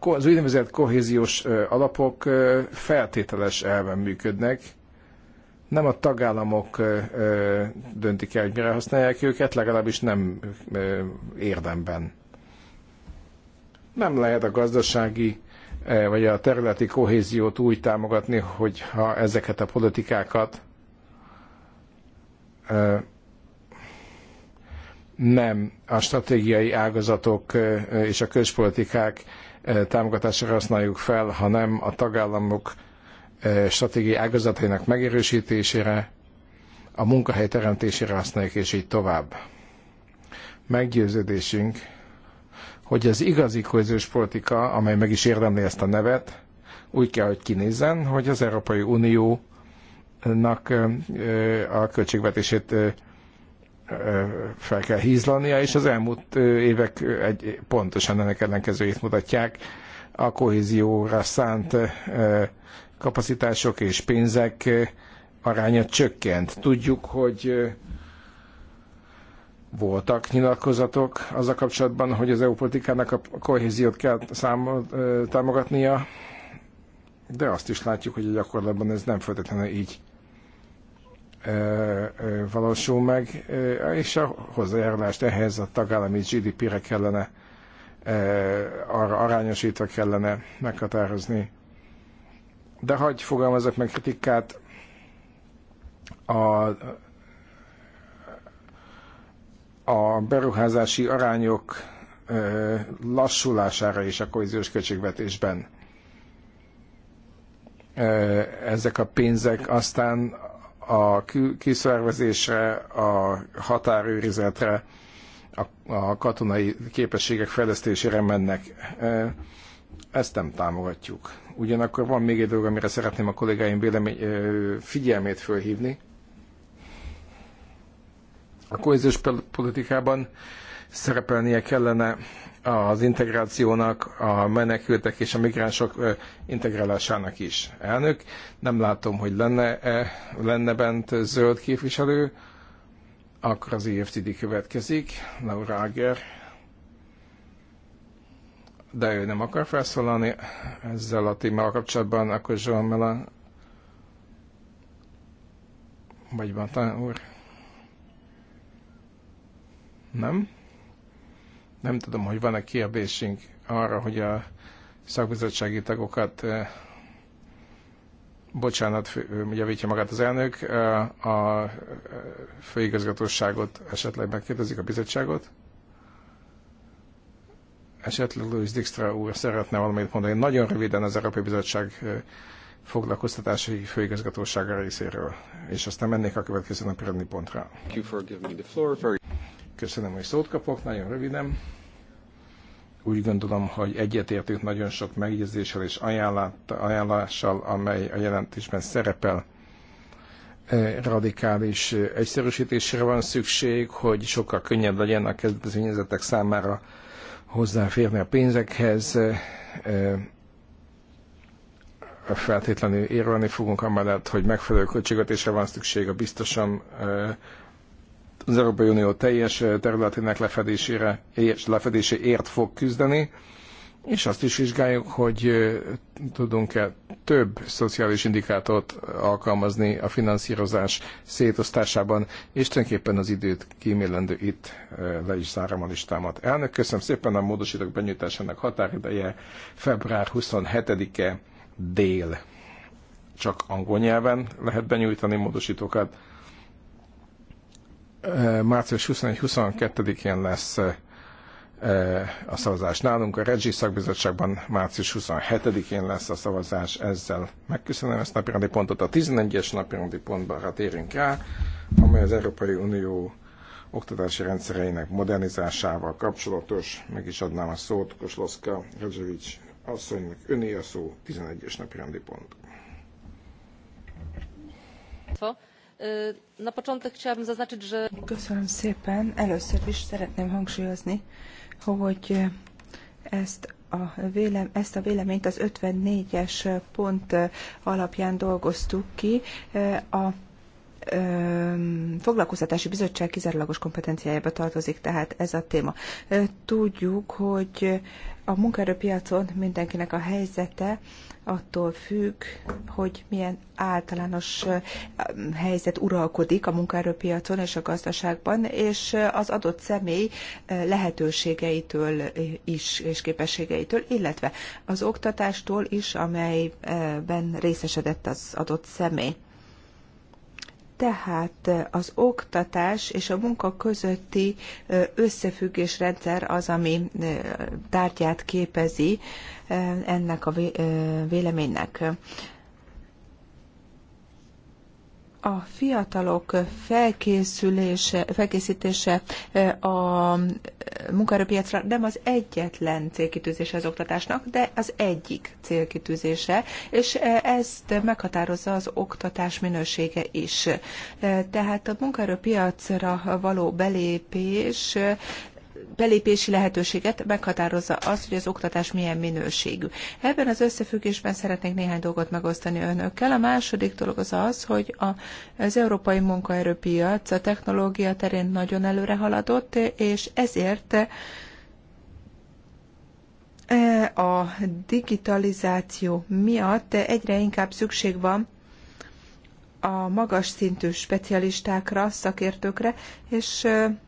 Az úgynevezett kohéziós alapok feltételes elven működnek, nem a tagállamok döntik el, hogy mire használják őket, legalábbis nem érdemben. Nem lehet a gazdasági vagy a területi kohéziót úgy támogatni, hogyha ezeket a politikákat nem a stratégiai ágazatok és a közpolitikák támogatására használjuk fel, hanem a tagállamok stratégiai ágazatainak megerősítésére, a munkahely teremtésére használjuk, és így tovább. Meggyőződésünk, hogy az igazi kohéziós politika, amely meg is érdemli ezt a nevet, úgy kell, hogy kinézzen, hogy az Európai Uniónak a költségvetését fel kell hízlania, és az elmúlt évek egy, pontosan ennek ellenkezőjét mutatják. A kohézióra szánt kapacitások és pénzek aránya csökkent. Tudjuk, hogy voltak nyilatkozatok azzal kapcsolatban, hogy az EU politikának a kohéziót kell számol, támogatnia, de azt is látjuk, hogy a gyakorlatban ez nem feltétlenül így valósul meg, és a hozzájárulást ehhez a tagállami GDP-re kellene, arra arányosítva kellene meghatározni. De hagyj fogalmazok meg kritikát a, a beruházási arányok lassulására és a kohéziós költségvetésben. Ezek a pénzek aztán a kiszervezésre, a határőrizetre, a, a katonai képességek fejlesztésére mennek. Ezt nem támogatjuk. Ugyanakkor van még egy dolog, amire szeretném a kollégáim vélemény, figyelmét fölhívni. A kohéziós politikában szerepelnie kellene az integrációnak, a menekültek és a migránsok integrálásának is. Elnök, nem látom, hogy lenne, -e, lenne bent zöld képviselő, akkor az EFTD következik, Laura Ager de ő nem akar felszólalni ezzel a témával kapcsolatban, akkor Zsóan Mela, vagy talán úr, nem? Nem tudom, hogy van-e kérdésünk arra, hogy a szakbizottsági tagokat bocsánat, javítja magát az elnök, a főigazgatóságot esetleg megkérdezik, a bizottságot. Esetleg Louis Dijkstra úr szeretne valamit mondani. Nagyon röviden az Európai Bizottság foglalkoztatási főigazgatósága részéről, és aztán mennék a következő napi pontra. Köszönöm, hogy szót kapok, nagyon röviden. Úgy gondolom, hogy egyetértünk nagyon sok megjegyzéssel és ajánlással, amely a jelentésben szerepel radikális egyszerűsítésre van szükség, hogy sokkal könnyebb legyen a kezdeményezetek számára hozzáférni a pénzekhez, feltétlenül érvelni fogunk amellett, hogy megfelelő költségvetésre van szükség a biztosan az Európai Unió teljes területének lefedésére, és lefedéséért fog küzdeni és azt is vizsgáljuk, hogy tudunk-e több szociális indikátort alkalmazni a finanszírozás szétosztásában, és tulajdonképpen az időt kímélendő itt le is zárom a listámat. Elnök, köszönöm szépen a módosítók benyújtásának határideje február 27-e dél. Csak angol nyelven lehet benyújtani módosítókat. Március 21-22-én lesz Eh, a szavazás nálunk. A Regi szakbizottságban március 27-én lesz a szavazás, ezzel megköszönöm ezt napirendi pontot. A 11-es napirendi pontban rátérünk hát rá, amely az Európai Unió oktatási rendszereinek modernizásával kapcsolatos. Meg is adnám a szót Kosloszka Radzsevics asszonynak. Öné a szó, 11-es napirendi pont. Köszönöm szépen. Először is szeretném hangsúlyozni, hogy ezt a vélem, ezt a véleményt az 54-es pont alapján dolgoztuk ki. A foglalkoztatási bizottság kizárólagos kompetenciájába tartozik, tehát ez a téma. Tudjuk, hogy a munkaerőpiacon mindenkinek a helyzete attól függ, hogy milyen általános helyzet uralkodik a munkaerőpiacon és a gazdaságban, és az adott személy lehetőségeitől is, és képességeitől, illetve az oktatástól is, amelyben részesedett az adott személy. Tehát az oktatás és a munka közötti összefüggésrendszer az, ami tárgyát képezi ennek a véleménynek. A fiatalok felkészülése, felkészítése a munkaerőpiacra nem az egyetlen célkitűzése az oktatásnak, de az egyik célkitűzése, és ezt meghatározza az oktatás minősége is. Tehát a munkaerőpiacra való belépés belépési lehetőséget meghatározza az, hogy az oktatás milyen minőségű. Ebben az összefüggésben szeretnék néhány dolgot megosztani önökkel. A második dolog az az, hogy a, az európai munkaerőpiac a technológia terén nagyon előre haladott, és ezért e, a digitalizáció miatt egyre inkább szükség van a magas szintű specialistákra, szakértőkre, és e,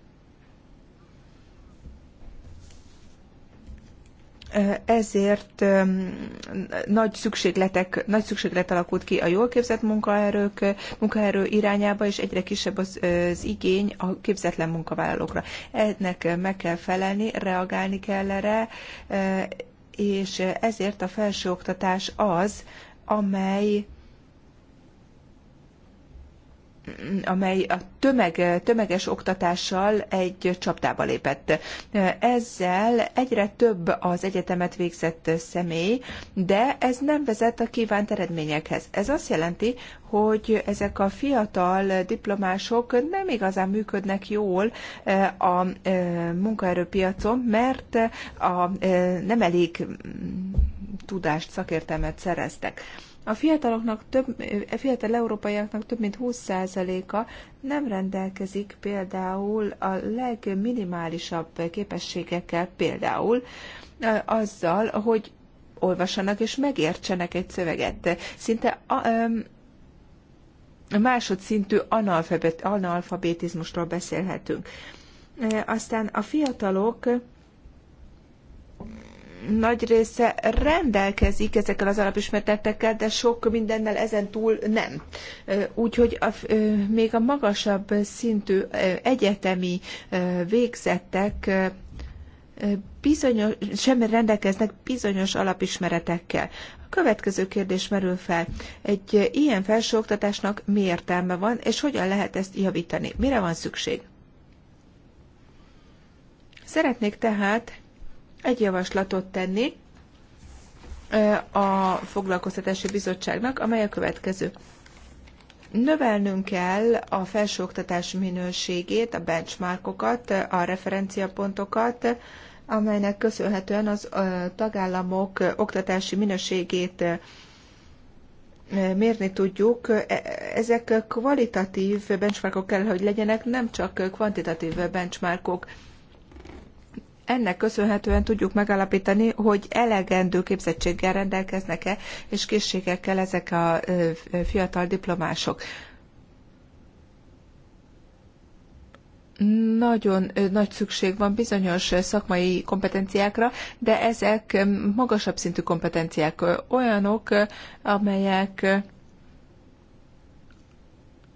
ezért nagy szükségletek, nagy szükséglet alakult ki a jól képzett munkaerők, munkaerő irányába, és egyre kisebb az, az igény a képzetlen munkavállalókra. Ennek meg kell felelni, reagálni kell erre, és ezért a felsőoktatás az, amely amely a tömeg, tömeges oktatással egy csapdába lépett. Ezzel egyre több az egyetemet végzett személy, de ez nem vezet a kívánt eredményekhez. Ez azt jelenti, hogy ezek a fiatal diplomások nem igazán működnek jól eh, a eh, munkaerőpiacon, mert eh, a, nem elég mm, tudást, szakértelmet szereztek. A fiataloknak több, a fiatal európaiaknak több mint 20%-a nem rendelkezik például a legminimálisabb képességekkel, például azzal, hogy olvassanak és megértsenek egy szöveget. Szinte a, a másodszintű analfabet, analfabetizmusról beszélhetünk. Aztán a fiatalok nagy része rendelkezik ezekkel az alapismeretekkel, de sok mindennel ezen túl nem. Úgyhogy a, még a magasabb szintű egyetemi végzettek bizonyos, sem rendelkeznek bizonyos alapismeretekkel. A következő kérdés merül fel. Egy ilyen felsőoktatásnak mi értelme van, és hogyan lehet ezt javítani? Mire van szükség? Szeretnék tehát egy javaslatot tenni a Foglalkoztatási Bizottságnak, amely a következő. Növelnünk kell a felsőoktatás minőségét, a benchmarkokat, a referenciapontokat, amelynek köszönhetően az tagállamok oktatási minőségét mérni tudjuk. E, ezek kvalitatív benchmarkok kell, hogy legyenek, nem csak kvantitatív benchmarkok. Ennek köszönhetően tudjuk megalapítani, hogy elegendő képzettséggel rendelkeznek-e, és készségekkel ezek a fiatal diplomások. nagyon nagy szükség van bizonyos szakmai kompetenciákra, de ezek magasabb szintű kompetenciák, olyanok, amelyek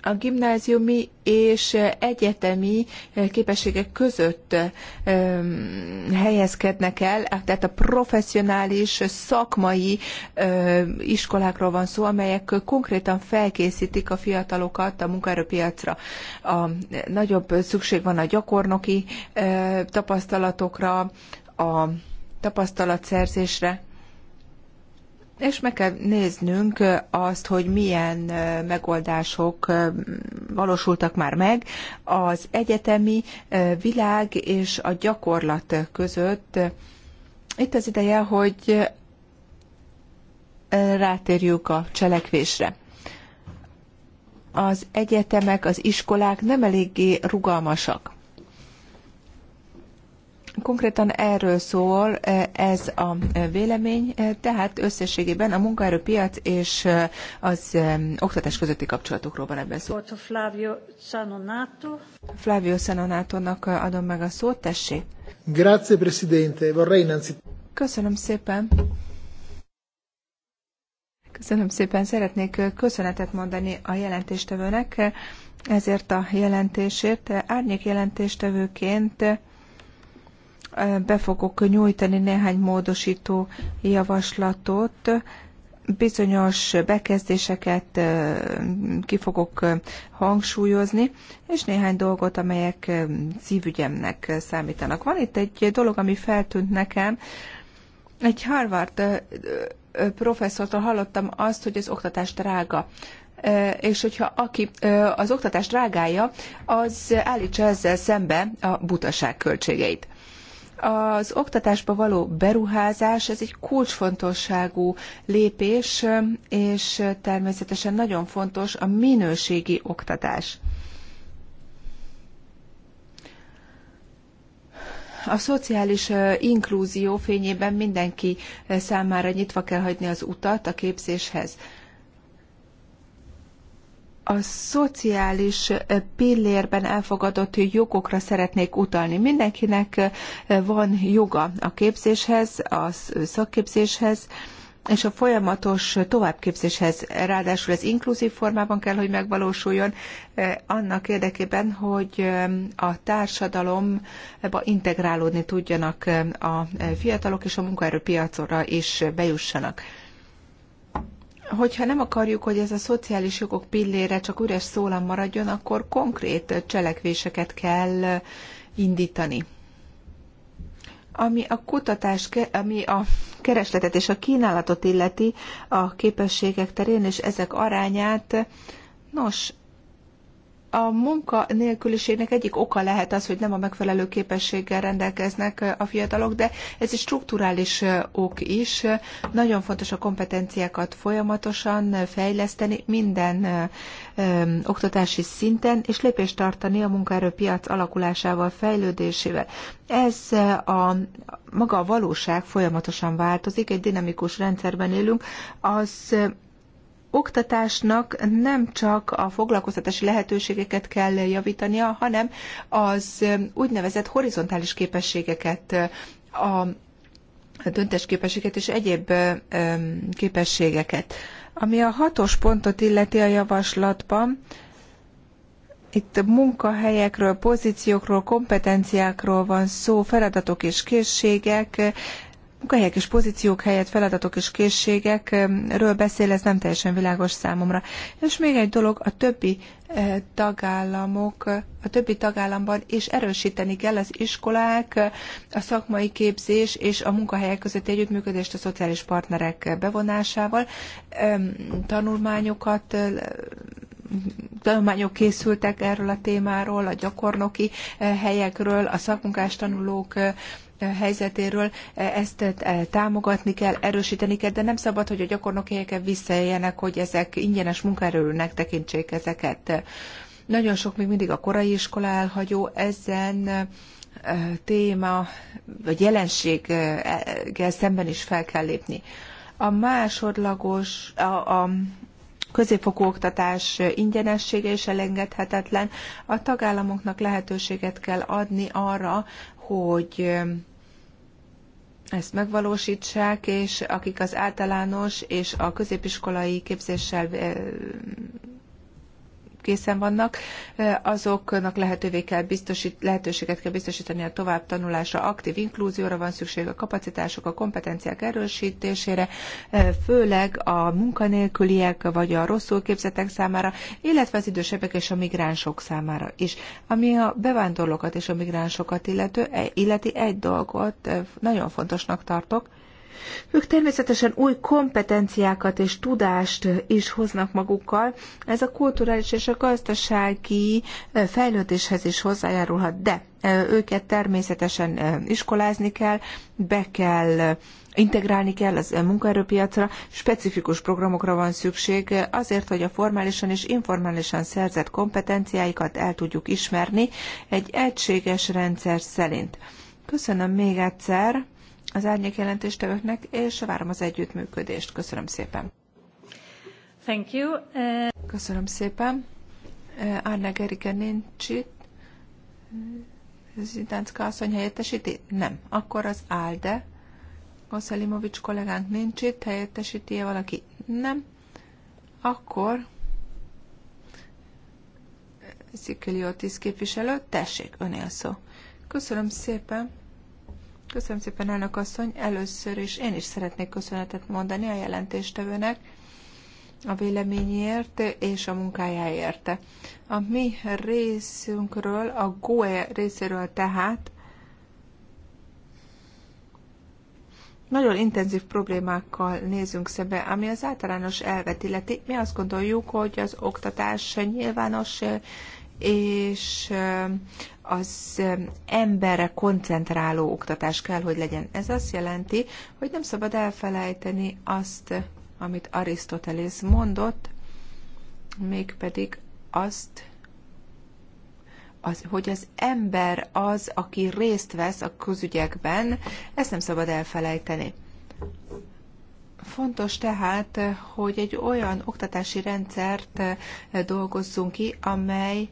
a gimnáziumi és egyetemi képességek között helyezkednek el, tehát a professzionális, szakmai iskolákról van szó, amelyek konkrétan felkészítik a fiatalokat a munkaerőpiacra. A nagyobb szükség van a gyakornoki tapasztalatokra, a tapasztalatszerzésre és meg kell néznünk azt, hogy milyen megoldások valósultak már meg az egyetemi világ és a gyakorlat között. Itt az ideje, hogy rátérjük a cselekvésre az egyetemek, az iskolák nem eléggé rugalmasak. Konkrétan erről szól e, ez a e, vélemény, e, tehát összességében a munkaerőpiac és az oktatás közötti kapcsolatokról van ebben szó. Flavio Sanonato. Flavio nak adom meg a szót, tessék. Grazie, Presidente. Vorrei Köszönöm szépen. Köszönöm szépen. Szeretnék köszönetet mondani a jelentéstevőnek ezért a jelentésért. Árnyék jelentéstevőként be fogok nyújtani néhány módosító javaslatot, bizonyos bekezdéseket ki fogok hangsúlyozni, és néhány dolgot, amelyek szívügyemnek számítanak. Van itt egy dolog, ami feltűnt nekem. Egy Harvard professzortól hallottam azt, hogy az oktatás drága és hogyha aki az oktatást drágálja, az állítsa ezzel szembe a butaság költségeit az oktatásba való beruházás, ez egy kulcsfontosságú lépés, és természetesen nagyon fontos a minőségi oktatás. A szociális inklúzió fényében mindenki számára nyitva kell hagyni az utat a képzéshez a szociális pillérben elfogadott jogokra szeretnék utalni. Mindenkinek van joga a képzéshez, a szakképzéshez, és a folyamatos továbbképzéshez, ráadásul ez inkluzív formában kell, hogy megvalósuljon, annak érdekében, hogy a társadalomba integrálódni tudjanak a fiatalok, és a munkaerőpiacra is bejussanak hogyha nem akarjuk, hogy ez a szociális jogok pillére csak üres szólam maradjon, akkor konkrét cselekvéseket kell indítani. Ami a kutatást, ami a keresletet és a kínálatot illeti a képességek terén és ezek arányát, nos, a munka egyik oka lehet az, hogy nem a megfelelő képességgel rendelkeznek a fiatalok, de ez egy strukturális ok is. Nagyon fontos a kompetenciákat folyamatosan fejleszteni minden oktatási szinten, és lépést tartani a munkaerőpiac alakulásával, fejlődésével. Ez a maga a valóság folyamatosan változik, egy dinamikus rendszerben élünk. Az oktatásnak nem csak a foglalkoztatási lehetőségeket kell javítania, hanem az úgynevezett horizontális képességeket, a döntésképességet és egyéb képességeket. Ami a hatos pontot illeti a javaslatban, itt munkahelyekről, pozíciókról, kompetenciákról van szó, feladatok és készségek, munkahelyek és pozíciók helyett feladatok és készségekről beszél, ez nem teljesen világos számomra. És még egy dolog, a többi eh, tagállamok, a többi tagállamban is erősíteni kell az iskolák, a szakmai képzés és a munkahelyek közötti együttműködést a szociális partnerek bevonásával, tanulmányokat eh, tanulmányok készültek erről a témáról, a gyakornoki eh, helyekről, a szakmunkás tanulók helyzetéről, e, ezt e, e, támogatni kell, erősíteni kell, de nem szabad, hogy a gyakornokhelyeken visszaéljenek, hogy ezek ingyenes munkaerőnek tekintsék ezeket. Nagyon sok még mindig a korai iskola elhagyó, ezen téma vagy jelenséggel szemben is fel kell lépni. A másodlagos, a, a középfokú oktatás ingyenessége is elengedhetetlen. A tagállamoknak lehetőséget kell adni arra, hogy ezt megvalósítsák, és akik az általános és a középiskolai képzéssel készen vannak, azoknak lehetővé kell biztosít, lehetőséget kell biztosítani a tovább tanulásra, aktív inklúzióra van szükség, a kapacitások, a kompetenciák erősítésére, főleg a munkanélküliek vagy a rosszul képzettek számára, illetve az idősebbek és a migránsok számára is. Ami a bevándorlókat és a migránsokat illető, e, illeti egy dolgot nagyon fontosnak tartok, ők természetesen új kompetenciákat és tudást is hoznak magukkal. Ez a kulturális és a gazdasági fejlődéshez is hozzájárulhat, de őket természetesen iskolázni kell, be kell integrálni kell az munkaerőpiacra, specifikus programokra van szükség azért, hogy a formálisan és informálisan szerzett kompetenciáikat el tudjuk ismerni egy egységes rendszer szerint. Köszönöm még egyszer az árnyék jelentéstevőknek, és várom az együttműködést. Köszönöm szépen. Thank you. Uh... Köszönöm szépen. Uh, Arne Gerike nincs itt. Zidánszka asszony helyettesíti? Nem. Akkor az Álde. Oszelimovics kollégánk nincs itt, helyettesíti -e valaki? Nem. Akkor Szikliotis képviselő, tessék, önél szó. Köszönöm szépen. Köszönöm szépen, elnök asszony. Először is én is szeretnék köszönetet mondani a jelentéstevőnek a véleményért és a munkájáért. A mi részünkről, a GOE részéről tehát nagyon intenzív problémákkal nézünk szembe, ami az általános elvet illeti. Mi azt gondoljuk, hogy az oktatás nyilvános és az emberre koncentráló oktatás kell, hogy legyen. Ez azt jelenti, hogy nem szabad elfelejteni azt, amit Arisztotelész mondott, mégpedig azt, az, hogy az ember az, aki részt vesz a közügyekben, ezt nem szabad elfelejteni. Fontos tehát, hogy egy olyan oktatási rendszert dolgozzunk ki, amely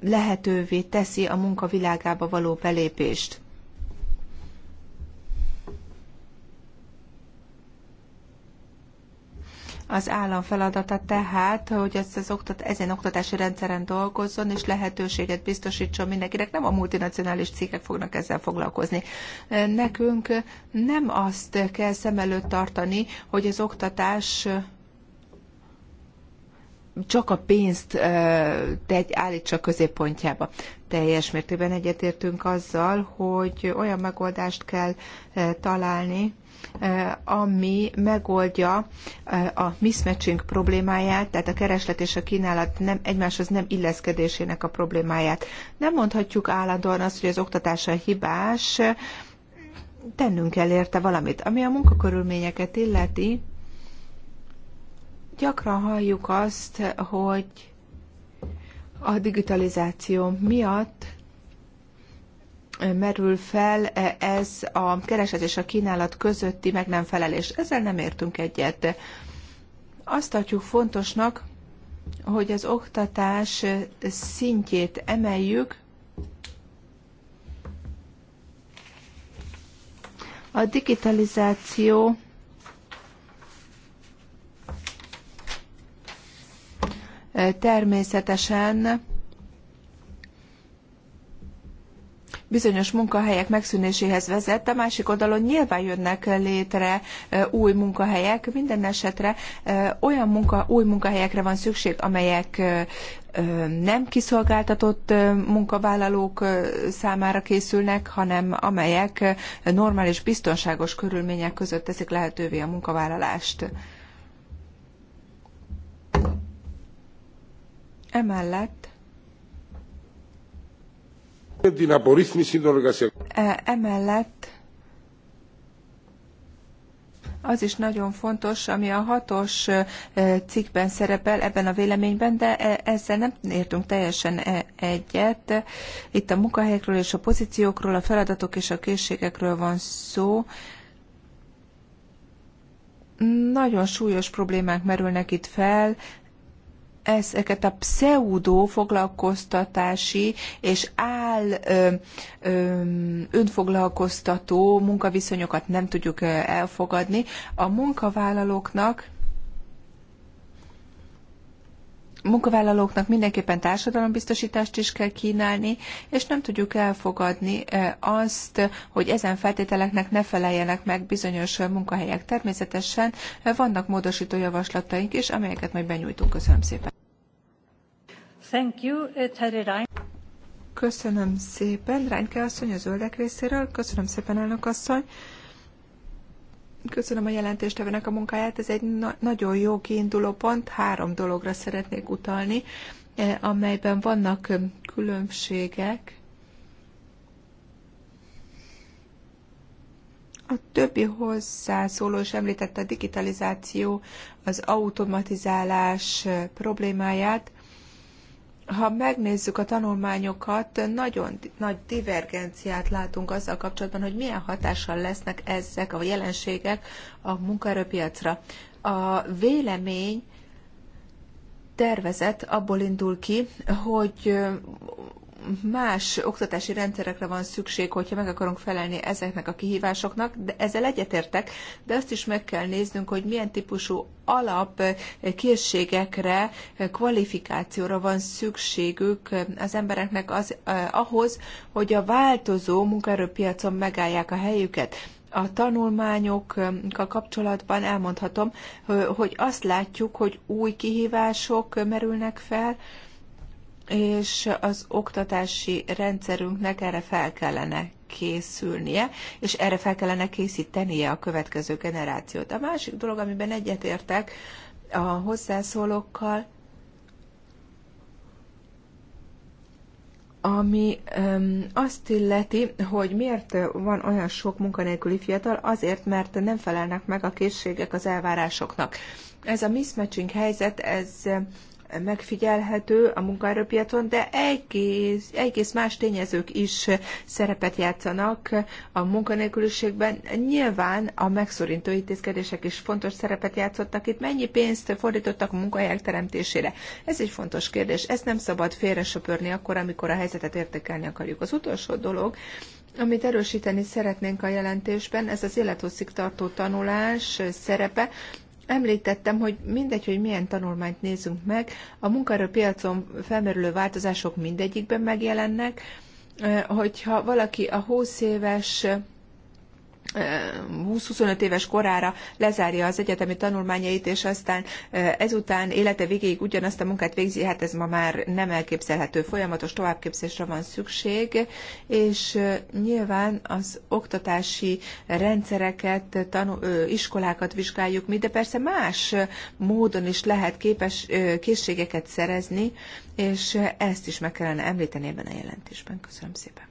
lehetővé teszi a munka világába való belépést. Az állam feladata tehát, hogy ezt az oktat, ezen oktatási rendszeren dolgozzon, és lehetőséget biztosítson mindenkinek. Nem a multinacionális cégek fognak ezzel foglalkozni. Nekünk nem azt kell szem előtt tartani, hogy az oktatás csak a pénzt tegy, állítsa középpontjába. Teljes mértékben egyetértünk azzal, hogy olyan megoldást kell találni, ami megoldja a mismatching problémáját, tehát a kereslet és a kínálat nem, egymáshoz nem illeszkedésének a problémáját. Nem mondhatjuk állandóan azt, hogy az a hibás, tennünk kell érte valamit. Ami a munkakörülményeket illeti, Gyakran halljuk azt, hogy a digitalizáció miatt merül fel ez a kereset és a kínálat közötti meg nem felelés. Ezzel nem értünk egyet. Azt tartjuk fontosnak, hogy az oktatás szintjét emeljük, a digitalizáció Természetesen bizonyos munkahelyek megszűnéséhez vezet, a másik oldalon nyilván jönnek létre új munkahelyek, minden esetre olyan munka, új munkahelyekre van szükség, amelyek nem kiszolgáltatott munkavállalók számára készülnek, hanem amelyek normális, biztonságos körülmények között teszik lehetővé a munkavállalást. Emellett Emellett az is nagyon fontos, ami a hatos cikkben szerepel ebben a véleményben, de ezzel nem értünk teljesen egyet. Itt a munkahelyekről és a pozíciókról, a feladatok és a készségekről van szó. Nagyon súlyos problémák merülnek itt fel, ezeket a pseudo foglalkoztatási és áll ö, ö, önfoglalkoztató munkaviszonyokat nem tudjuk elfogadni. A munkavállalóknak munkavállalóknak mindenképpen társadalombiztosítást is kell kínálni, és nem tudjuk elfogadni azt, hogy ezen feltételeknek ne feleljenek meg bizonyos munkahelyek. Természetesen vannak módosító javaslataink is, amelyeket majd benyújtunk. Köszönöm szépen. Thank you, eh, Köszönöm szépen, Ránke asszony, a zöldek részéről. Köszönöm szépen, elnök asszony. Köszönöm a jelentéstevőnek a munkáját. Ez egy na- nagyon jó kiinduló pont. Három dologra szeretnék utalni, eh, amelyben vannak eh, különbségek. A többi hozzászóló is említette a digitalizáció, az automatizálás eh, problémáját ha megnézzük a tanulmányokat, nagyon nagy divergenciát látunk azzal kapcsolatban, hogy milyen hatással lesznek ezek a jelenségek a munkaerőpiacra. A vélemény tervezet abból indul ki, hogy más oktatási rendszerekre van szükség, hogyha meg akarunk felelni ezeknek a kihívásoknak, de ezzel egyetértek, de azt is meg kell néznünk, hogy milyen típusú alap eh, készségekre, eh, kvalifikációra van szükségük eh, az embereknek az, ahhoz, hogy a változó munkaerőpiacon megállják a helyüket a tanulmányokkal kapcsolatban elmondhatom, hogy azt látjuk, hogy új kihívások merülnek fel, és az oktatási rendszerünknek erre fel kellene készülnie, és erre fel kellene készítenie a következő generációt. A másik dolog, amiben egyetértek a hozzászólókkal, ami öm, azt illeti, hogy miért van olyan sok munkanélküli fiatal, azért, mert nem felelnek meg a készségek az elvárásoknak. Ez a mismatching helyzet, ez megfigyelhető a munkaerőpiacon, de egész, egész más tényezők is szerepet játszanak a munkanélküliségben. Nyilván a megszorító intézkedések is fontos szerepet játszottak itt. Mennyi pénzt fordítottak a munkahelyek teremtésére? Ez egy fontos kérdés. Ezt nem szabad félresöpörni akkor, amikor a helyzetet értékelni akarjuk. Az utolsó dolog, amit erősíteni szeretnénk a jelentésben, ez az élethosszig tartó tanulás szerepe. Említettem, hogy mindegy, hogy milyen tanulmányt nézzünk meg, a munkaerőpiacon felmerülő változások mindegyikben megjelennek. Hogyha valaki a 20 éves 20-25 éves korára lezárja az egyetemi tanulmányait, és aztán ezután élete végéig ugyanazt a munkát végzi, hát ez ma már nem elképzelhető, folyamatos továbbképzésre van szükség, és nyilván az oktatási rendszereket, tanul, iskolákat vizsgáljuk mi, de persze más módon is lehet képes, készségeket szerezni, és ezt is meg kellene említeni ebben a jelentésben. Köszönöm szépen.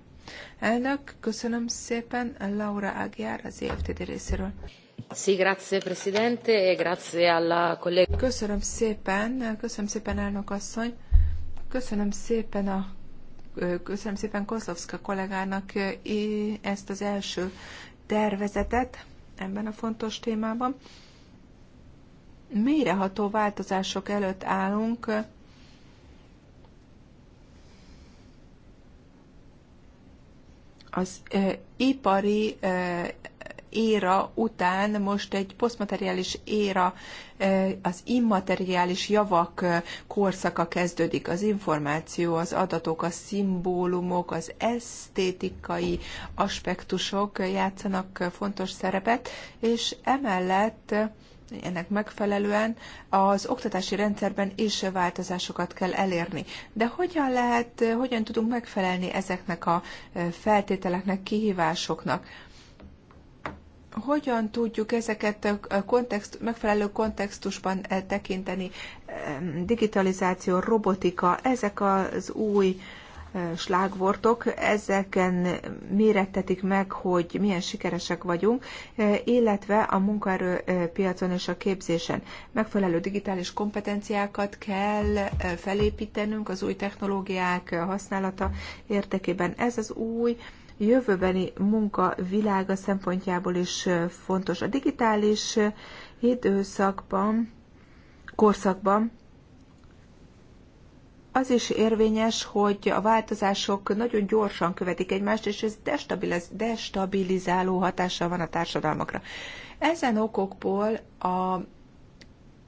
Elnök, köszönöm szépen. Laura Aguiar az EFTD részéről. Sí, grazie, Presidente, e grazie alla collega. Köszönöm szépen, köszönöm szépen, elnök asszony. Köszönöm szépen a Köszönöm szépen Kozlovszka kollégának e, ezt az első tervezetet ebben a fontos témában. Mélyreható változások előtt állunk Az ipari éra után most egy posztmateriális éra, az immateriális javak korszaka kezdődik. Az információ, az adatok, a szimbólumok, az esztétikai aspektusok játszanak fontos szerepet, és emellett ennek megfelelően az oktatási rendszerben is változásokat kell elérni. De hogyan lehet, hogyan tudunk megfelelni ezeknek a e, feltételeknek, kihívásoknak? Hogyan tudjuk ezeket a kontext, megfelelő kontextusban e, tekinteni? Digitalizáció, robotika, ezek az új slágvortok, ezeken mérettetik meg, hogy milyen sikeresek vagyunk, illetve a munkaerőpiacon és a képzésen. Megfelelő digitális kompetenciákat kell felépítenünk az új technológiák használata érdekében. Ez az új jövőbeni munka világa szempontjából is fontos. A digitális időszakban, korszakban az is érvényes, hogy a változások nagyon gyorsan követik egymást, és ez destabiliz- destabilizáló hatással van a társadalmakra. Ezen okokból a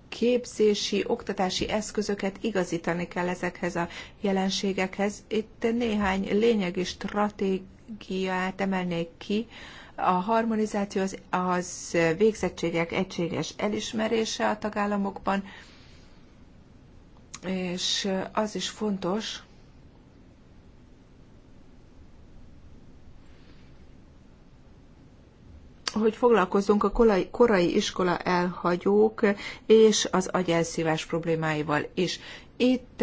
képzési, oktatási eszközöket igazítani kell ezekhez a jelenségekhez. Itt néhány lényegi stratégiát emelnék ki. A harmonizáció az, az végzettségek egységes elismerése a tagállamokban, és az is fontos, hogy foglalkozzunk a korai, korai iskola elhagyók és az agyelszívás problémáival is. Itt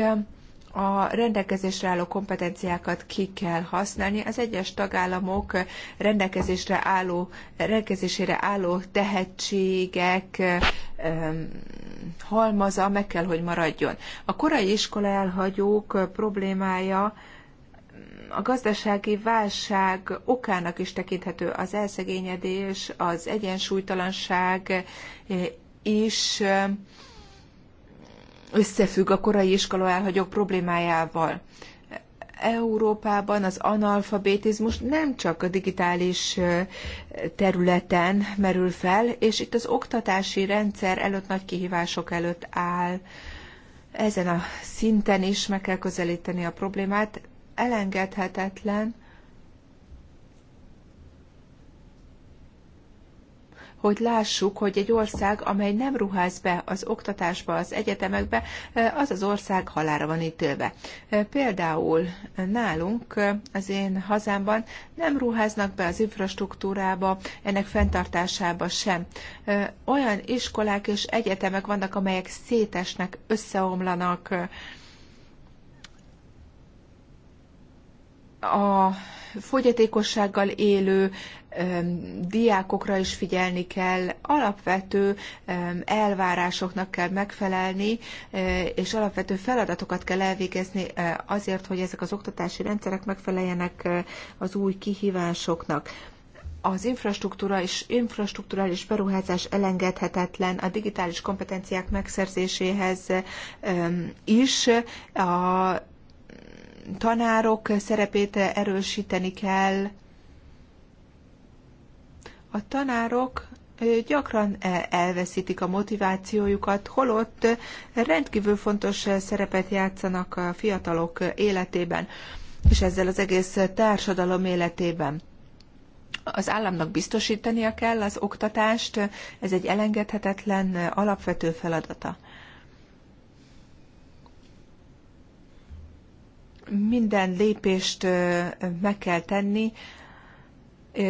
a rendelkezésre álló kompetenciákat ki kell használni, az egyes tagállamok rendelkezésre álló, rendelkezésére álló tehetségek halmaza meg kell, hogy maradjon. A korai iskola elhagyók problémája a gazdasági válság okának is tekinthető az elszegényedés, az egyensúlytalanság is összefügg a korai iskola elhagyók problémájával. Európában az analfabetizmus nem csak a digitális területen merül fel, és itt az oktatási rendszer előtt nagy kihívások előtt áll. Ezen a szinten is meg kell közelíteni a problémát. Elengedhetetlen, hogy lássuk, hogy egy ország, amely nem ruház be az oktatásba, az egyetemekbe, az az ország halára van ítélve. Például nálunk, az én hazámban nem ruháznak be az infrastruktúrába, ennek fenntartásába sem. Olyan iskolák és egyetemek vannak, amelyek szétesnek, összeomlanak, a fogyatékossággal élő diákokra is figyelni kell, alapvető elvárásoknak kell megfelelni, és alapvető feladatokat kell elvégezni azért, hogy ezek az oktatási rendszerek megfeleljenek az új kihívásoknak az infrastruktúra és infrastruktúrális beruházás elengedhetetlen a digitális kompetenciák megszerzéséhez is. A tanárok szerepét erősíteni kell, a tanárok gyakran elveszítik a motivációjukat, holott rendkívül fontos szerepet játszanak a fiatalok életében, és ezzel az egész társadalom életében. Az államnak biztosítania kell az oktatást, ez egy elengedhetetlen alapvető feladata. Minden lépést meg kell tenni,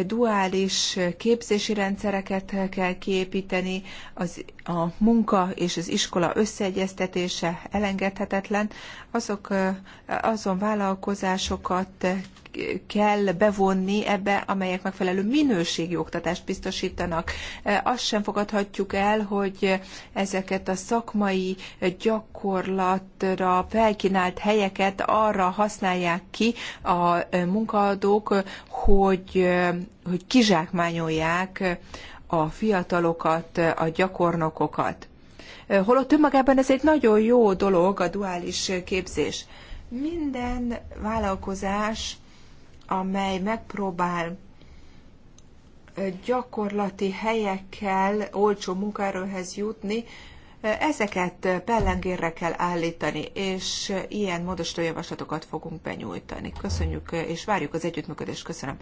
duális képzési rendszereket kell kiépíteni, az a munka és az iskola összeegyeztetése elengedhetetlen. Azok, azon vállalkozásokat kell bevonni ebbe, amelyek megfelelő minőségi oktatást biztosítanak. Azt sem fogadhatjuk el, hogy ezeket a szakmai gyakorlatra felkínált helyeket arra használják ki a munkaadók, hogy, hogy kizsákmányolják a fiatalokat, a gyakornokokat. Holott önmagában ez egy nagyon jó dolog, a duális képzés. Minden vállalkozás, amely megpróbál gyakorlati helyekkel olcsó munkáról jutni, ezeket pellengérre kell állítani, és ilyen módosító javaslatokat fogunk benyújtani. Köszönjük, és várjuk az együttműködést. Köszönöm.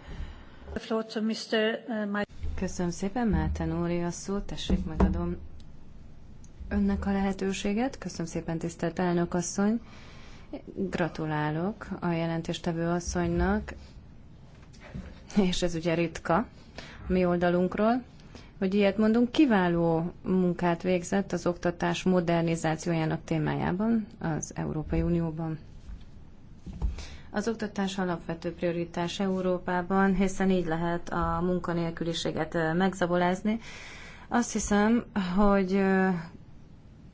Köszönöm szépen, Málten úr, a szót, tessék, megadom önnek a lehetőséget. Köszönöm szépen, tisztelt elnök asszony. Gratulálok a jelentéstevő asszonynak, és ez ugye ritka a mi oldalunkról, hogy ilyet mondunk, kiváló munkát végzett az oktatás modernizációjának témájában az Európai Unióban. Az oktatás alapvető prioritás Európában, hiszen így lehet a munkanélküliséget megzabolázni. Azt hiszem, hogy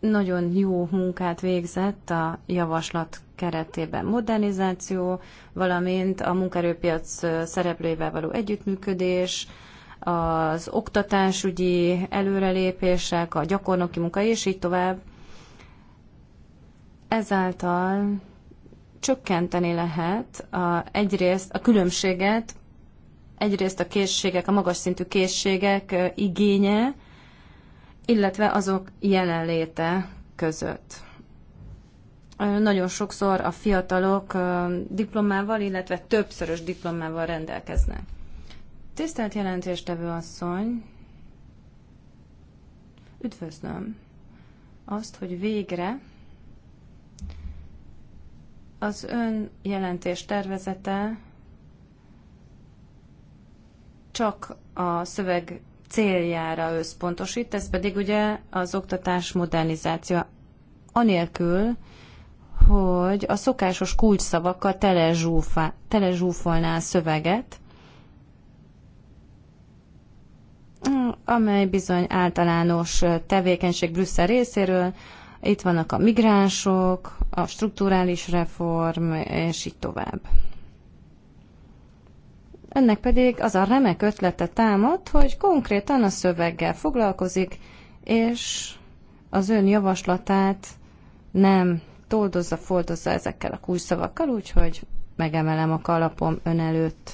nagyon jó munkát végzett a javaslat keretében modernizáció, valamint a munkaerőpiac szereplőivel való együttműködés, az oktatásügyi előrelépések, a gyakornoki munka, és így tovább. Ezáltal csökkenteni lehet a, egyrészt a különbséget, egyrészt a készségek, a magas szintű készségek igénye, illetve azok jelenléte között. Nagyon sokszor a fiatalok diplomával, illetve többszörös diplomával rendelkeznek. Tisztelt jelentéstevő asszony, üdvözlöm azt, hogy végre az ön jelentés tervezete csak a szöveg céljára összpontosít, ez pedig ugye az oktatás modernizáció. Anélkül, hogy a szokásos kulcsszavakkal telezsúfolná tele a szöveget, amely bizony általános tevékenység Brüsszel részéről, itt vannak a migránsok, a strukturális reform, és így tovább. Ennek pedig az a remek ötlete támad, hogy konkrétan a szöveggel foglalkozik, és az ön javaslatát nem toldozza, foldozza ezekkel a kulcsszavakkal, úgyhogy megemelem a kalapom ön előtt.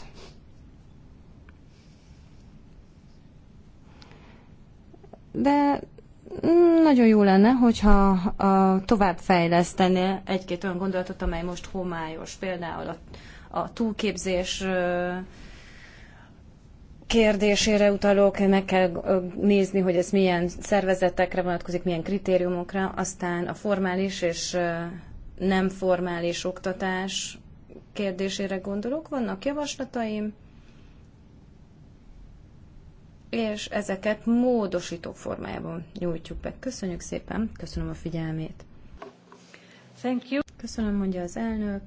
De nagyon jó lenne, hogyha a, tovább fejlesztenél egy-két olyan gondolatot, amely most homályos, például a, a túlképzés kérdésére utalok, meg kell nézni, hogy ez milyen szervezetekre vonatkozik, milyen kritériumokra, aztán a formális és nem formális oktatás kérdésére gondolok. Vannak javaslataim, és ezeket módosító formájában nyújtjuk be. Köszönjük szépen, köszönöm a figyelmét. Thank you. Köszönöm, mondja az elnök.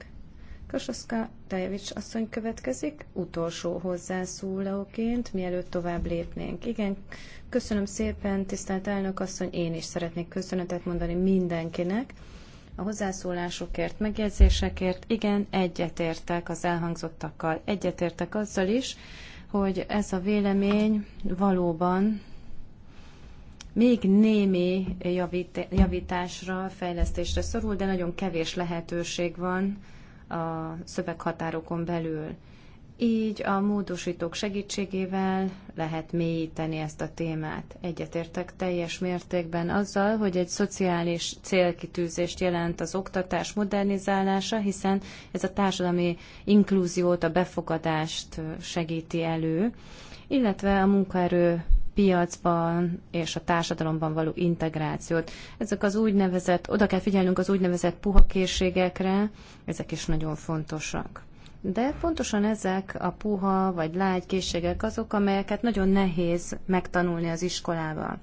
Kasoszka Tajevics asszony következik, utolsó hozzászólóként, mielőtt tovább lépnénk. Igen, köszönöm szépen, tisztelt elnök asszony, én is szeretnék köszönetet mondani mindenkinek a hozzászólásokért, megjegyzésekért. Igen, egyetértek az elhangzottakkal, egyetértek azzal is, hogy ez a vélemény valóban még némi javít, javításra, fejlesztésre szorul, de nagyon kevés lehetőség van a szöveghatárokon belül. Így a módosítók segítségével lehet mélyíteni ezt a témát. Egyetértek teljes mértékben azzal, hogy egy szociális célkitűzést jelent az oktatás modernizálása, hiszen ez a társadalmi inkluziót, a befogadást segíti elő, illetve a munkaerő piacban és a társadalomban való integrációt. Ezek az úgynevezett, oda kell figyelnünk az úgynevezett puha készségekre, ezek is nagyon fontosak. De pontosan ezek a puha vagy lágy készségek azok, amelyeket nagyon nehéz megtanulni az iskolával.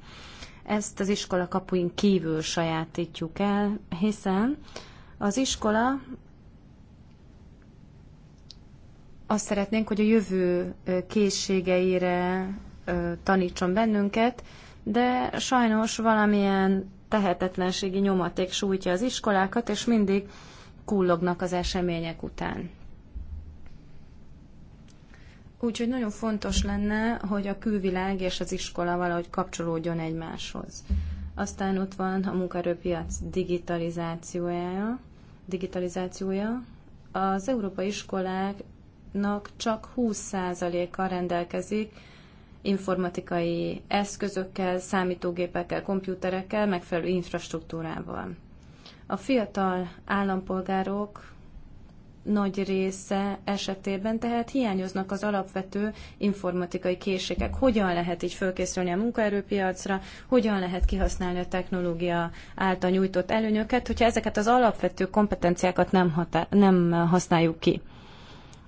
Ezt az iskola kapuin kívül sajátítjuk el, hiszen az iskola azt szeretnénk, hogy a jövő készségeire tanítson bennünket, de sajnos valamilyen tehetetlenségi nyomaték sújtja az iskolákat, és mindig kullognak az események után. Úgyhogy nagyon fontos lenne, hogy a külvilág és az iskola valahogy kapcsolódjon egymáshoz. Aztán ott van a munkaerőpiac digitalizációja, digitalizációja. Az európai iskoláknak csak 20%-a rendelkezik informatikai eszközökkel, számítógépekkel, komputerekkel megfelelő infrastruktúrával. A fiatal állampolgárok nagy része esetében, tehát hiányoznak az alapvető informatikai készségek. Hogyan lehet így fölkészülni a munkaerőpiacra, hogyan lehet kihasználni a technológia által nyújtott előnyöket, hogyha ezeket az alapvető kompetenciákat nem, hatá- nem használjuk ki.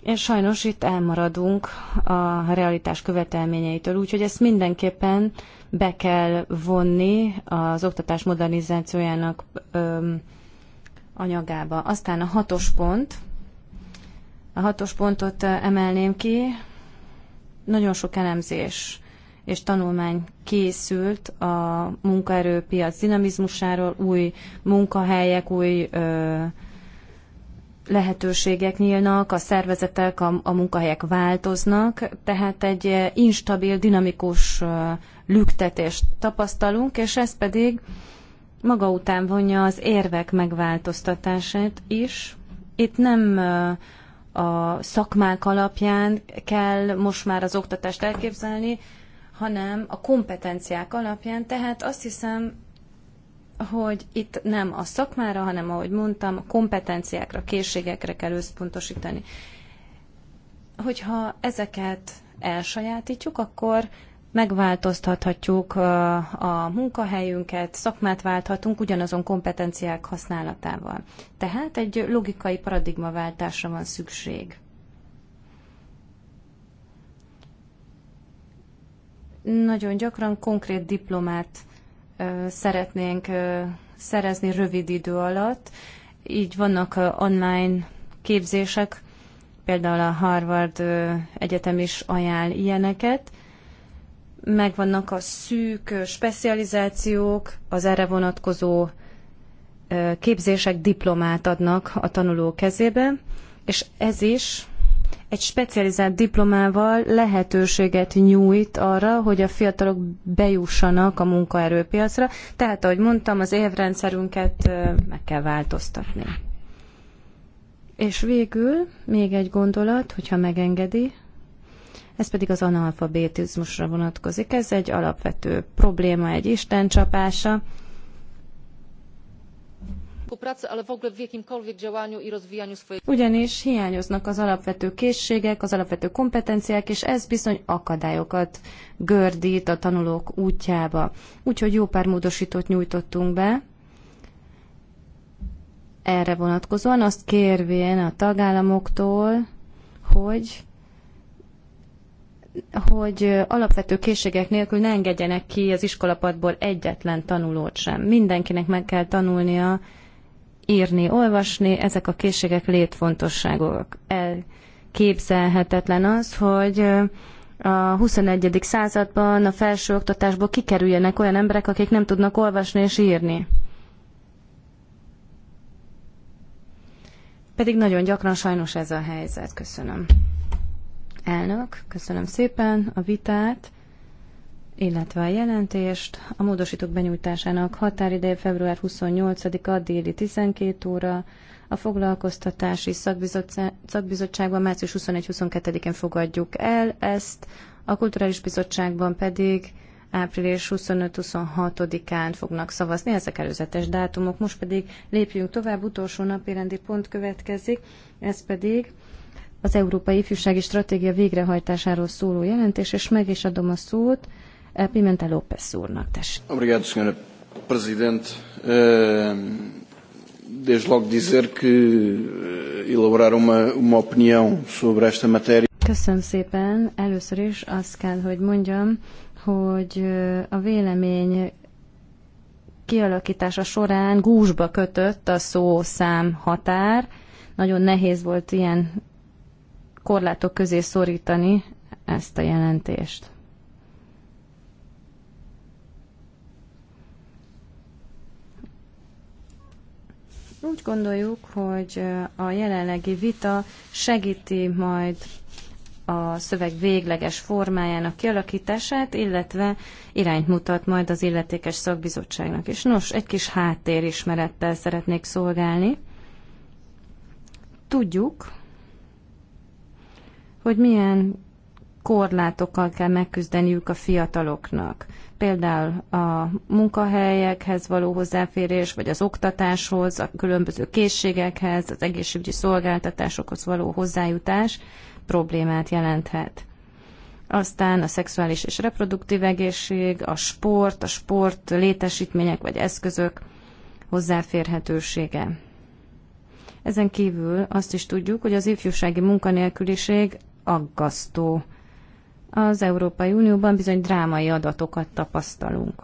És sajnos itt elmaradunk a realitás követelményeitől, úgyhogy ezt mindenképpen be kell vonni az oktatás modernizációjának öm, anyagába. Aztán a hatos pont – a hatos pontot eh, emelném ki. Nagyon sok elemzés és tanulmány készült a munkaerőpiac dinamizmusáról, új munkahelyek, új ö, lehetőségek nyílnak, a szervezetek, a, a munkahelyek változnak, tehát egy eh, instabil, dinamikus lüktetést tapasztalunk, és ez pedig maga után vonja az érvek megváltoztatását is. Itt nem a szakmák alapján kell most már az oktatást elképzelni, hanem a kompetenciák alapján. Tehát azt hiszem, hogy itt nem a szakmára, hanem ahogy mondtam, a kompetenciákra, készségekre kell összpontosítani. Hogyha ezeket elsajátítjuk, akkor megváltoztathatjuk a munkahelyünket, szakmát válthatunk ugyanazon kompetenciák használatával. Tehát egy logikai paradigmaváltásra van szükség. Nagyon gyakran konkrét diplomát szeretnénk szerezni rövid idő alatt. Így vannak online képzések, például a Harvard Egyetem is ajánl ilyeneket, megvannak a szűk specializációk, az erre vonatkozó képzések diplomát adnak a tanuló kezébe, és ez is egy specializált diplomával lehetőséget nyújt arra, hogy a fiatalok bejussanak a munkaerőpiacra. Tehát, ahogy mondtam, az évrendszerünket meg kell változtatni. És végül még egy gondolat, hogyha megengedi ez pedig az analfabétizmusra vonatkozik. Ez egy alapvető probléma, egy istencsapása. Ugyanis hiányoznak az alapvető készségek, az alapvető kompetenciák, és ez bizony akadályokat gördít a tanulók útjába. Úgyhogy jó pár módosítót nyújtottunk be erre vonatkozóan, azt kérvén a tagállamoktól, hogy hogy alapvető készségek nélkül ne engedjenek ki az iskolapadból egyetlen tanulót sem. Mindenkinek meg kell tanulnia írni, olvasni, ezek a készségek létfontosságok. Elképzelhetetlen az, hogy a 21. században a felsőoktatásból kikerüljenek olyan emberek, akik nem tudnak olvasni és írni. Pedig nagyon gyakran sajnos ez a helyzet. Köszönöm. Elnök, köszönöm szépen a vitát, illetve a jelentést. A módosítók benyújtásának határideje február 28-a déli 12 óra, a foglalkoztatási szakbizottságban március 21-22-én fogadjuk el ezt, a kulturális bizottságban pedig április 25-26-án fognak szavazni, ezek előzetes dátumok. Most pedig lépjünk tovább, utolsó napi rendi pont következik, ez pedig az Európai Ifjúsági Stratégia végrehajtásáról szóló jelentés, és meg is adom a szót eh, Pimentel López úrnak. Obrigado, senhora Presidente. Eh, desde logo dizer que eh, elaborar uma, uma opinião sobre esta matéria. Köszönöm szépen. Először is azt kell, hogy mondjam, hogy a vélemény kialakítása során gúzsba kötött a szó szám határ. Nagyon nehéz volt ilyen korlátok közé szorítani ezt a jelentést. Úgy gondoljuk, hogy a jelenlegi vita segíti majd a szöveg végleges formájának kialakítását, illetve irányt mutat majd az illetékes szakbizottságnak is. Nos, egy kis háttérismerettel szeretnék szolgálni. Tudjuk, hogy milyen korlátokkal kell megküzdeniük a fiataloknak. Például a munkahelyekhez való hozzáférés, vagy az oktatáshoz, a különböző készségekhez, az egészségügyi szolgáltatásokhoz való hozzájutás problémát jelenthet. Aztán a szexuális és reproduktív egészség, a sport, a sport létesítmények vagy eszközök hozzáférhetősége. Ezen kívül azt is tudjuk, hogy az ifjúsági munkanélküliség aggasztó. Az Európai Unióban bizony drámai adatokat tapasztalunk.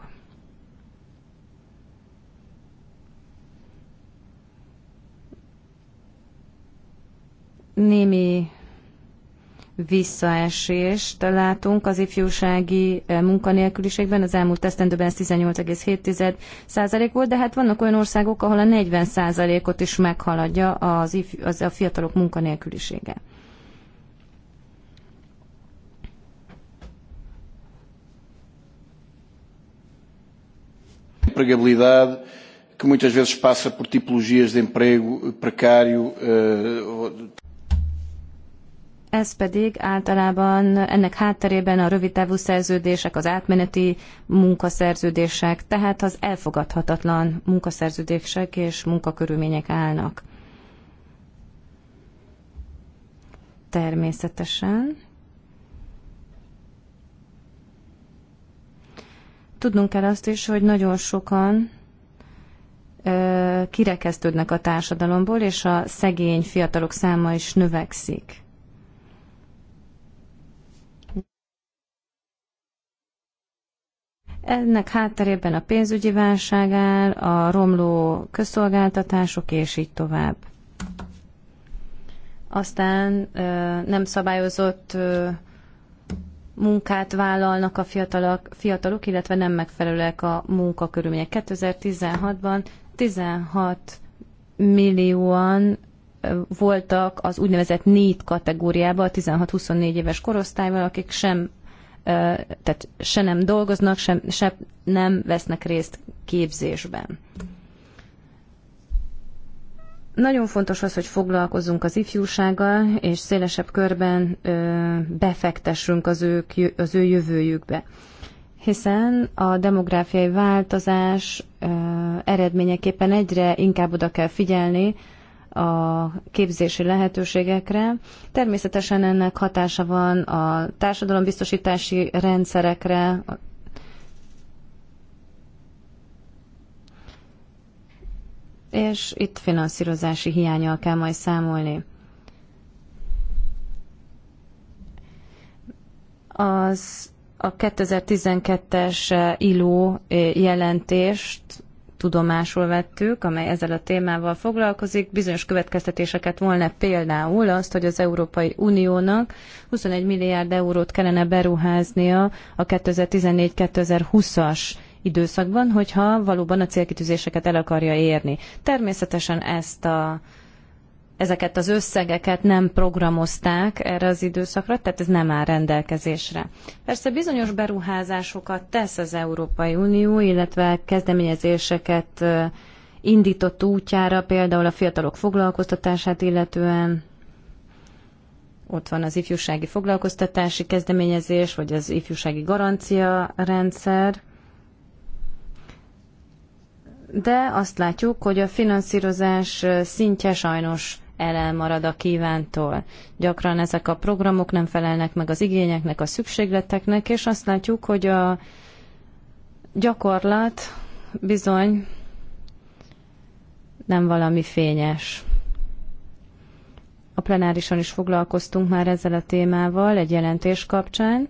Némi visszaesést látunk az ifjúsági eh, munkanélküliségben. Az elmúlt esztendőben ez 18,7% volt, de hát vannak olyan országok, ahol a 40%-ot is meghaladja az, ifj, az a fiatalok munkanélkülisége. empregabilidade que muitas vezes passa por tipologias de emprego precário. Eh, Ez pedig általában ennek hátterében a rövidtávú szerződések, az átmeneti munkaszerződések, tehát az elfogadhatatlan munkaszerződések és munkakörülmények állnak. Természetesen Tudnunk kell azt is, hogy nagyon sokan kirekesztődnek a társadalomból, és a szegény fiatalok száma is növekszik. Ennek hátterében a pénzügyi válság áll, a romló közszolgáltatások, és így tovább. Aztán nem szabályozott munkát vállalnak a fiatalok, fiatalok illetve nem megfelelőek a munkakörülmények. 2016-ban 16 millióan voltak az úgynevezett négy kategóriában, a 16-24 éves korosztályban, akik sem tehát se nem dolgoznak, sem, se nem vesznek részt képzésben. Nagyon fontos az, hogy foglalkozzunk az ifjúsággal, és szélesebb körben befektessünk az ő, az ő jövőjükbe. Hiszen a demográfiai változás eredményeképpen egyre inkább oda kell figyelni a képzési lehetőségekre. Természetesen ennek hatása van a társadalombiztosítási rendszerekre, és itt finanszírozási hiányal kell majd számolni. Az a 2012-es ILO jelentést tudomásul vettük, amely ezzel a témával foglalkozik. Bizonyos következtetéseket volna például azt, hogy az Európai Uniónak 21 milliárd eurót kellene beruháznia a 2014-2020-as időszakban, hogyha valóban a célkitűzéseket el akarja érni. Természetesen ezt a ezeket az összegeket nem programozták erre az időszakra, tehát ez nem áll rendelkezésre. Persze bizonyos beruházásokat tesz az Európai Unió, illetve kezdeményezéseket indított útjára, például a fiatalok foglalkoztatását illetően, ott van az ifjúsági foglalkoztatási kezdeményezés, vagy az ifjúsági garancia rendszer, de azt látjuk, hogy a finanszírozás szintje sajnos elmarad a kívántól. Gyakran ezek a programok nem felelnek meg az igényeknek, a szükségleteknek, és azt látjuk, hogy a gyakorlat bizony nem valami fényes. A plenárison is foglalkoztunk már ezzel a témával egy jelentés kapcsán,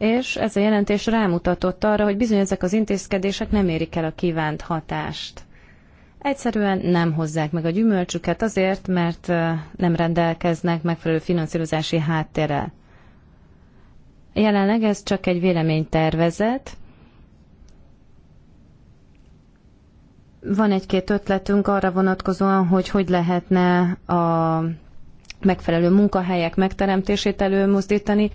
és ez a jelentés rámutatott arra, hogy bizony ezek az intézkedések nem érik el a kívánt hatást. Egyszerűen nem hozzák meg a gyümölcsüket azért, mert nem rendelkeznek megfelelő finanszírozási háttérrel. Jelenleg ez csak egy véleménytervezet. Van egy-két ötletünk arra vonatkozóan, hogy hogy lehetne a megfelelő munkahelyek megteremtését előmozdítani,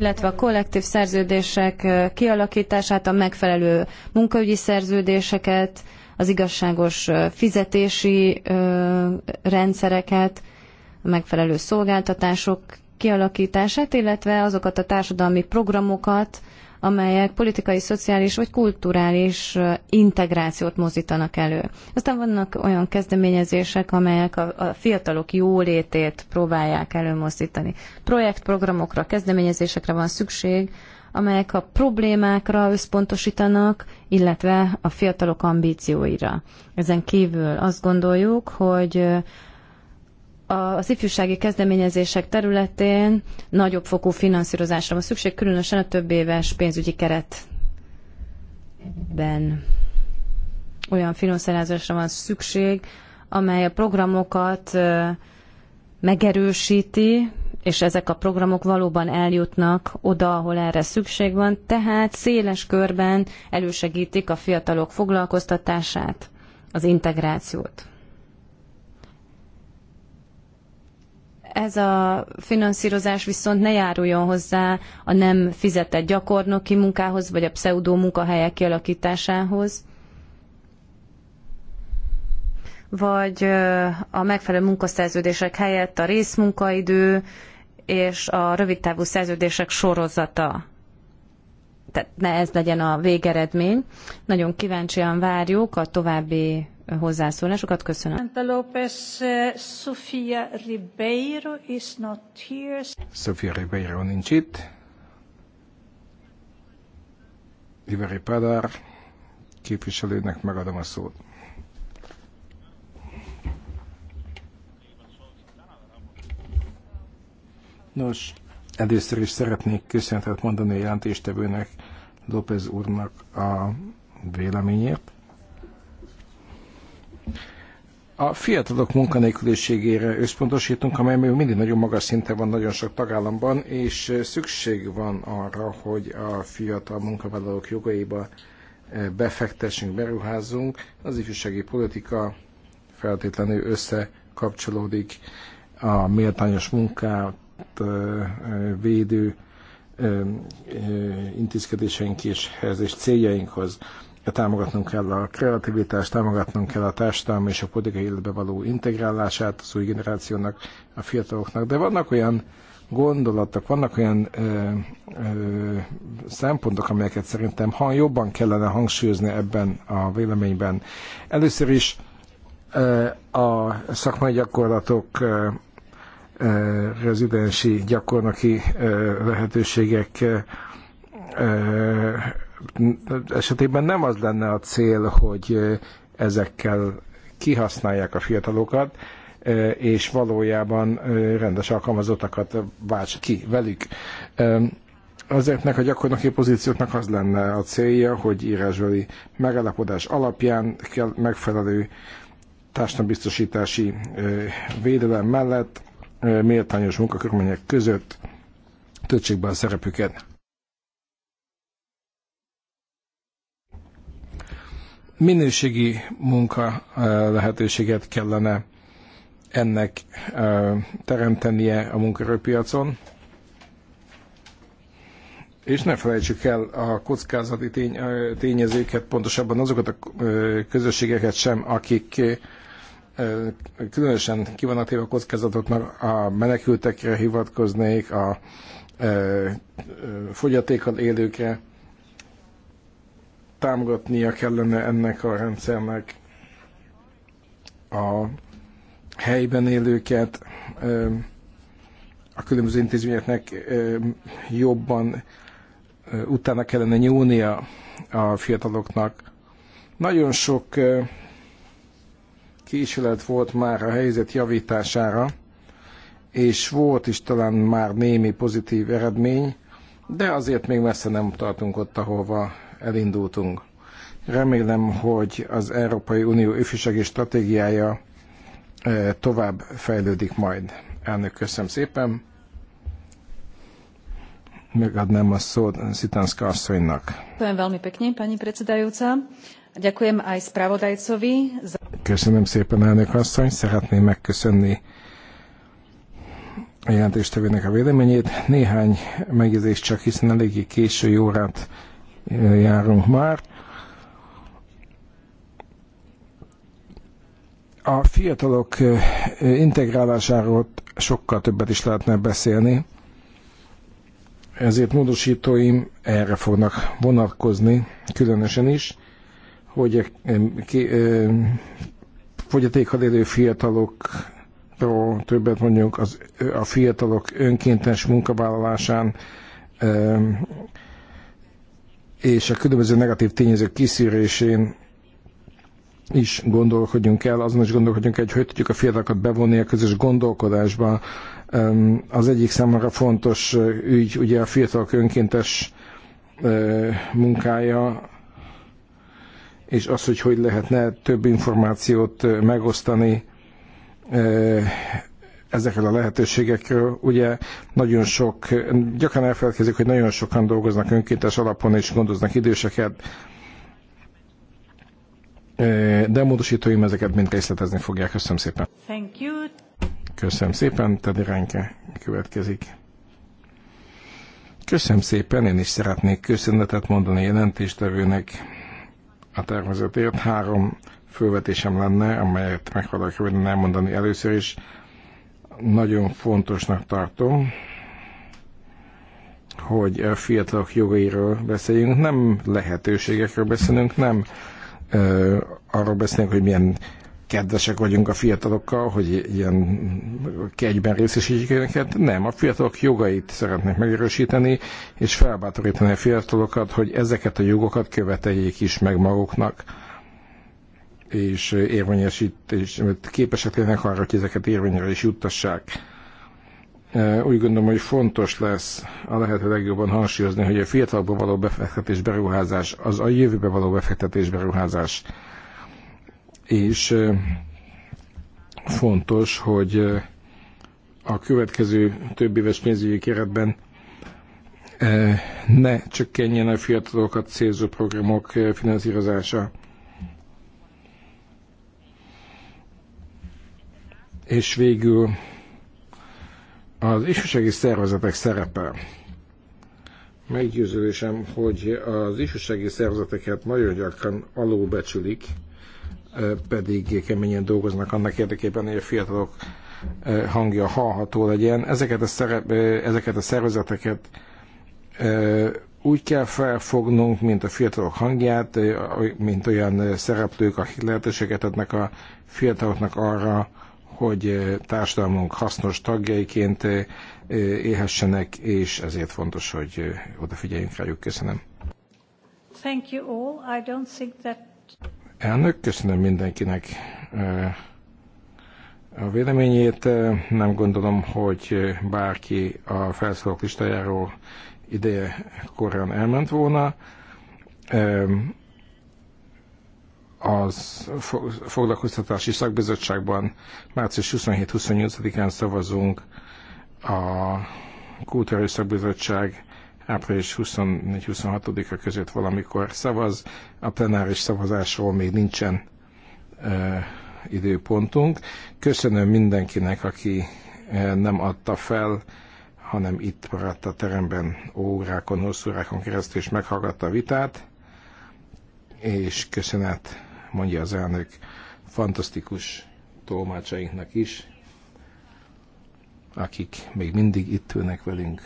illetve a kollektív szerződések kialakítását, a megfelelő munkaügyi szerződéseket, az igazságos fizetési rendszereket, a megfelelő szolgáltatások kialakítását, illetve azokat a társadalmi programokat, amelyek politikai, szociális vagy kulturális integrációt mozdítanak elő. Aztán vannak olyan kezdeményezések, amelyek a, a fiatalok jólétét próbálják előmozdítani. Projektprogramokra, kezdeményezésekre van szükség, amelyek a problémákra összpontosítanak, illetve a fiatalok ambícióira. Ezen kívül azt gondoljuk, hogy az ifjúsági kezdeményezések területén nagyobb fokú finanszírozásra van szükség, különösen a több éves pénzügyi keretben olyan finanszírozásra van szükség, amely a programokat megerősíti, és ezek a programok valóban eljutnak oda, ahol erre szükség van, tehát széles körben elősegítik a fiatalok foglalkoztatását, az integrációt. ez a finanszírozás viszont ne járuljon hozzá a nem fizetett gyakornoki munkához, vagy a pseudó munkahelyek kialakításához, vagy a megfelelő munkaszerződések helyett a részmunkaidő és a rövidtávú szerződések sorozata. Tehát ne ez legyen a végeredmény. Nagyon kíváncsian várjuk a további hozzászólásokat. Köszönöm. López, eh, Sofia Ribeiro is not here. Sofia Ribeiro nincs itt. Iveri Padar képviselőnek megadom a szót. Nos, először is szeretnék köszönetet mondani a jelentéstevőnek, López úrnak a véleményért a fiatalok munkanélküliségére összpontosítunk, amely még mindig nagyon magas szinten van nagyon sok tagállamban, és szükség van arra, hogy a fiatal munkavállalók jogaiba befektessünk, beruházunk. Az ifjúsági politika feltétlenül összekapcsolódik a méltányos munkát védő intézkedéseink és céljainkhoz támogatnunk kell a kreativitást, támogatnunk kell a társadalmi és a politikai életbe való integrálását az új generációnak, a fiataloknak, de vannak olyan gondolatok, vannak olyan ö, ö, szempontok, amelyeket szerintem ha jobban kellene hangsúlyozni ebben a véleményben. Először is ö, a szakmai gyakorlatok ö, rezidensi gyakornoki ö, lehetőségek ö, esetében nem az lenne a cél, hogy ezekkel kihasználják a fiatalokat, és valójában rendes alkalmazottakat válts ki velük. Azértnek a gyakornoki pozícióknak az lenne a célja, hogy írásbeli megállapodás alapján kell megfelelő társadalombiztosítási védelem mellett méltányos munkakörmények között töltsék be a szerepüket. minőségi munka lehetőséget kellene ennek teremtenie a munkaerőpiacon. És ne felejtsük el a kockázati tény, tényezőket, pontosabban azokat a közösségeket sem, akik különösen kivannak téve a kockázatoknak, a menekültekre hivatkoznék, a fogyatékkal élőkre, támogatnia kellene ennek a rendszernek a helyben élőket, a különböző intézményeknek jobban utána kellene nyúlnia a fiataloknak. Nagyon sok kísérlet volt már a helyzet javítására, és volt is talán már némi pozitív eredmény, de azért még messze nem tartunk ott, ahova elindultunk. Remélem, hogy az Európai Unió ifjúsági stratégiája tovább fejlődik majd. Elnök, köszönöm szépen. Megadnám a szót Szitánszka asszonynak. Köszönöm Köszönöm szépen, elnök asszony. Szeretném megköszönni a jelentéstevőnek a véleményét. Néhány megjegyzés csak, hiszen eléggé késő órát járunk már. A fiatalok integrálásáról sokkal többet is lehetne beszélni, ezért módosítóim erre fognak vonatkozni, különösen is, hogy a fogyatékkal élő fiatalokról többet mondjuk az, a fiatalok önkéntes munkavállalásán és a különböző negatív tényezők kiszűrésén is gondolkodjunk el, azon is gondolkodjunk el, hogy hogy tudjuk a fiatalokat bevonni a közös gondolkodásba. Az egyik számomra fontos ügy, ugye a fiatalok önkéntes munkája, és az, hogy hogy lehetne több információt megosztani ezekről a lehetőségekről. Ugye nagyon sok, gyakran elfelelkezik, hogy nagyon sokan dolgoznak önkéntes alapon és gondoznak időseket, de módosítóim ezeket mind részletezni fogják. Köszönöm szépen. Thank you. Köszönöm szépen, Teddy Ránke következik. Köszönöm szépen, én is szeretnék köszönetet mondani a jelentéstevőnek a tervezetért. Három fölvetésem lenne, amelyet meghallgatok, hogy nem mondani először is nagyon fontosnak tartom, hogy a fiatalok jogairól beszéljünk, nem lehetőségekről beszélünk, nem ö, arról beszélünk, hogy milyen kedvesek vagyunk a fiatalokkal, hogy ilyen kegyben részesítjük őket. Nem, a fiatalok jogait szeretnék megerősíteni, és felbátorítani a fiatalokat, hogy ezeket a jogokat követeljék is meg maguknak és érvényesítés, képesek lennek arra, hogy ezeket érvényre is juttassák. Úgy gondolom, hogy fontos lesz a lehető legjobban hangsúlyozni, hogy a fiatalokba való befektetés beruházás az a jövőbe való befektetés beruházás. És fontos, hogy a következő több éves pénzügyi keretben ne csökkenjen a fiatalokat célzó programok finanszírozása És végül az ifjúsági szervezetek szerepe. Meggyőződésem, hogy az ifjúsági szervezeteket nagyon gyakran alulbecsülik, pedig keményen dolgoznak annak érdekében, hogy a fiatalok hangja hallható legyen. Ezeket a, szerep, ezeket a szervezeteket úgy kell felfognunk, mint a fiatalok hangját, mint olyan szereplők, akik lehetőséget adnak a fiataloknak arra, hogy eh, társadalmunk hasznos tagjaiként eh, élhessenek, és ezért fontos, hogy eh, odafigyeljünk rájuk. Köszönöm. Thank you all. I don't think that... Elnök, köszönöm mindenkinek a véleményét. Nem gondolom, hogy bárki a felszólók listájáról ideje korán elment volna az foglalkoztatási szakbizottságban március 27-28-án szavazunk, a kultúrai szakbizottság április 24-26-a között valamikor szavaz, a plenáris szavazásról még nincsen ö, időpontunk. Köszönöm mindenkinek, aki ö, nem adta fel, hanem itt maradt a teremben órákon, hosszú órákon keresztül, és meghallgatta a vitát, és köszönet mondja az elnök, fantasztikus tolmácsainknak is, akik még mindig itt ülnek velünk,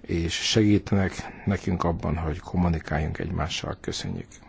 és segítenek nekünk abban, hogy kommunikáljunk egymással. Köszönjük!